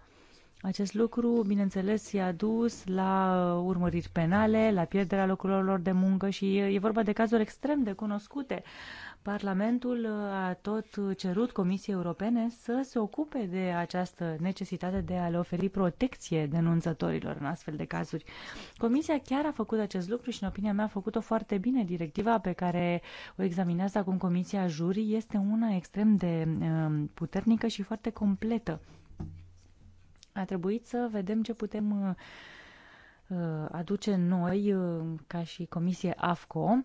Acest lucru, bineînțeles, i-a dus la urmăriri penale, la pierderea locurilor de muncă și e vorba de cazuri extrem de cunoscute Parlamentul a tot cerut Comisiei Europene să se ocupe de această necesitate de a le oferi protecție denunțătorilor în astfel de cazuri. Comisia chiar a făcut acest lucru și, în opinia mea, a făcut-o foarte bine. Directiva pe care o examinează acum Comisia Jurii este una extrem de um, puternică și foarte completă. A trebuit să vedem ce putem uh, uh, aduce noi, uh, ca și Comisie AFCO,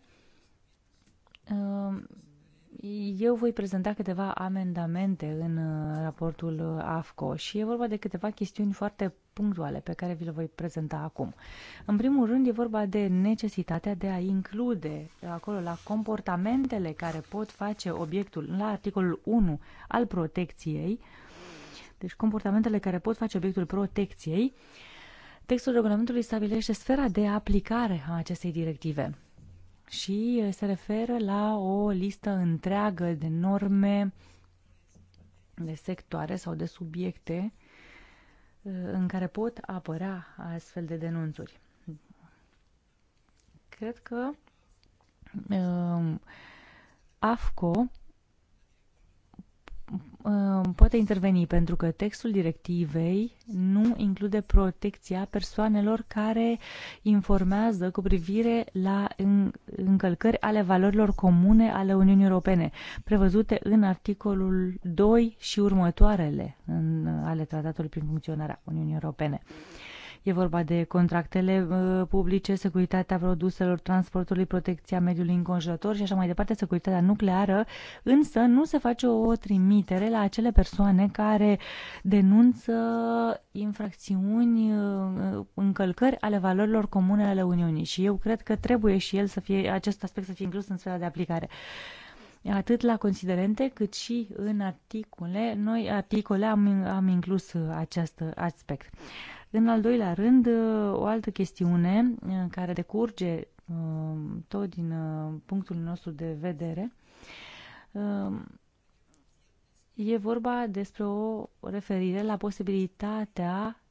eu voi prezenta câteva amendamente în uh, raportul uh, AFCO și e vorba de câteva chestiuni foarte punctuale pe care vi le voi prezenta acum. În primul rând e vorba de necesitatea de a include acolo la comportamentele care pot face obiectul la articolul 1 al protecției, deci comportamentele care pot face obiectul protecției, textul regulamentului stabilește sfera de aplicare a acestei directive și uh, se referă la o listă întreagă de norme, de sectoare sau de subiecte uh, în care pot apărea astfel de denunțuri. Cred că uh, AFCO Um, poate interveni pentru că textul directivei nu include protecția persoanelor care informează cu privire la încălcări ale valorilor comune ale Uniunii Europene, prevăzute în articolul 2 și următoarele în, ale tratatului prin funcționarea Uniunii Europene. Uh, E vorba de contractele uh, publice, securitatea produselor, transportului, protecția mediului înconjurător și așa mai departe, securitatea nucleară, însă nu se face o trimitere la acele persoane care denunță infracțiuni, uh, încălcări ale valorilor comune ale Uniunii și eu cred că trebuie și el să fie, acest aspect să fie inclus în sfera de aplicare atât la considerente cât și în articole. Noi articole am, am inclus uh, acest aspect. În al doilea rând, uh, o altă chestiune uh, care decurge tot din punctul nostru de vedere e vorba despre o referire la posibilitatea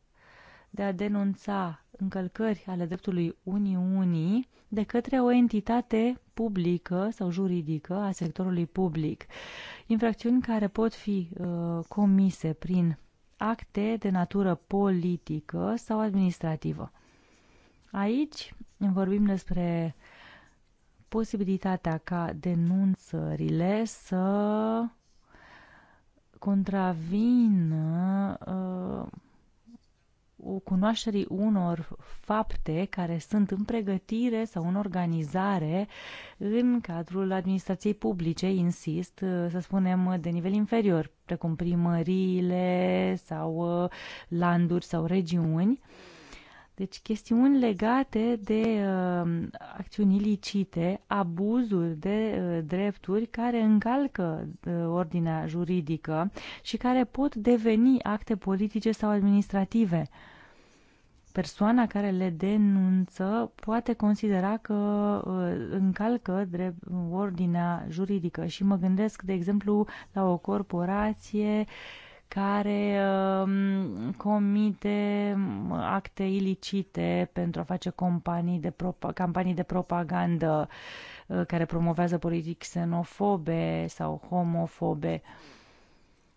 de a denunța încălcări ale dreptului Uniunii de către o entitate publică sau juridică a sectorului public. Infracțiuni care pot fi uh, comise prin acte de natură politică sau administrativă. Aici vorbim despre posibilitatea ca denunțările să contravină uh, cunoașterii unor fapte care sunt în pregătire sau în organizare în cadrul administrației publice, insist, uh, să spunem, de nivel inferior, precum primăriile sau uh, landuri sau regiuni. Deci chestiuni legate de uh, acțiuni ilicite, abuzuri de uh, drepturi care încalcă uh, ordinea juridică și care pot deveni acte politice sau administrative. Uh, persoana care le denunță poate considera că uh, încalcă drept, ordinea juridică și mă gândesc, de exemplu, la o corporație care um, comite um, acte ilicite pentru a face companii de campanii de propagandă uh, care promovează politici xenofobe sau homofobe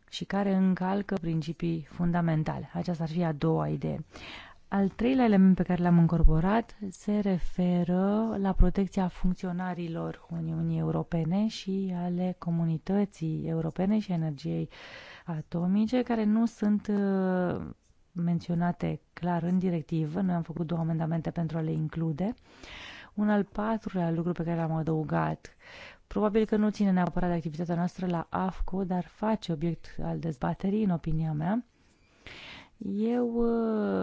și care încalcă principii fundamentale. Aceasta ar fi a doua idee. Al treilea element pe care l-am incorporat se referă la protecția funcționarilor Uniunii Europene și ale comunității europene și energiei atomice, care nu sunt uh, menționate clar în directivă. Noi am făcut două amendamente pentru a le include. Un al patrulea lucru pe care l-am adăugat, probabil că nu ține neapărat de activitatea noastră la AFCO, dar face obiect al dezbaterii, în opinia mea, eu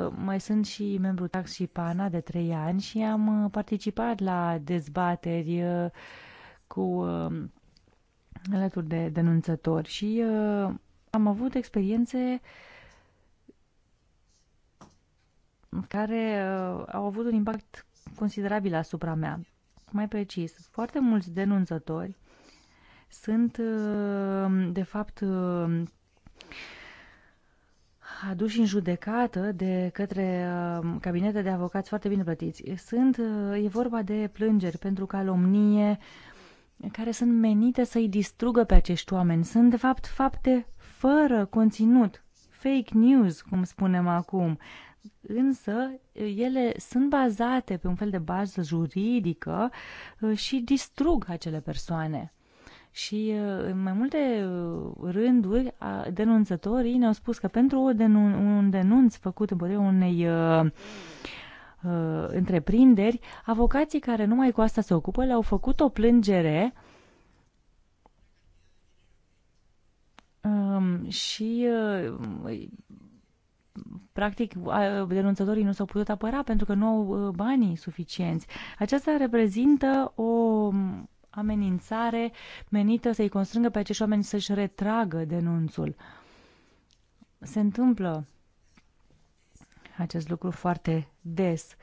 uh, mai sunt și membru Tax și PANA de trei ani și am uh, participat la dezbateri uh, cu alături de denunțători și am avut experiențe care au avut un impact considerabil asupra mea. Mai precis, foarte mulți denunțători sunt de fapt aduși în judecată de către uh, cabinete de avocați foarte bine plătiți. Sunt, uh, e vorba de plângeri pentru calomnie care sunt menite să-i distrugă pe acești oameni. Sunt, de fapt, fapte fără conținut, fake news, cum spunem acum. Însă, ele sunt bazate pe un fel de bază juridică uh, și distrug acele persoane. Și uh, în mai multe uh, rânduri, denunțătorii ne-au spus că pentru o denun- un denunț făcut împotriva unei uh, uh, întreprinderi, avocații care numai cu asta se ocupă le-au făcut o plângere um, și uh, practic denunțătorii nu s-au putut apăra pentru că nu au uh, banii suficienți. Aceasta reprezintă o, amenințare menită să-i constrângă pe acești oameni să-și retragă denunțul. Se întâmplă acest lucru foarte des.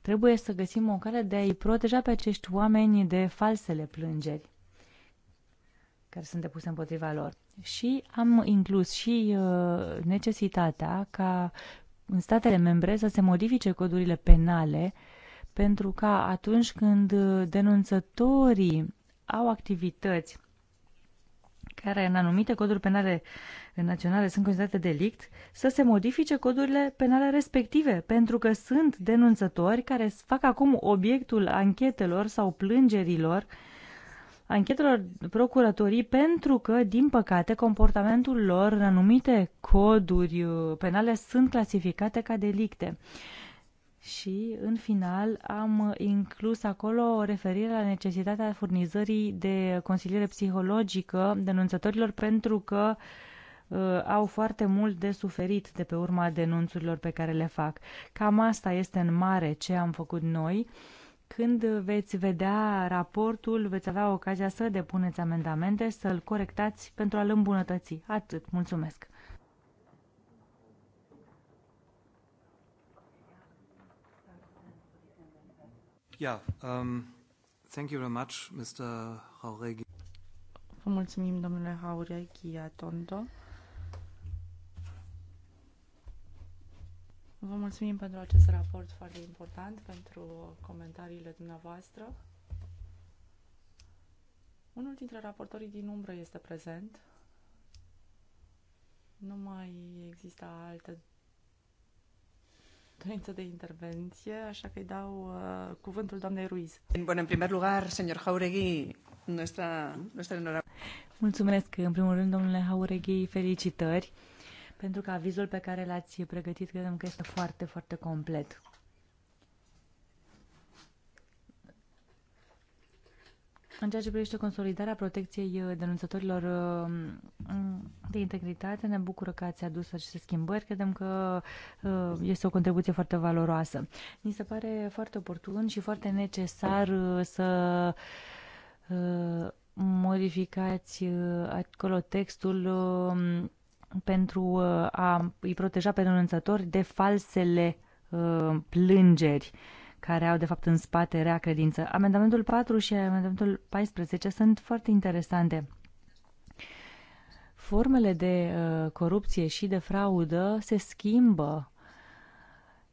Trebuie să găsim o cale de a-i proteja pe acești oameni de falsele plângeri care sunt depuse împotriva lor. Și am inclus și uh, necesitatea ca în statele membre să se modifice codurile penale pentru ca atunci când uh, denunțătorii au activități care în anumite coduri penale naționale sunt considerate delict, să se modifice codurile penale respective, pentru că sunt denunțători care fac acum obiectul anchetelor sau plângerilor anchetelor procuratorii pentru că, din păcate, comportamentul lor în anumite coduri penale sunt clasificate ca delicte și, în final, am inclus acolo o referire la necesitatea furnizării de consiliere psihologică denunțătorilor pentru că uh, au foarte mult de suferit de pe urma denunțurilor pe care le fac. Cam asta este în mare ce am făcut noi. Când veți vedea raportul, veți avea ocazia să depuneți amendamente, să-l corectați pentru a-l îmbunătăți. Atât. Mulțumesc! Um, thank you very much, Mr. Vă mulțumim, domnule Jauregui Atondo. Vă mulțumim pentru acest raport foarte important, pentru comentariile dumneavoastră. Unul dintre raportorii din umbră este prezent. Nu mai există alte dorință de intervenție, așa că îi dau uh, cuvântul doamnei Ruiz. Bun, în primul lugar, señor Jauregui, noastră nuestra Mulțumesc. În primul rând, domnule Jauregui, felicitări pentru că avizul pe care l-ați pregătit credem că este foarte, foarte complet. În ceea ce privește consolidarea protecției uh, denunțătorilor uh, mm, de integritate, ne bucură că ați adus aceste schimbări. Credem că uh, este o contribuție foarte valoroasă. Mi se pare foarte oportun și foarte necesar să modificați acolo textul um, pentru a îi proteja pe denunțători de falsele plângeri. Uh, care au de fapt în spate rea credință. Amendamentul 4 și amendamentul 14 sunt foarte interesante. Formele de uh, corupție și de fraudă se schimbă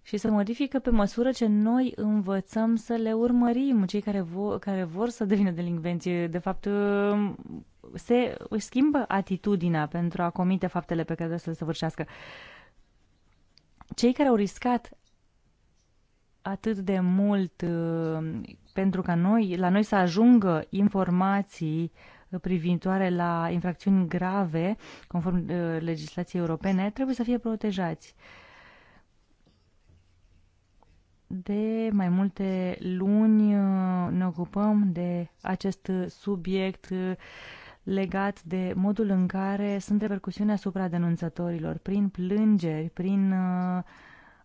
și se modifică pe măsură ce noi învățăm să le urmărim. Cei care, vo- care vor să devină delinvenți, de fapt, uh, se își schimbă atitudinea pentru a comite faptele pe care trebuie să le săvârșească. Cei care au riscat atât de mult uh, pentru ca noi, la noi să ajungă informații uh, privitoare la infracțiuni grave, conform uh, legislației europene, trebuie să fie protejați. De mai multe luni ne ocupăm de acest subiect legat de modul în care sunt repercusiuni asupra denunțătorilor, prin plângeri, prin uh,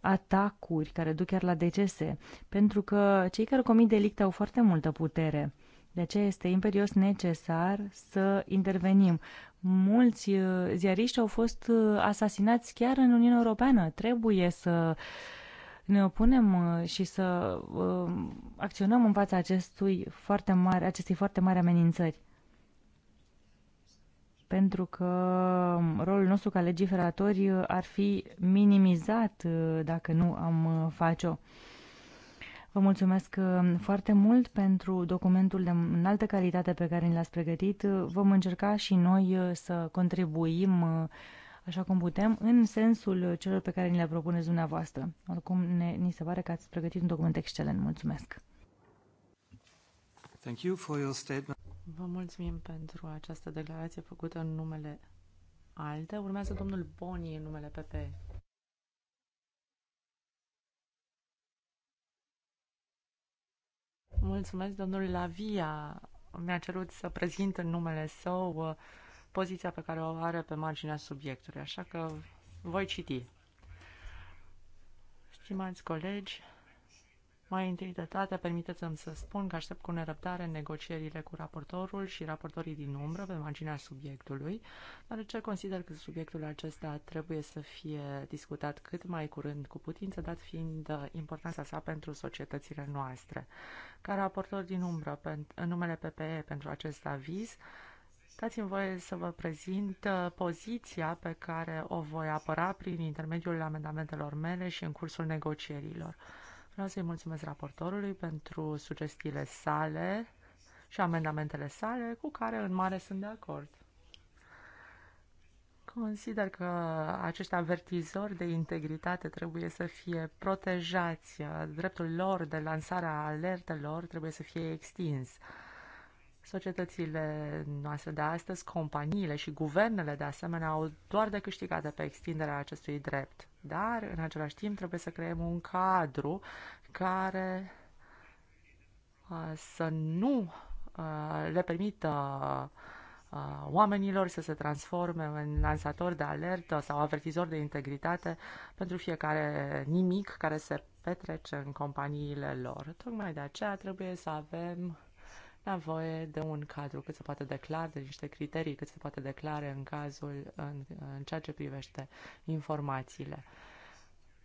atacuri care duc chiar la decese, pentru că cei care comit delicte au foarte multă putere. De aceea este imperios necesar să intervenim. Mulți uh, ziariști au fost uh, asasinați chiar în Uniunea Europeană. Trebuie să ne opunem uh, și să acționăm în fața acestui foarte mare, acestei foarte mari amenințări pentru că rolul nostru ca legiferatori ar fi minimizat uh, dacă nu am uh, face-o. Vă mulțumesc uh, foarte mult pentru documentul de înaltă calitate pe care ni l-ați pregătit. Vom încerca și noi să contribuim așa cum putem, în sensul celor pe care ni le propuneți dumneavoastră. Oricum, ne, ni se pare că ați pregătit un document excelent. Mulțumesc! Thank you for your statement. Vă mulțumim pentru această declarație făcută în numele alte. Urmează domnul Boni în numele PP. Mulțumesc, domnul Lavia mi-a cerut să prezint în numele său uh, poziția pe care o are pe marginea subiectului, așa că voi citi. Stimați colegi, mai întâi de toate, permiteți-mi să spun că aștept cu nerăbdare negocierile cu raportorul și raportorii din umbră pe marginea subiectului, deoarece consider că subiectul acesta trebuie să fie discutat cât mai curând cu putință, dat fiind importanța sa pentru societățile noastre. Ca raportor din umbră, în numele PPE pentru acest aviz, Dați-mi voie să vă prezint uh, poziția pe care o voi apăra prin intermediul amendamentelor mele și în cursul negocierilor. Vreau să-i mulțumesc raportorului pentru sugestiile sale și amendamentele sale, cu care în mare sunt de acord. Consider că acești avertizori de integritate trebuie să fie protejați, dreptul lor de lansare a alertelor trebuie să fie extins. Societățile noastre de astăzi, companiile și guvernele de asemenea au doar de de pe extinderea acestui drept. Dar, în același timp, trebuie să creăm un cadru care uh, să nu uh, le permită uh, oamenilor să se transforme în lansatori de alertă sau avertizori de integritate pentru fiecare nimic care se petrece în companiile lor. Tocmai de aceea trebuie să avem nevoie de un cadru cât se poate declara, de niște criterii cât se poate declara în cazul, în, în ceea ce privește informațiile.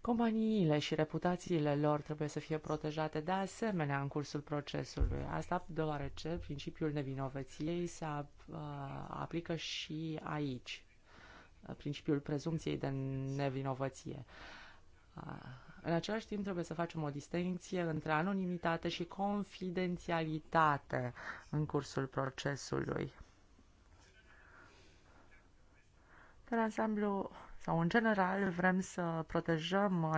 Companiile și reputațiile lor trebuie să fie protejate de asemenea în cursul procesului. Asta deoarece principiul nevinovăției se uh, aplică și aici, principiul prezumției de nevinovăție. Uh, în același timp trebuie să facem o distinție între anonimitate și confidențialitate în cursul procesului. În ansamblu, sau în general, vrem să protejăm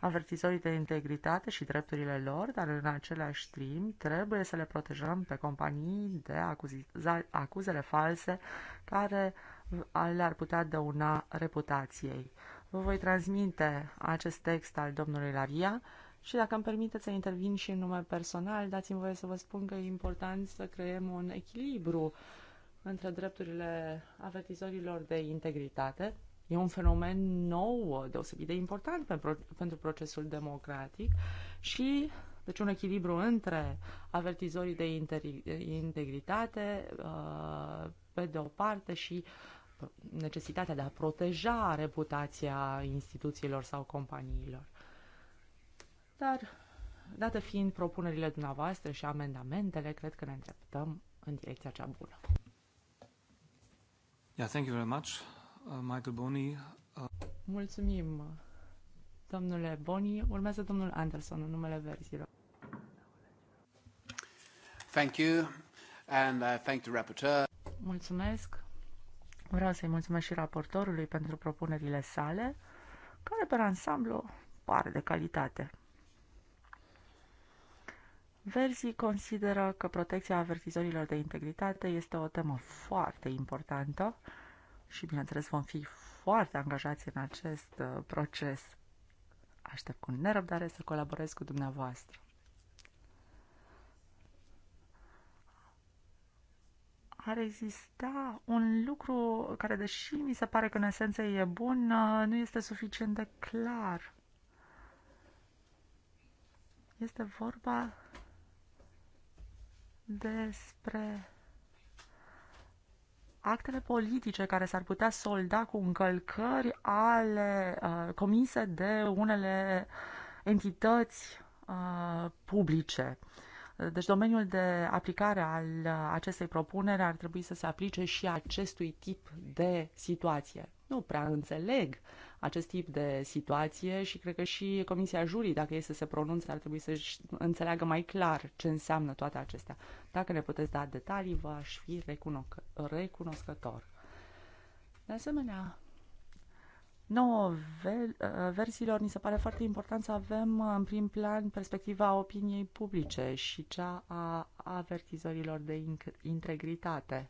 avertizorii de integritate și drepturile lor, dar în același timp trebuie să le protejăm pe companii de acuzele false care le-ar putea dăuna reputației. Vă voi transmite acest text al domnului Laria și dacă îmi permiteți să intervin și în nume personal, dați-mi voie să vă spun că e important să creăm un echilibru între drepturile avertizorilor de integritate. E un fenomen nou, deosebit de important pentru, pentru procesul democratic și deci un echilibru între avertizorii de integritate, uh, pe de o parte, și uh, necesitatea de a proteja reputația instituțiilor sau companiilor. Dar, dată fiind propunerile dumneavoastră și amendamentele, cred că ne îndreptăm în direcția cea bună. Yeah, thank you very much, uh, Michael Boni. Uh... Mulțumim, domnule Boni. Urmează domnul Anderson în numele verzilor. Thank you and uh, thank the rapporteur. Mulțumesc. Vreau să-i mulțumesc și raportorului pentru propunerile sale, care pe ansamblu pare de calitate. Verzi consideră că protecția avertizorilor de integritate este o temă foarte importantă și, bineînțeles, vom fi foarte angajați în acest uh, proces. Aștept cu nerăbdare să colaborez cu dumneavoastră. ar exista un lucru care, deși mi se pare că în esență e bun, uh, nu este suficient de clar. Este vorba despre actele politice care s-ar putea solda cu încălcări ale uh, comise de unele entități uh, publice. Uh, deci domeniul de aplicare al acestei propuneri ar trebui să se aplice și acestui tip de situație. Nu prea înțeleg acest tip de situație și cred că și Comisia Jurii, dacă este să se pronunțe, ar trebui să înțeleagă mai clar ce înseamnă toate acestea. Dacă ne puteți da detalii, vă aș fi recunoscător. De asemenea, nouă uh, uh, versiilor ni se pare foarte important să avem uh, în prim plan perspectiva opiniei publice și cea a avertizorilor de integritate.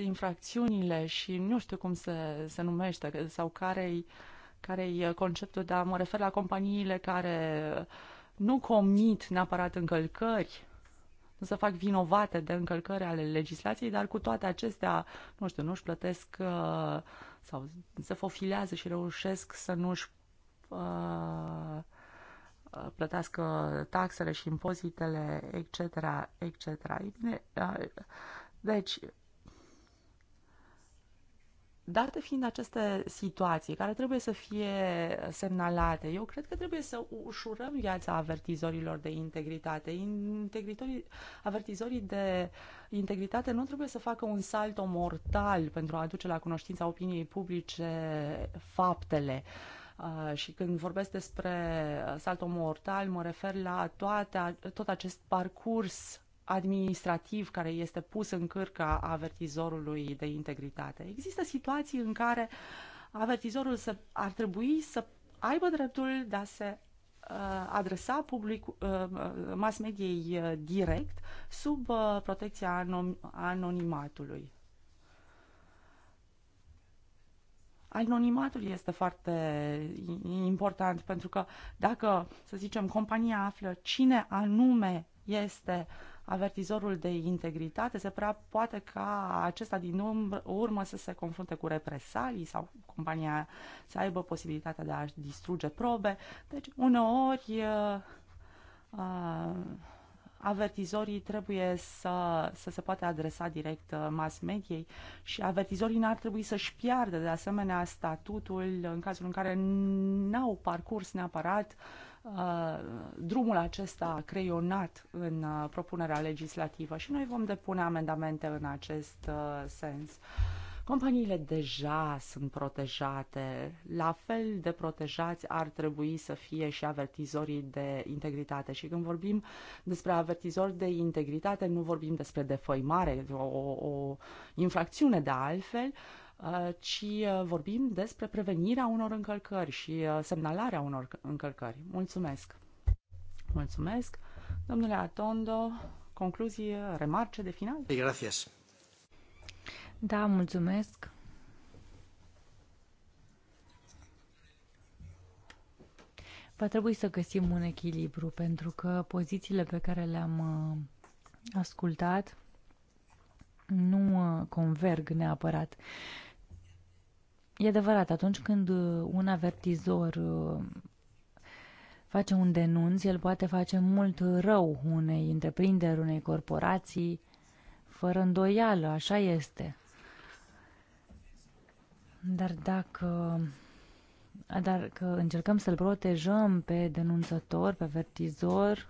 infracțiunile și nu știu cum se, se numește sau care-i care conceptul, dar mă refer la companiile care nu comit neapărat încălcări nu se fac vinovate de încălcări ale legislației, dar cu toate acestea, nu știu, nu-și plătesc uh, sau se fofilează și reușesc să nu-și uh, uh plătească taxele și impozitele, etc., etc. Bine, uh, deci, dar de fiind aceste situații care trebuie să fie semnalate, eu cred că trebuie să ușurăm viața avertizorilor de integritate. Integritorii, avertizorii de integritate nu trebuie să facă un salto mortal pentru a aduce la cunoștința opiniei publice faptele. Uh, și când vorbesc despre salto mortal, mă refer la toate, tot acest parcurs administrativ care este pus în cârca avertizorului de integritate. Există situații în care avertizorul să, ar trebui să aibă dreptul de a se uh, adresa public, uh, uh, mass mediei uh, direct sub uh, protecția anom- anonimatului. anonimatul este foarte important pentru că dacă, să zicem, compania află cine anume este avertizorul de integritate, se prea poate ca acesta din urmă să se confrunte cu represalii sau compania să aibă posibilitatea de a-și distruge probe. Deci, uneori, uh, uh, avertizorii trebuie să, să se poate adresa direct uh, mass mediei și avertizorii n-ar trebui să-și piardă de asemenea statutul în cazul în care n-au parcurs neapărat Uh, drumul acesta creionat în uh, propunerea legislativă și noi vom depune amendamente în acest uh, sens. Companiile deja sunt protejate, la fel de protejați ar trebui să fie și avertizorii de integritate. Și când vorbim despre avertizori de integritate, nu vorbim despre defăimare, o, o infracțiune de altfel, uh, Uh, ci uh, vorbim despre prevenirea unor încălcări și uh, semnalarea unor încălcări. Mulțumesc! Mulțumesc! Domnule Atondo, concluzii, remarce de final? Gracias. Da, mulțumesc! Va trebui să găsim un echilibru, pentru că pozițiile pe care le-am ascultat nu converg neapărat. E adevărat, atunci când uh, un avertizor uh, face un denunț, el poate face mult rău unei întreprinderi, unei corporații, fără îndoială, așa este. Dar dacă dar că încercăm să-l protejăm pe denunțător, pe avertizor,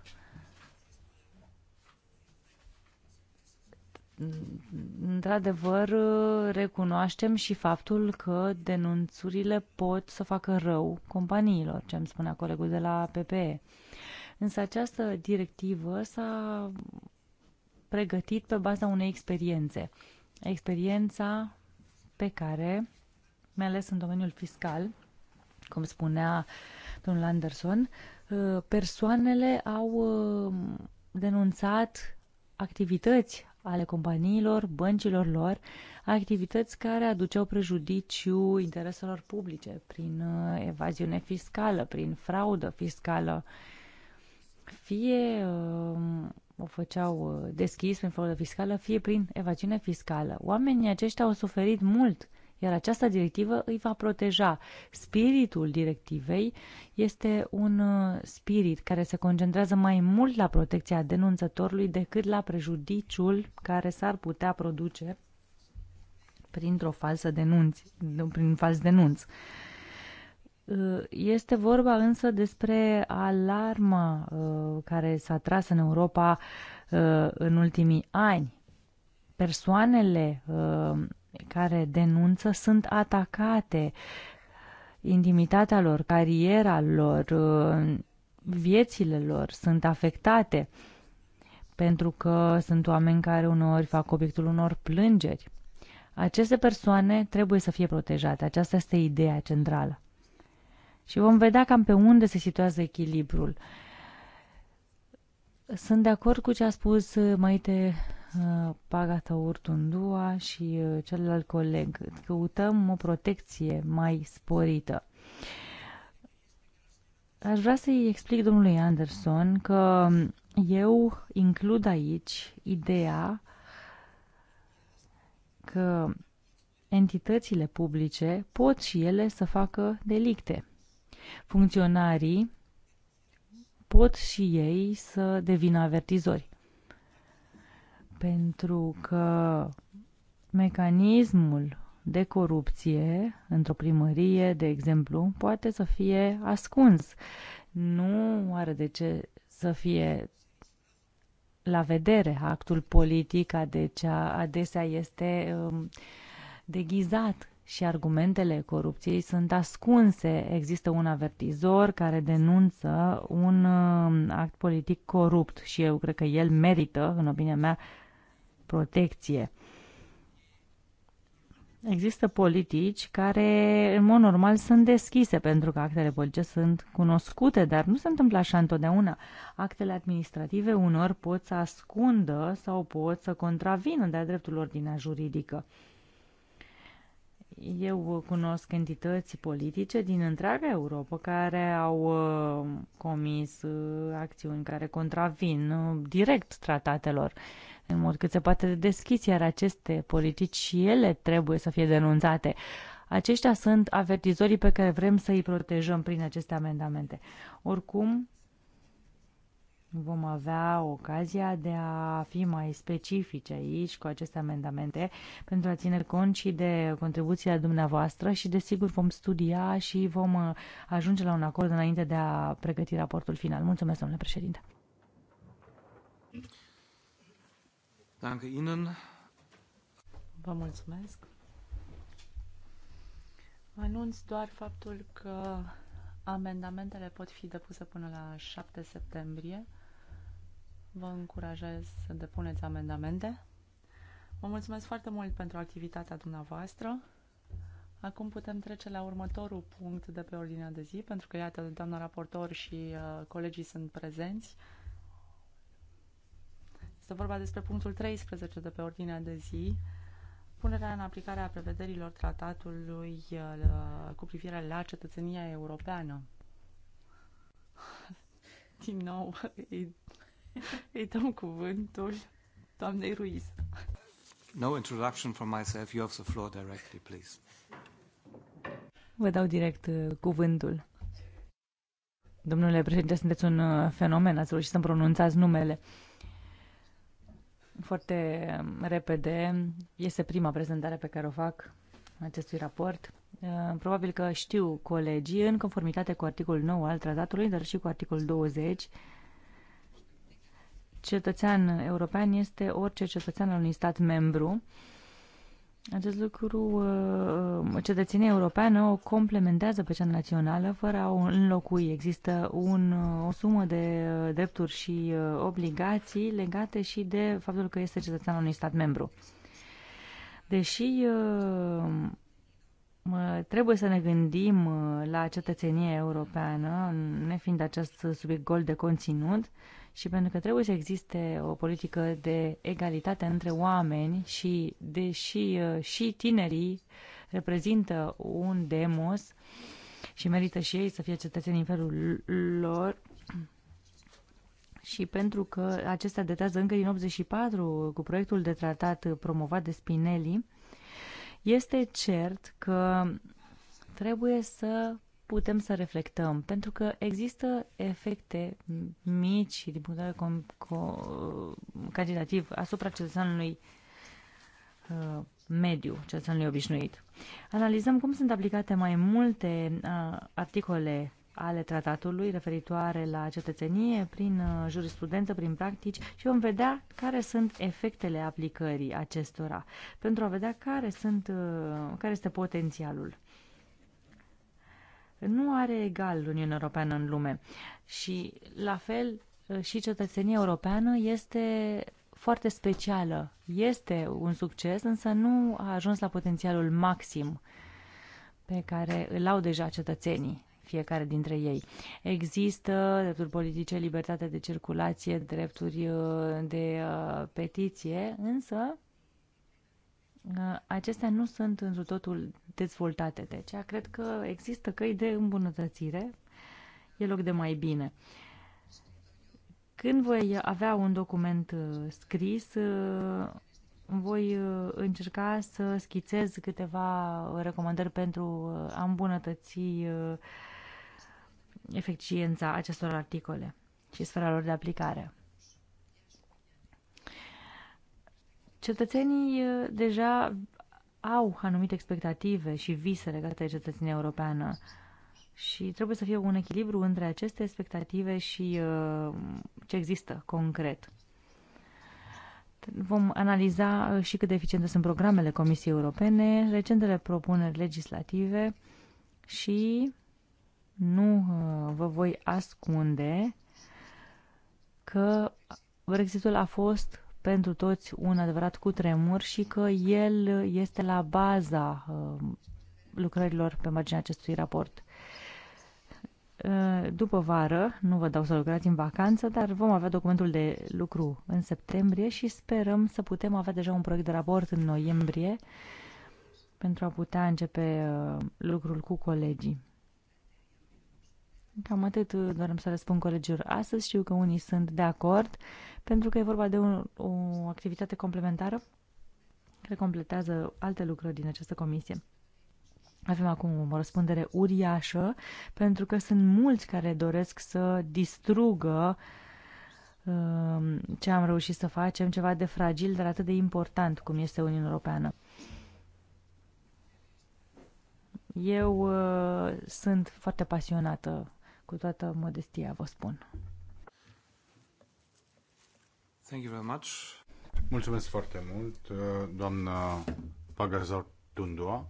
într-adevăr, recunoaștem și faptul că denunțurile pot să facă rău companiilor, ce îmi spunea colegul de la PPE. Însă această directivă s-a pregătit pe baza unei experiențe. Experiența pe care, mai ales în domeniul fiscal, cum spunea domnul Anderson, persoanele au uh, denunțat activități ale companiilor, băncilor lor, activități care aduceau prejudiciu intereselor publice prin uh, evaziune fiscală, prin fraudă fiscală. Fie uh, o făceau uh, deschis prin fraudă fiscală, fie prin evaziune fiscală. Oamenii aceștia au suferit mult iar această directivă îi va proteja. Spiritul directivei este un uh, spirit care se concentrează mai mult la protecția denunțătorului decât la prejudiciul care s-ar putea produce printr-o falsă denunț, prin fals denunț. Uh, este vorba însă despre alarma uh, care s-a tras în Europa în ultimii ani. Persoanele care denunță sunt atacate. Intimitatea lor, cariera lor, uh, viețile lor sunt afectate pentru că sunt oameni care uneori fac obiectul unor plângeri. Aceste persoane trebuie să fie protejate. Aceasta este ideea centrală. Și vom vedea cam pe unde se situează echilibrul. Sunt de acord cu ce a spus uh, Maite Eh, Pagata Urtundua și eh, celălalt coleg. Căutăm o protecție mai sporită. Aș vrea să-i explic domnului Anderson că eu includ aici ideea că entitățile publice pot și ele să facă delicte. Funcționarii pot și ei să devină avertizori pentru că mecanismul de corupție într-o primărie, de exemplu, poate să fie ascuns. Nu are de ce să fie la vedere actul politic, adesea este um, deghizat și argumentele corupției sunt ascunse. Există un avertizor care denunță un um, act politic corupt și eu cred că el merită, în opinia mea, protecție. Există politici care, în mod normal, sunt deschise pentru că actele politice sunt cunoscute, dar nu se întâmplă așa întotdeauna. Actele administrative unor pot să ascundă sau pot să contravină de-a dreptul ordinea juridică. Eu cunosc entități politice din întreaga Europa care au uh, comis uh, acțiuni care contravin uh, direct tratatelor în mod cât se poate de deschis, iar aceste politici și ele trebuie să fie denunțate. Aceștia sunt avertizorii pe care vrem să îi protejăm prin aceste amendamente. Oricum, vom avea ocazia de a fi mai specifici aici cu aceste amendamente pentru a ține cont și de contribuția dumneavoastră și desigur vom studia și vom uh, ajunge la un acord înainte de a pregăti raportul final. Mulțumesc, domnule președinte! Danke Ihnen. Vă mulțumesc. Anunț doar faptul că amendamentele pot fi depuse până la 7 septembrie. Vă încurajez să depuneți amendamente. Vă mulțumesc foarte mult pentru activitatea dumneavoastră. Acum putem trece la următorul punct de pe ordinea de zi, pentru că, iată, doamna raportor și uh, colegii sunt prezenți. Este vorba despre punctul 13 de pe ordinea de zi, punerea în aplicare a prevederilor tratatului uh, cu privire la cetățenia europeană. Din nou, îi, îi dăm cuvântul doamnei Ruiz. No introduction from myself. You have the floor directly, please. Vă dau direct uh, cuvântul. Domnule președinte, sunteți un uh, fenomen, ați reușit să-mi pronunțați numele foarte repede. Este prima prezentare pe care o fac acestui raport. Uh, probabil că știu colegii, în conformitate cu articolul 9 al tratatului, dar și cu articolul 20, cetățean european este orice cetățean al unui stat membru acest lucru, uh, uh, cetățenia europeană o complementează pe cea națională fără a o înlocui. Există un, uh, o sumă de drepturi și obligații legate și de faptul că este cetățean unui stat membru. Deși trebuie să ne gândim la cetățenia europeană, nefiind acest subiect gol de conținut, și pentru că trebuie să existe o politică de egalitate între oameni și deși uh, și tinerii reprezintă un demos și merită și ei să fie cetățeni în felul lor și pentru că acesta datează încă din 84 cu proiectul de tratat promovat de Spinelli, este cert că trebuie să putem să reflectăm, pentru că există efecte mici din punct de vedere cantitativ asupra cetățeanului uh, mediu, cetățeanului obișnuit. Analizăm cum sunt aplicate mai multe uh, articole ale tratatului referitoare la cetățenie prin uh, jurisprudență, prin practici și vom vedea care sunt efectele aplicării acestora pentru a vedea care, sunt, care este potențialul nu are egal Uniunea Europeană în lume. Și la fel și cetățenia europeană este foarte specială. Este un succes, însă nu a ajuns la potențialul maxim pe care îl au deja cetățenii, fiecare dintre ei. Există drepturi politice, libertate de circulație, drepturi uh, de uh, petiție, însă Ă, acestea nu sunt întru totul dezvoltate. De deci, cred că există căi de îmbunătățire, e loc de mai bine. Când voi avea un document ă, scris, ă, voi încerca să schițez câteva recomandări pentru a îmbunătăți eficiența acestor articole și sfera lor de aplicare. Cetățenii uh, deja au anumite expectative și vise legate de cetățenia europeană și trebuie să fie un echilibru între aceste expectative și uh, ce există concret. Vom analiza uh, și cât de eficiente sunt programele Comisiei Europene, recentele propuneri legislative și nu vă voi ascunde că Brexitul a fost pentru toți un adevărat cutremur și că el este la baza uh, lucrărilor pe marginea acestui raport. Uh, după vară, nu vă dau să lucrați în vacanță, dar vom avea documentul de lucru în septembrie și sperăm să putem avea deja un proiect de raport în noiembrie pentru a putea începe uh, lucrul cu colegii. Cam atât doream să răspund colegilor astăzi. Știu că unii sunt de acord pentru că e vorba de un, o activitate complementară care completează alte lucruri din această comisie. Avem acum o răspundere uriașă, pentru că sunt mulți care doresc să distrugă um, ce am reușit să facem, ceva de fragil, dar atât de important cum este Uniunea Europeană. Eu uh, sunt foarte pasionată, cu toată modestia vă spun. Thank you very much. Mulțumesc foarte mult, uh, doamna Pagazar Tundua.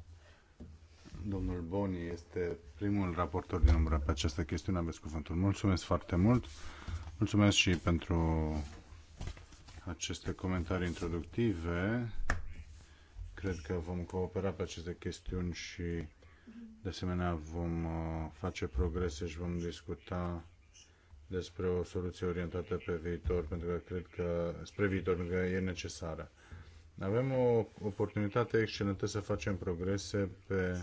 Domnul Boni este primul raportor din umbră pe această chestiune. Aveți cuvântul. Mulțumesc foarte mult. Mulțumesc și pentru aceste comentarii introductive. Cred că vom coopera pe aceste chestiuni și de asemenea vom uh, face progrese și vom discuta despre o soluție orientată pe viitor, pentru că cred că spre viitor, pentru că e necesară. Avem o oportunitate excelentă să facem progrese pe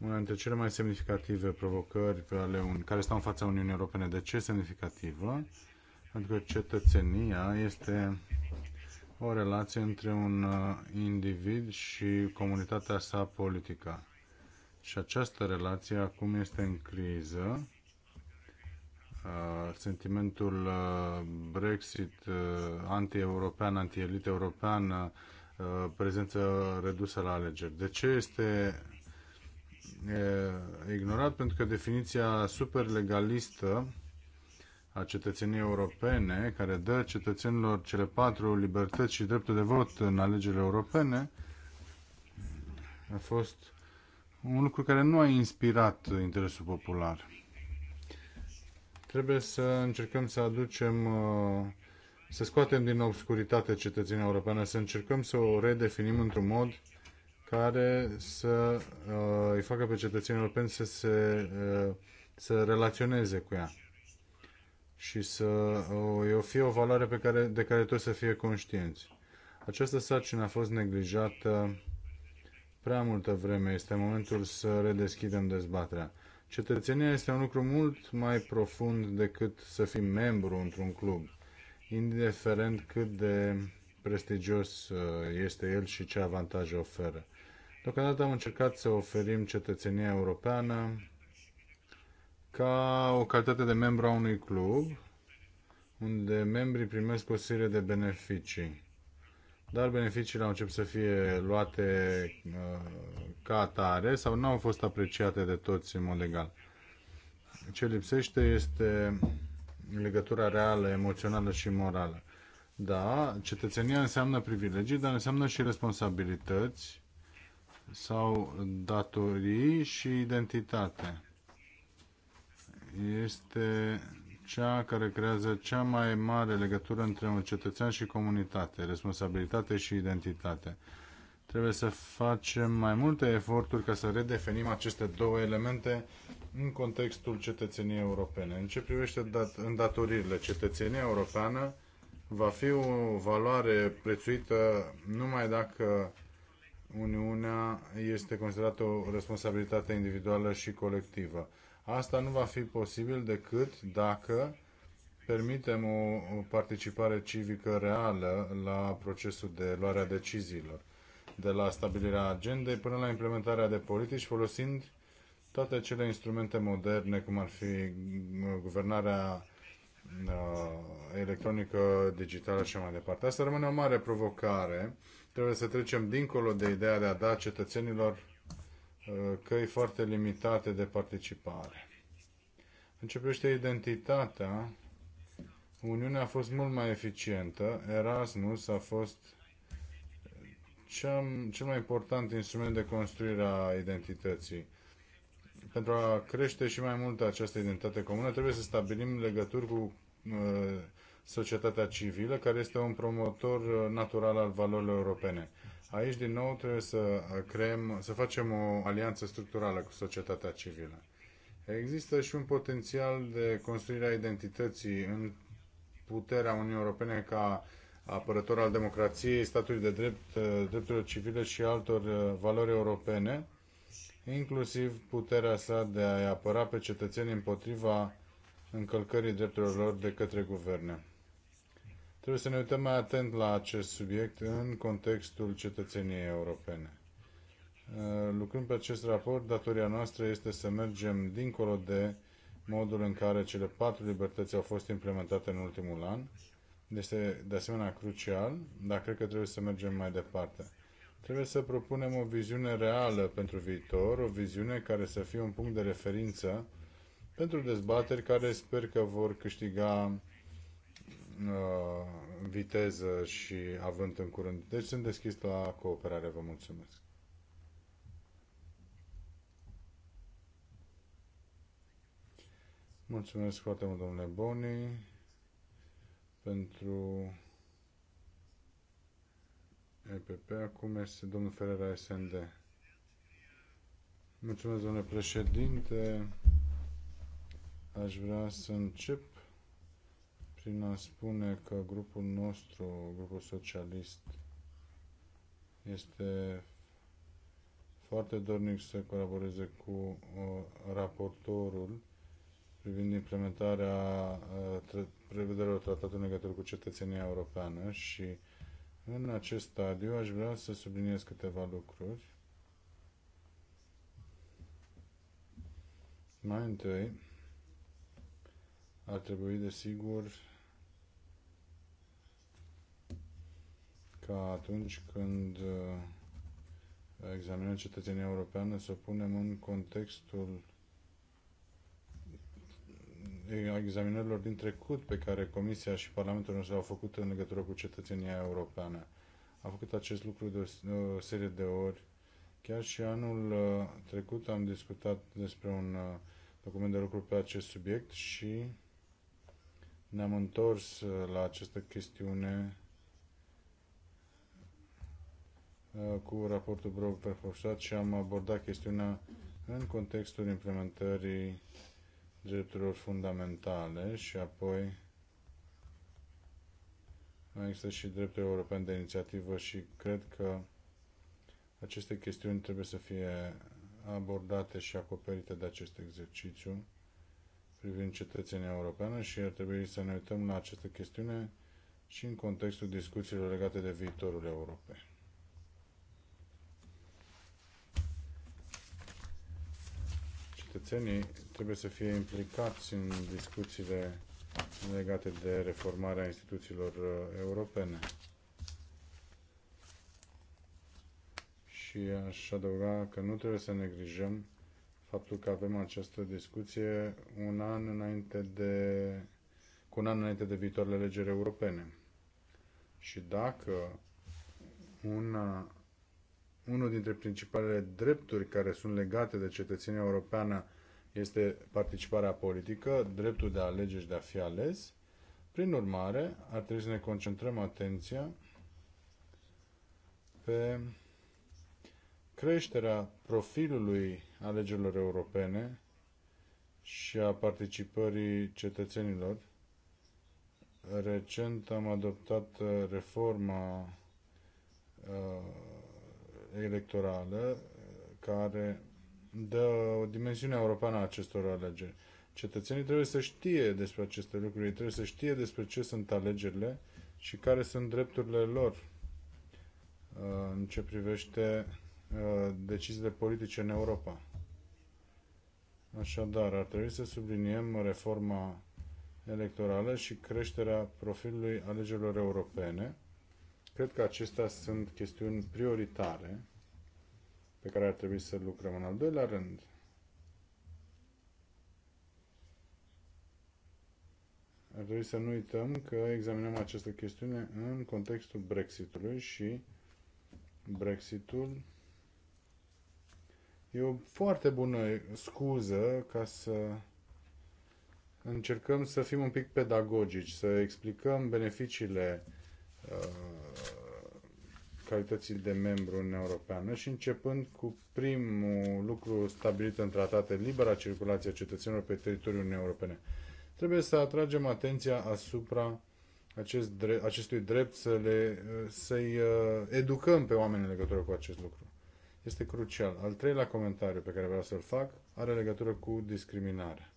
una dintre cele mai semnificative provocări pe ale un, care stau în fața Uniunii Europene. De ce semnificativă? Pentru că cetățenia este o relație între un uh, individ și comunitatea sa politică. Și această relație acum este în criză Uh, sentimentul uh, Brexit, uh, anti-european, anti-elit european, prezență redusă la alegeri. De ce este ignorat? Pentru că definiția superlegalistă a cetățeniei europene, care dă cetățenilor cele patru libertăți și dreptul de vot în alegerile europene, a fost un lucru care nu a inspirat interesul popular. Trebuie să încercăm să aducem, uh, să scoatem din obscuritate cetățenia europeană, să încercăm să o redefinim într-un mod care să uh, îi facă pe cetățenii europeni să se uh, să relaționeze cu ea și să o fie o valoare pe care, de care toți să fie conștienți. Această sarcină a fost neglijată prea multă vreme. Este momentul să redeschidem dezbaterea. Cetățenia este un lucru mult mai profund decât să fii membru într-un club, indiferent cât de prestigios uh, este el și ce avantaje oferă. Deocamdată am încercat să oferim cetățenia europeană ca o calitate de membru a unui club, unde membrii primesc o serie de beneficii dar beneficiile au început să fie luate uh, ca atare sau nu au fost apreciate de toți în mod legal. Ce lipsește este legătura reală, emoțională și morală. Da, cetățenia înseamnă privilegii, dar înseamnă și responsabilități sau datorii și identitate. Este cea care creează cea mai mare legătură între un cetățean și comunitate, responsabilitate și identitate. Trebuie să facem mai multe eforturi ca să redefinim aceste două elemente în contextul cetățeniei europene. În ce privește dat- îndatoririle, cetățenia europeană va fi o valoare prețuită numai dacă Uniunea este considerată o responsabilitate individuală și colectivă. Asta nu va fi posibil decât dacă permitem o participare civică reală la procesul de luare a deciziilor, de la stabilirea agendei până la implementarea de politici, folosind toate cele instrumente moderne, cum ar fi uh, guvernarea uh, electronică, digitală și mai departe. Asta rămâne o mare provocare. Trebuie să trecem dincolo de ideea de a da cetățenilor Uh, căi foarte limitate de participare. În ce privește identitatea, Uniunea a fost mult mai eficientă, Erasmus a fost cel mai important instrument de construire a identității. Pentru a crește și mai mult această identitate comună, trebuie să stabilim legături cu uh, societatea civilă, care este un promotor uh, natural al valorilor europene. Aici, din nou, trebuie să, uh, creăm, să facem o alianță structurală cu societatea civilă. Există și un potențial de construire a identității în puterea Uniunii Europene ca apărător al democrației, statului de drept, uh, drepturilor civile și altor uh, valori europene, inclusiv puterea sa de a-i apăra pe cetățenii împotriva încălcării drepturilor lor de către guverne. Trebuie să ne uităm mai atent la acest subiect în contextul cetățeniei europene. Uh, lucrând pe acest raport, datoria noastră este să mergem dincolo de modul în care cele patru libertăți au fost implementate în ultimul an. Este de asemenea crucial, dar cred că trebuie să mergem mai departe. Trebuie să propunem o viziune reală pentru viitor, o viziune care să fie un punct de referință pentru dezbateri care sper că vor câștiga Uh, viteză și având în curând. Deci sunt deschis la cooperare. Vă mulțumesc. Mulțumesc foarte mult, domnule Boni, pentru EPP. Acum este domnul Ferreira SND. Mulțumesc, domnule președinte. Aș vrea să încep prin a spune că grupul nostru, grupul socialist, este foarte dornic să colaboreze cu uh, raportorul privind implementarea uh, prevederilor tratatului legătură cu cetățenia europeană și în acest stadiu aș vrea să subliniez câteva lucruri. Mai întâi, ar trebui, desigur, ca atunci când uh, examinăm cetățenia europeană să punem în contextul examinărilor din trecut pe care Comisia și Parlamentul nostru au făcut în legătură cu cetățenia europeană. Am făcut acest lucru de o serie de ori. Chiar și anul uh, trecut am discutat despre un uh, document de lucru pe acest subiect și ne-am întors la această chestiune Uh, cu raportul Brog pe Hofstadt și am abordat chestiunea în contextul implementării drepturilor fundamentale și apoi mai există și dreptul european de inițiativă și cred că aceste chestiuni trebuie să fie abordate și acoperite de acest exercițiu privind cetățenia europeană și ar trebui să ne uităm la această chestiune și în contextul discuțiilor legate de viitorul Europei. cetățenii trebuie să fie implicați în discuțiile legate de reformarea instituțiilor uh, europene. Și aș adăuga că nu trebuie să neglijăm faptul că avem această discuție un an înainte de, cu un an înainte de viitoarele legeri europene. Și dacă una, unul dintre principalele drepturi care sunt legate de cetățenia europeană este participarea politică, dreptul de a alege și de a fi ales. Prin urmare, ar trebui să ne concentrăm atenția pe creșterea profilului alegerilor europene și a participării cetățenilor. Recent am adoptat uh, reforma uh, electorală uh, care dă o dimensiune europeană a acestor alegeri. Cetățenii trebuie să știe despre aceste lucruri, ei trebuie să știe despre ce sunt alegerile și care sunt drepturile lor uh, în ce privește uh, deciziile politice în Europa. Așadar, ar trebui să subliniem reforma electorală și creșterea profilului alegerilor europene. Cred că acestea sunt chestiuni prioritare pe care ar trebui să lucrăm. În al doilea rând, ar trebui să nu uităm că examinăm această chestiune în contextul Brexitului și Brexitul e o foarte bună scuză ca să încercăm să fim un pic pedagogici, să explicăm beneficiile uh, calității de membru în Europeană și începând cu primul lucru stabilit în tratate, libera circulație a cetățenilor pe teritoriul Uniunii Europene. Trebuie să atragem atenția asupra acest drept, acestui drept să le, să-i uh, educăm pe oameni în legătură cu acest lucru. Este crucial. Al treilea comentariu pe care vreau să-l fac are legătură cu discriminarea.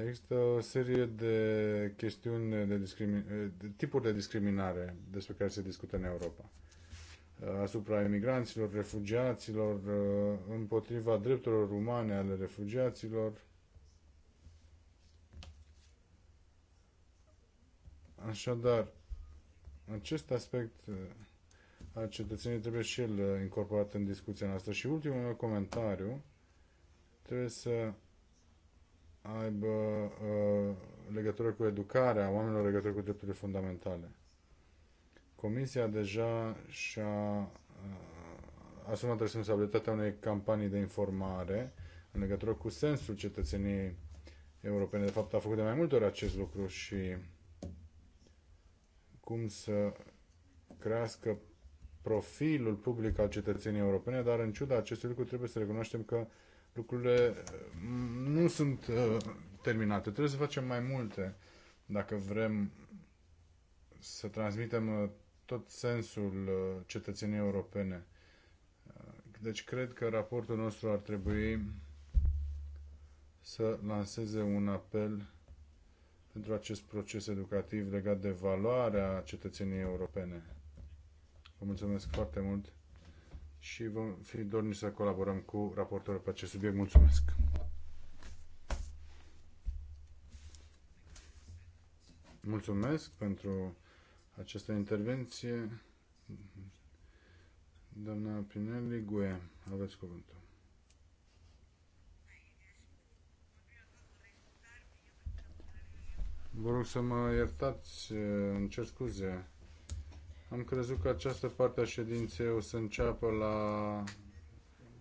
Există o serie de chestiuni, de, de tipuri de discriminare despre care se discută în Europa. Asupra emigranților, refugiaților, împotriva drepturilor umane ale refugiaților. Așadar, acest aspect uh, al cetățenii trebuie și el uh, incorporat în discuția noastră. Și ultimul meu comentariu, trebuie să aibă uh, legătură cu educarea oamenilor, legătură cu drepturile fundamentale. Comisia deja și-a uh, asumat responsabilitatea unei campanii de informare în legătură cu sensul cetățeniei europene. De fapt, a făcut de mai multe ori acest lucru și cum să crească profilul public al cetățenii europene, dar în ciuda acestui lucru trebuie să recunoaștem că uh, lucrurile mm, nu sunt uh, terminate. Trebuie să facem mai multe dacă vrem să transmitem uh, tot sensul uh, cetățeniei europene. Uh, deci cred că raportul nostru ar trebui să lanseze un apel pentru acest proces educativ legat de valoarea cetățeniei europene. Vă mulțumesc foarte mult! și vom fi dorni să colaborăm cu raportorul pe acest subiect. Mulțumesc! Mulțumesc pentru această intervenție. Doamna Pinelli Gue, aveți cuvântul. Vă rog să mă iertați, îmi cer scuze. Am crezut că această parte a ședinței o să înceapă la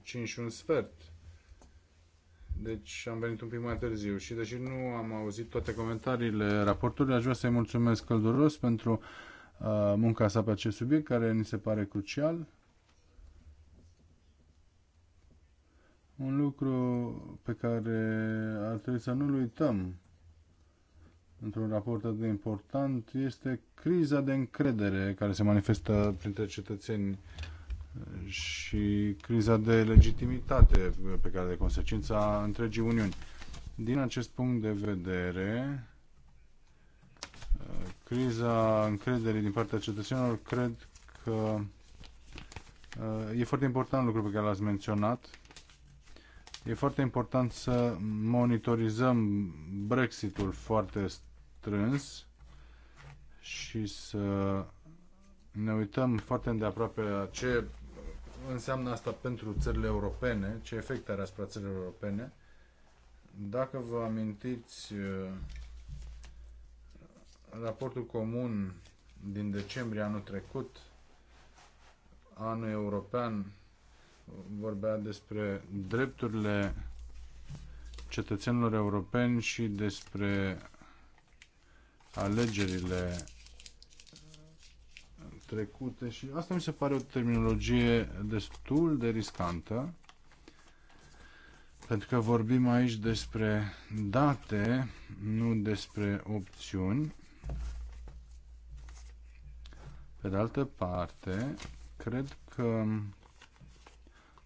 5 și un sfert. Deci am venit un pic mai târziu și deși nu am auzit toate comentariile raportului, aș vrea să-i mulțumesc călduros pentru uh, munca sa pe acest subiect care ni se pare crucial. Un lucru pe care ar trebui să nu-l uităm într-un raport atât de important este criza de încredere care se manifestă printre cetățeni uh, și criza de legitimitate pe care de consecința întregii Uniuni. Din acest punct de vedere, uh, criza încrederii din partea cetățenilor cred că uh, e foarte important lucru pe care l-ați menționat. E foarte important să monitorizăm Brexitul foarte strâns și să ne uităm foarte îndeaproape la ce înseamnă asta pentru țările europene, ce efect are asupra țărilor europene. Dacă vă amintiți uh, raportul comun din decembrie anul trecut, anul european, vorbea despre drepturile cetățenilor europeni și despre alegerile trecute și asta mi se pare o terminologie destul de riscantă pentru că vorbim aici despre date, nu despre opțiuni. Pe de altă parte, cred că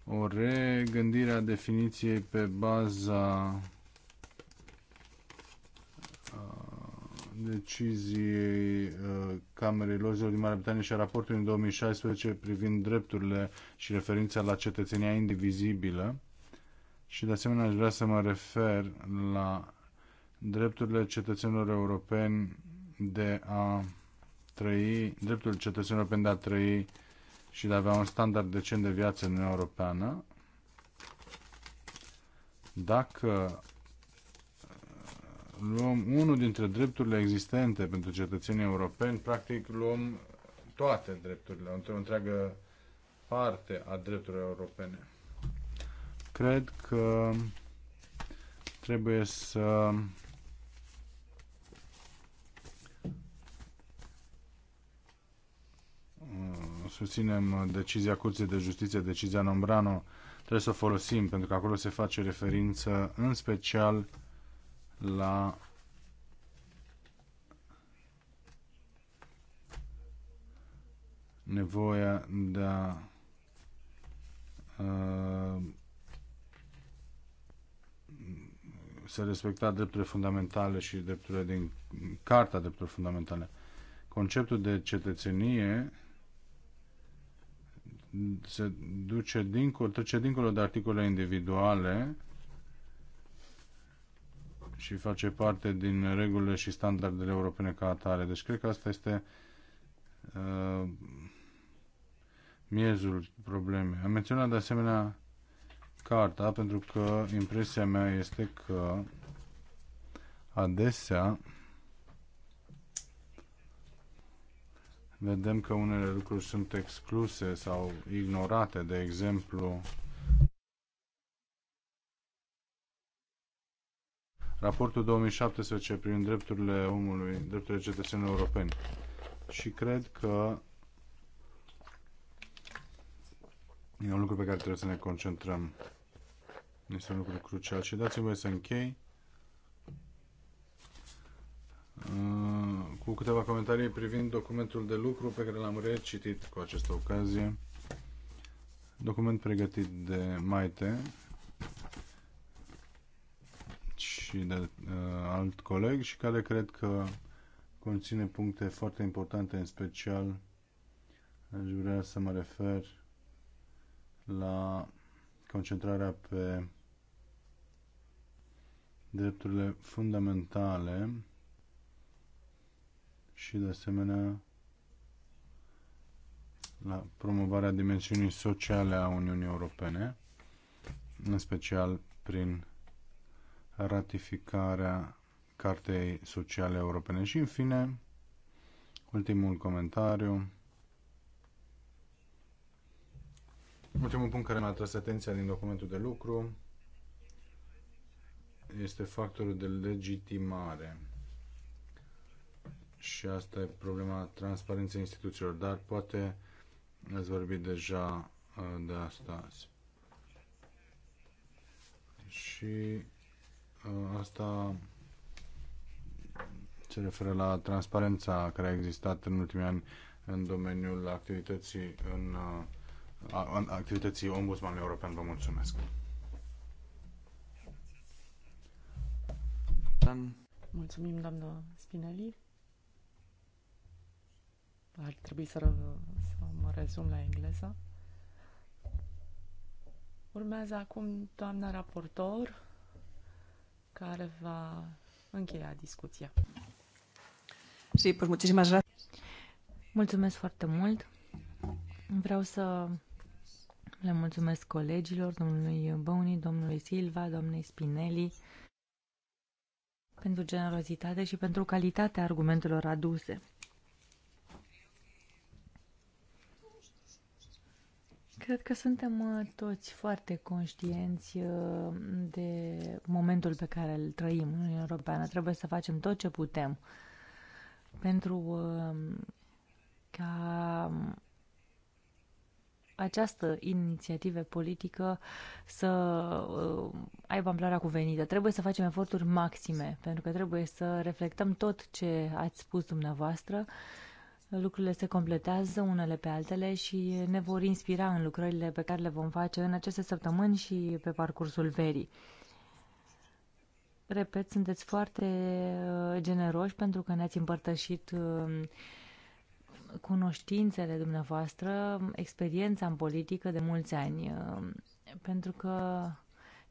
o regândire a definiției pe baza uh, deciziei uh, Camerei Lorzilor din Marea Britanie și a raportului în 2016 privind drepturile și referința la cetățenia indivizibilă. Și de asemenea aș vrea să mă refer la drepturile cetățenilor europeni de a trăi, dreptul cetățenilor europeni de a trăi și de a avea un standard decent de viață în Uniunea Europeană. Dacă luăm unul dintre drepturile existente pentru cetățenii europeni, practic luăm toate drepturile, o întreagă parte a drepturilor europene. Cred că trebuie să susținem decizia Curții de Justiție, decizia Nombrano, trebuie să o folosim, pentru că acolo se face referință în special la nevoia de a uh, se respecta drepturile fundamentale și drepturile din Carta Drepturilor Fundamentale. Conceptul de cetățenie se duce dincolo, trece dincolo de articole individuale și face parte din regulile și standardele europene ca atare. Deci cred că asta este uh, miezul problemei. Am menționat de asemenea carta pentru că impresia mea este că adesea vedem că unele lucruri sunt excluse sau ignorate, de exemplu, raportul 2017 privind drepturile omului, drepturile cetățenilor europeni. Și cred că e un lucru pe care trebuie să ne concentrăm. Este un lucru crucial. Și dați-mi voie să închei uh, cu câteva comentarii privind documentul de lucru pe care l-am recitit cu această ocazie. Document pregătit de Maite și de uh, alt coleg și care cred că conține puncte foarte importante, în special aș vrea să mă refer la concentrarea pe drepturile fundamentale și de asemenea la promovarea dimensiunii sociale a Uniunii Europene, în special prin ratificarea Cartei Sociale Europene. Și, în fine, ultimul comentariu. Ultimul punct care mi-a atras atenția din documentul de lucru este factorul de legitimare. Și asta e problema transparenței instituțiilor, dar poate ați vorbit deja uh, de asta azi. Și Asta se referă la transparența care a existat în ultimii ani în domeniul activității în, în activității Ombudsmanului European. Vă mulțumesc. Mulțumim, doamnă Spinelli. Ar trebui să, ră, să mă rezum la engleză. Urmează acum doamna raportor, care va încheia discuția. Și, pues muchísimas gracias. Mulțumesc foarte mult. Vreau să le mulțumesc colegilor, domnului Băuni, domnului Silva, domnului Spinelli, pentru generozitate și pentru calitatea argumentelor aduse. Cred că suntem uh, toți foarte conștienți uh, de momentul pe care îl trăim în Uniunea Europeană. Trebuie să facem tot ce putem pentru um, ca um, această inițiativă politică să uh, aibă amploarea cuvenită. Trebuie să facem eforturi maxime, pentru că trebuie să reflectăm tot ce ați spus dumneavoastră Lucrurile se completează unele pe altele și ne vor inspira în lucrările pe care le vom face în aceste săptămâni și pe parcursul verii. Repet, sunteți foarte uh, generoși pentru că ne-ați împărtășit um, cunoștințele dumneavoastră, experiența în politică de mulți ani, uh, pentru că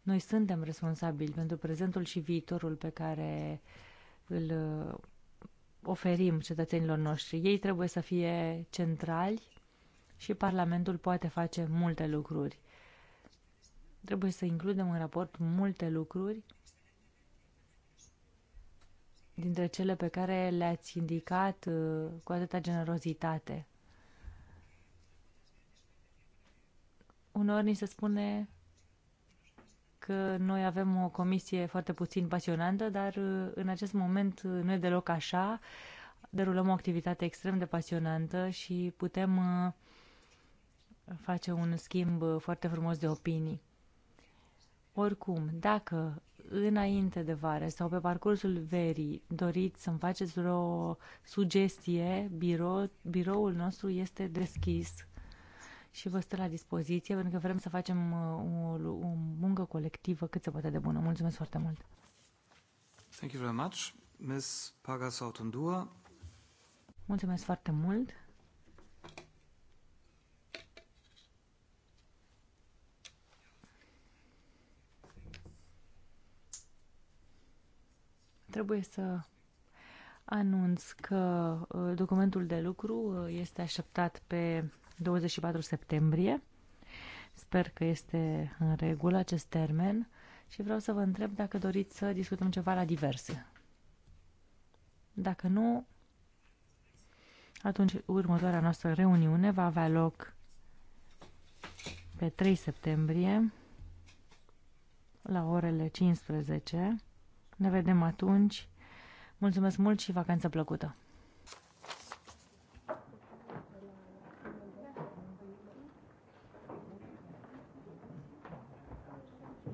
noi suntem responsabili pentru prezentul și viitorul pe care îl uh, oferim cetățenilor noștri. Ei trebuie să fie centrali și Parlamentul poate face multe lucruri. Trebuie să includem în raport multe lucruri dintre cele pe care le-ați indicat uh, cu atâta generozitate. Unor ni se spune că noi avem o comisie foarte puțin pasionantă, dar uh, în acest moment uh, nu e deloc așa. Derulăm o activitate extrem de pasionantă și putem uh, face un schimb foarte frumos de opinii. Oricum, dacă înainte de vară sau pe parcursul verii doriți să-mi faceți vreo sugestie, birou, biroul nostru este deschis și vă stă la dispoziție pentru că vrem să facem uh, o, o muncă colectivă cât se poate de bună. Mulțumesc foarte mult! Thank you very much, Ms. Pagasautundur. Mulțumesc foarte mult! Trebuie să anunț că uh, documentul de lucru uh, este așteptat pe 24 septembrie. Sper că este în regulă acest termen și vreau să vă întreb dacă doriți să discutăm ceva la diverse. Dacă nu, atunci următoarea noastră reuniune va avea loc pe 3 septembrie la orele 15. Ne vedem atunci. Mulțumesc mult și vacanță plăcută!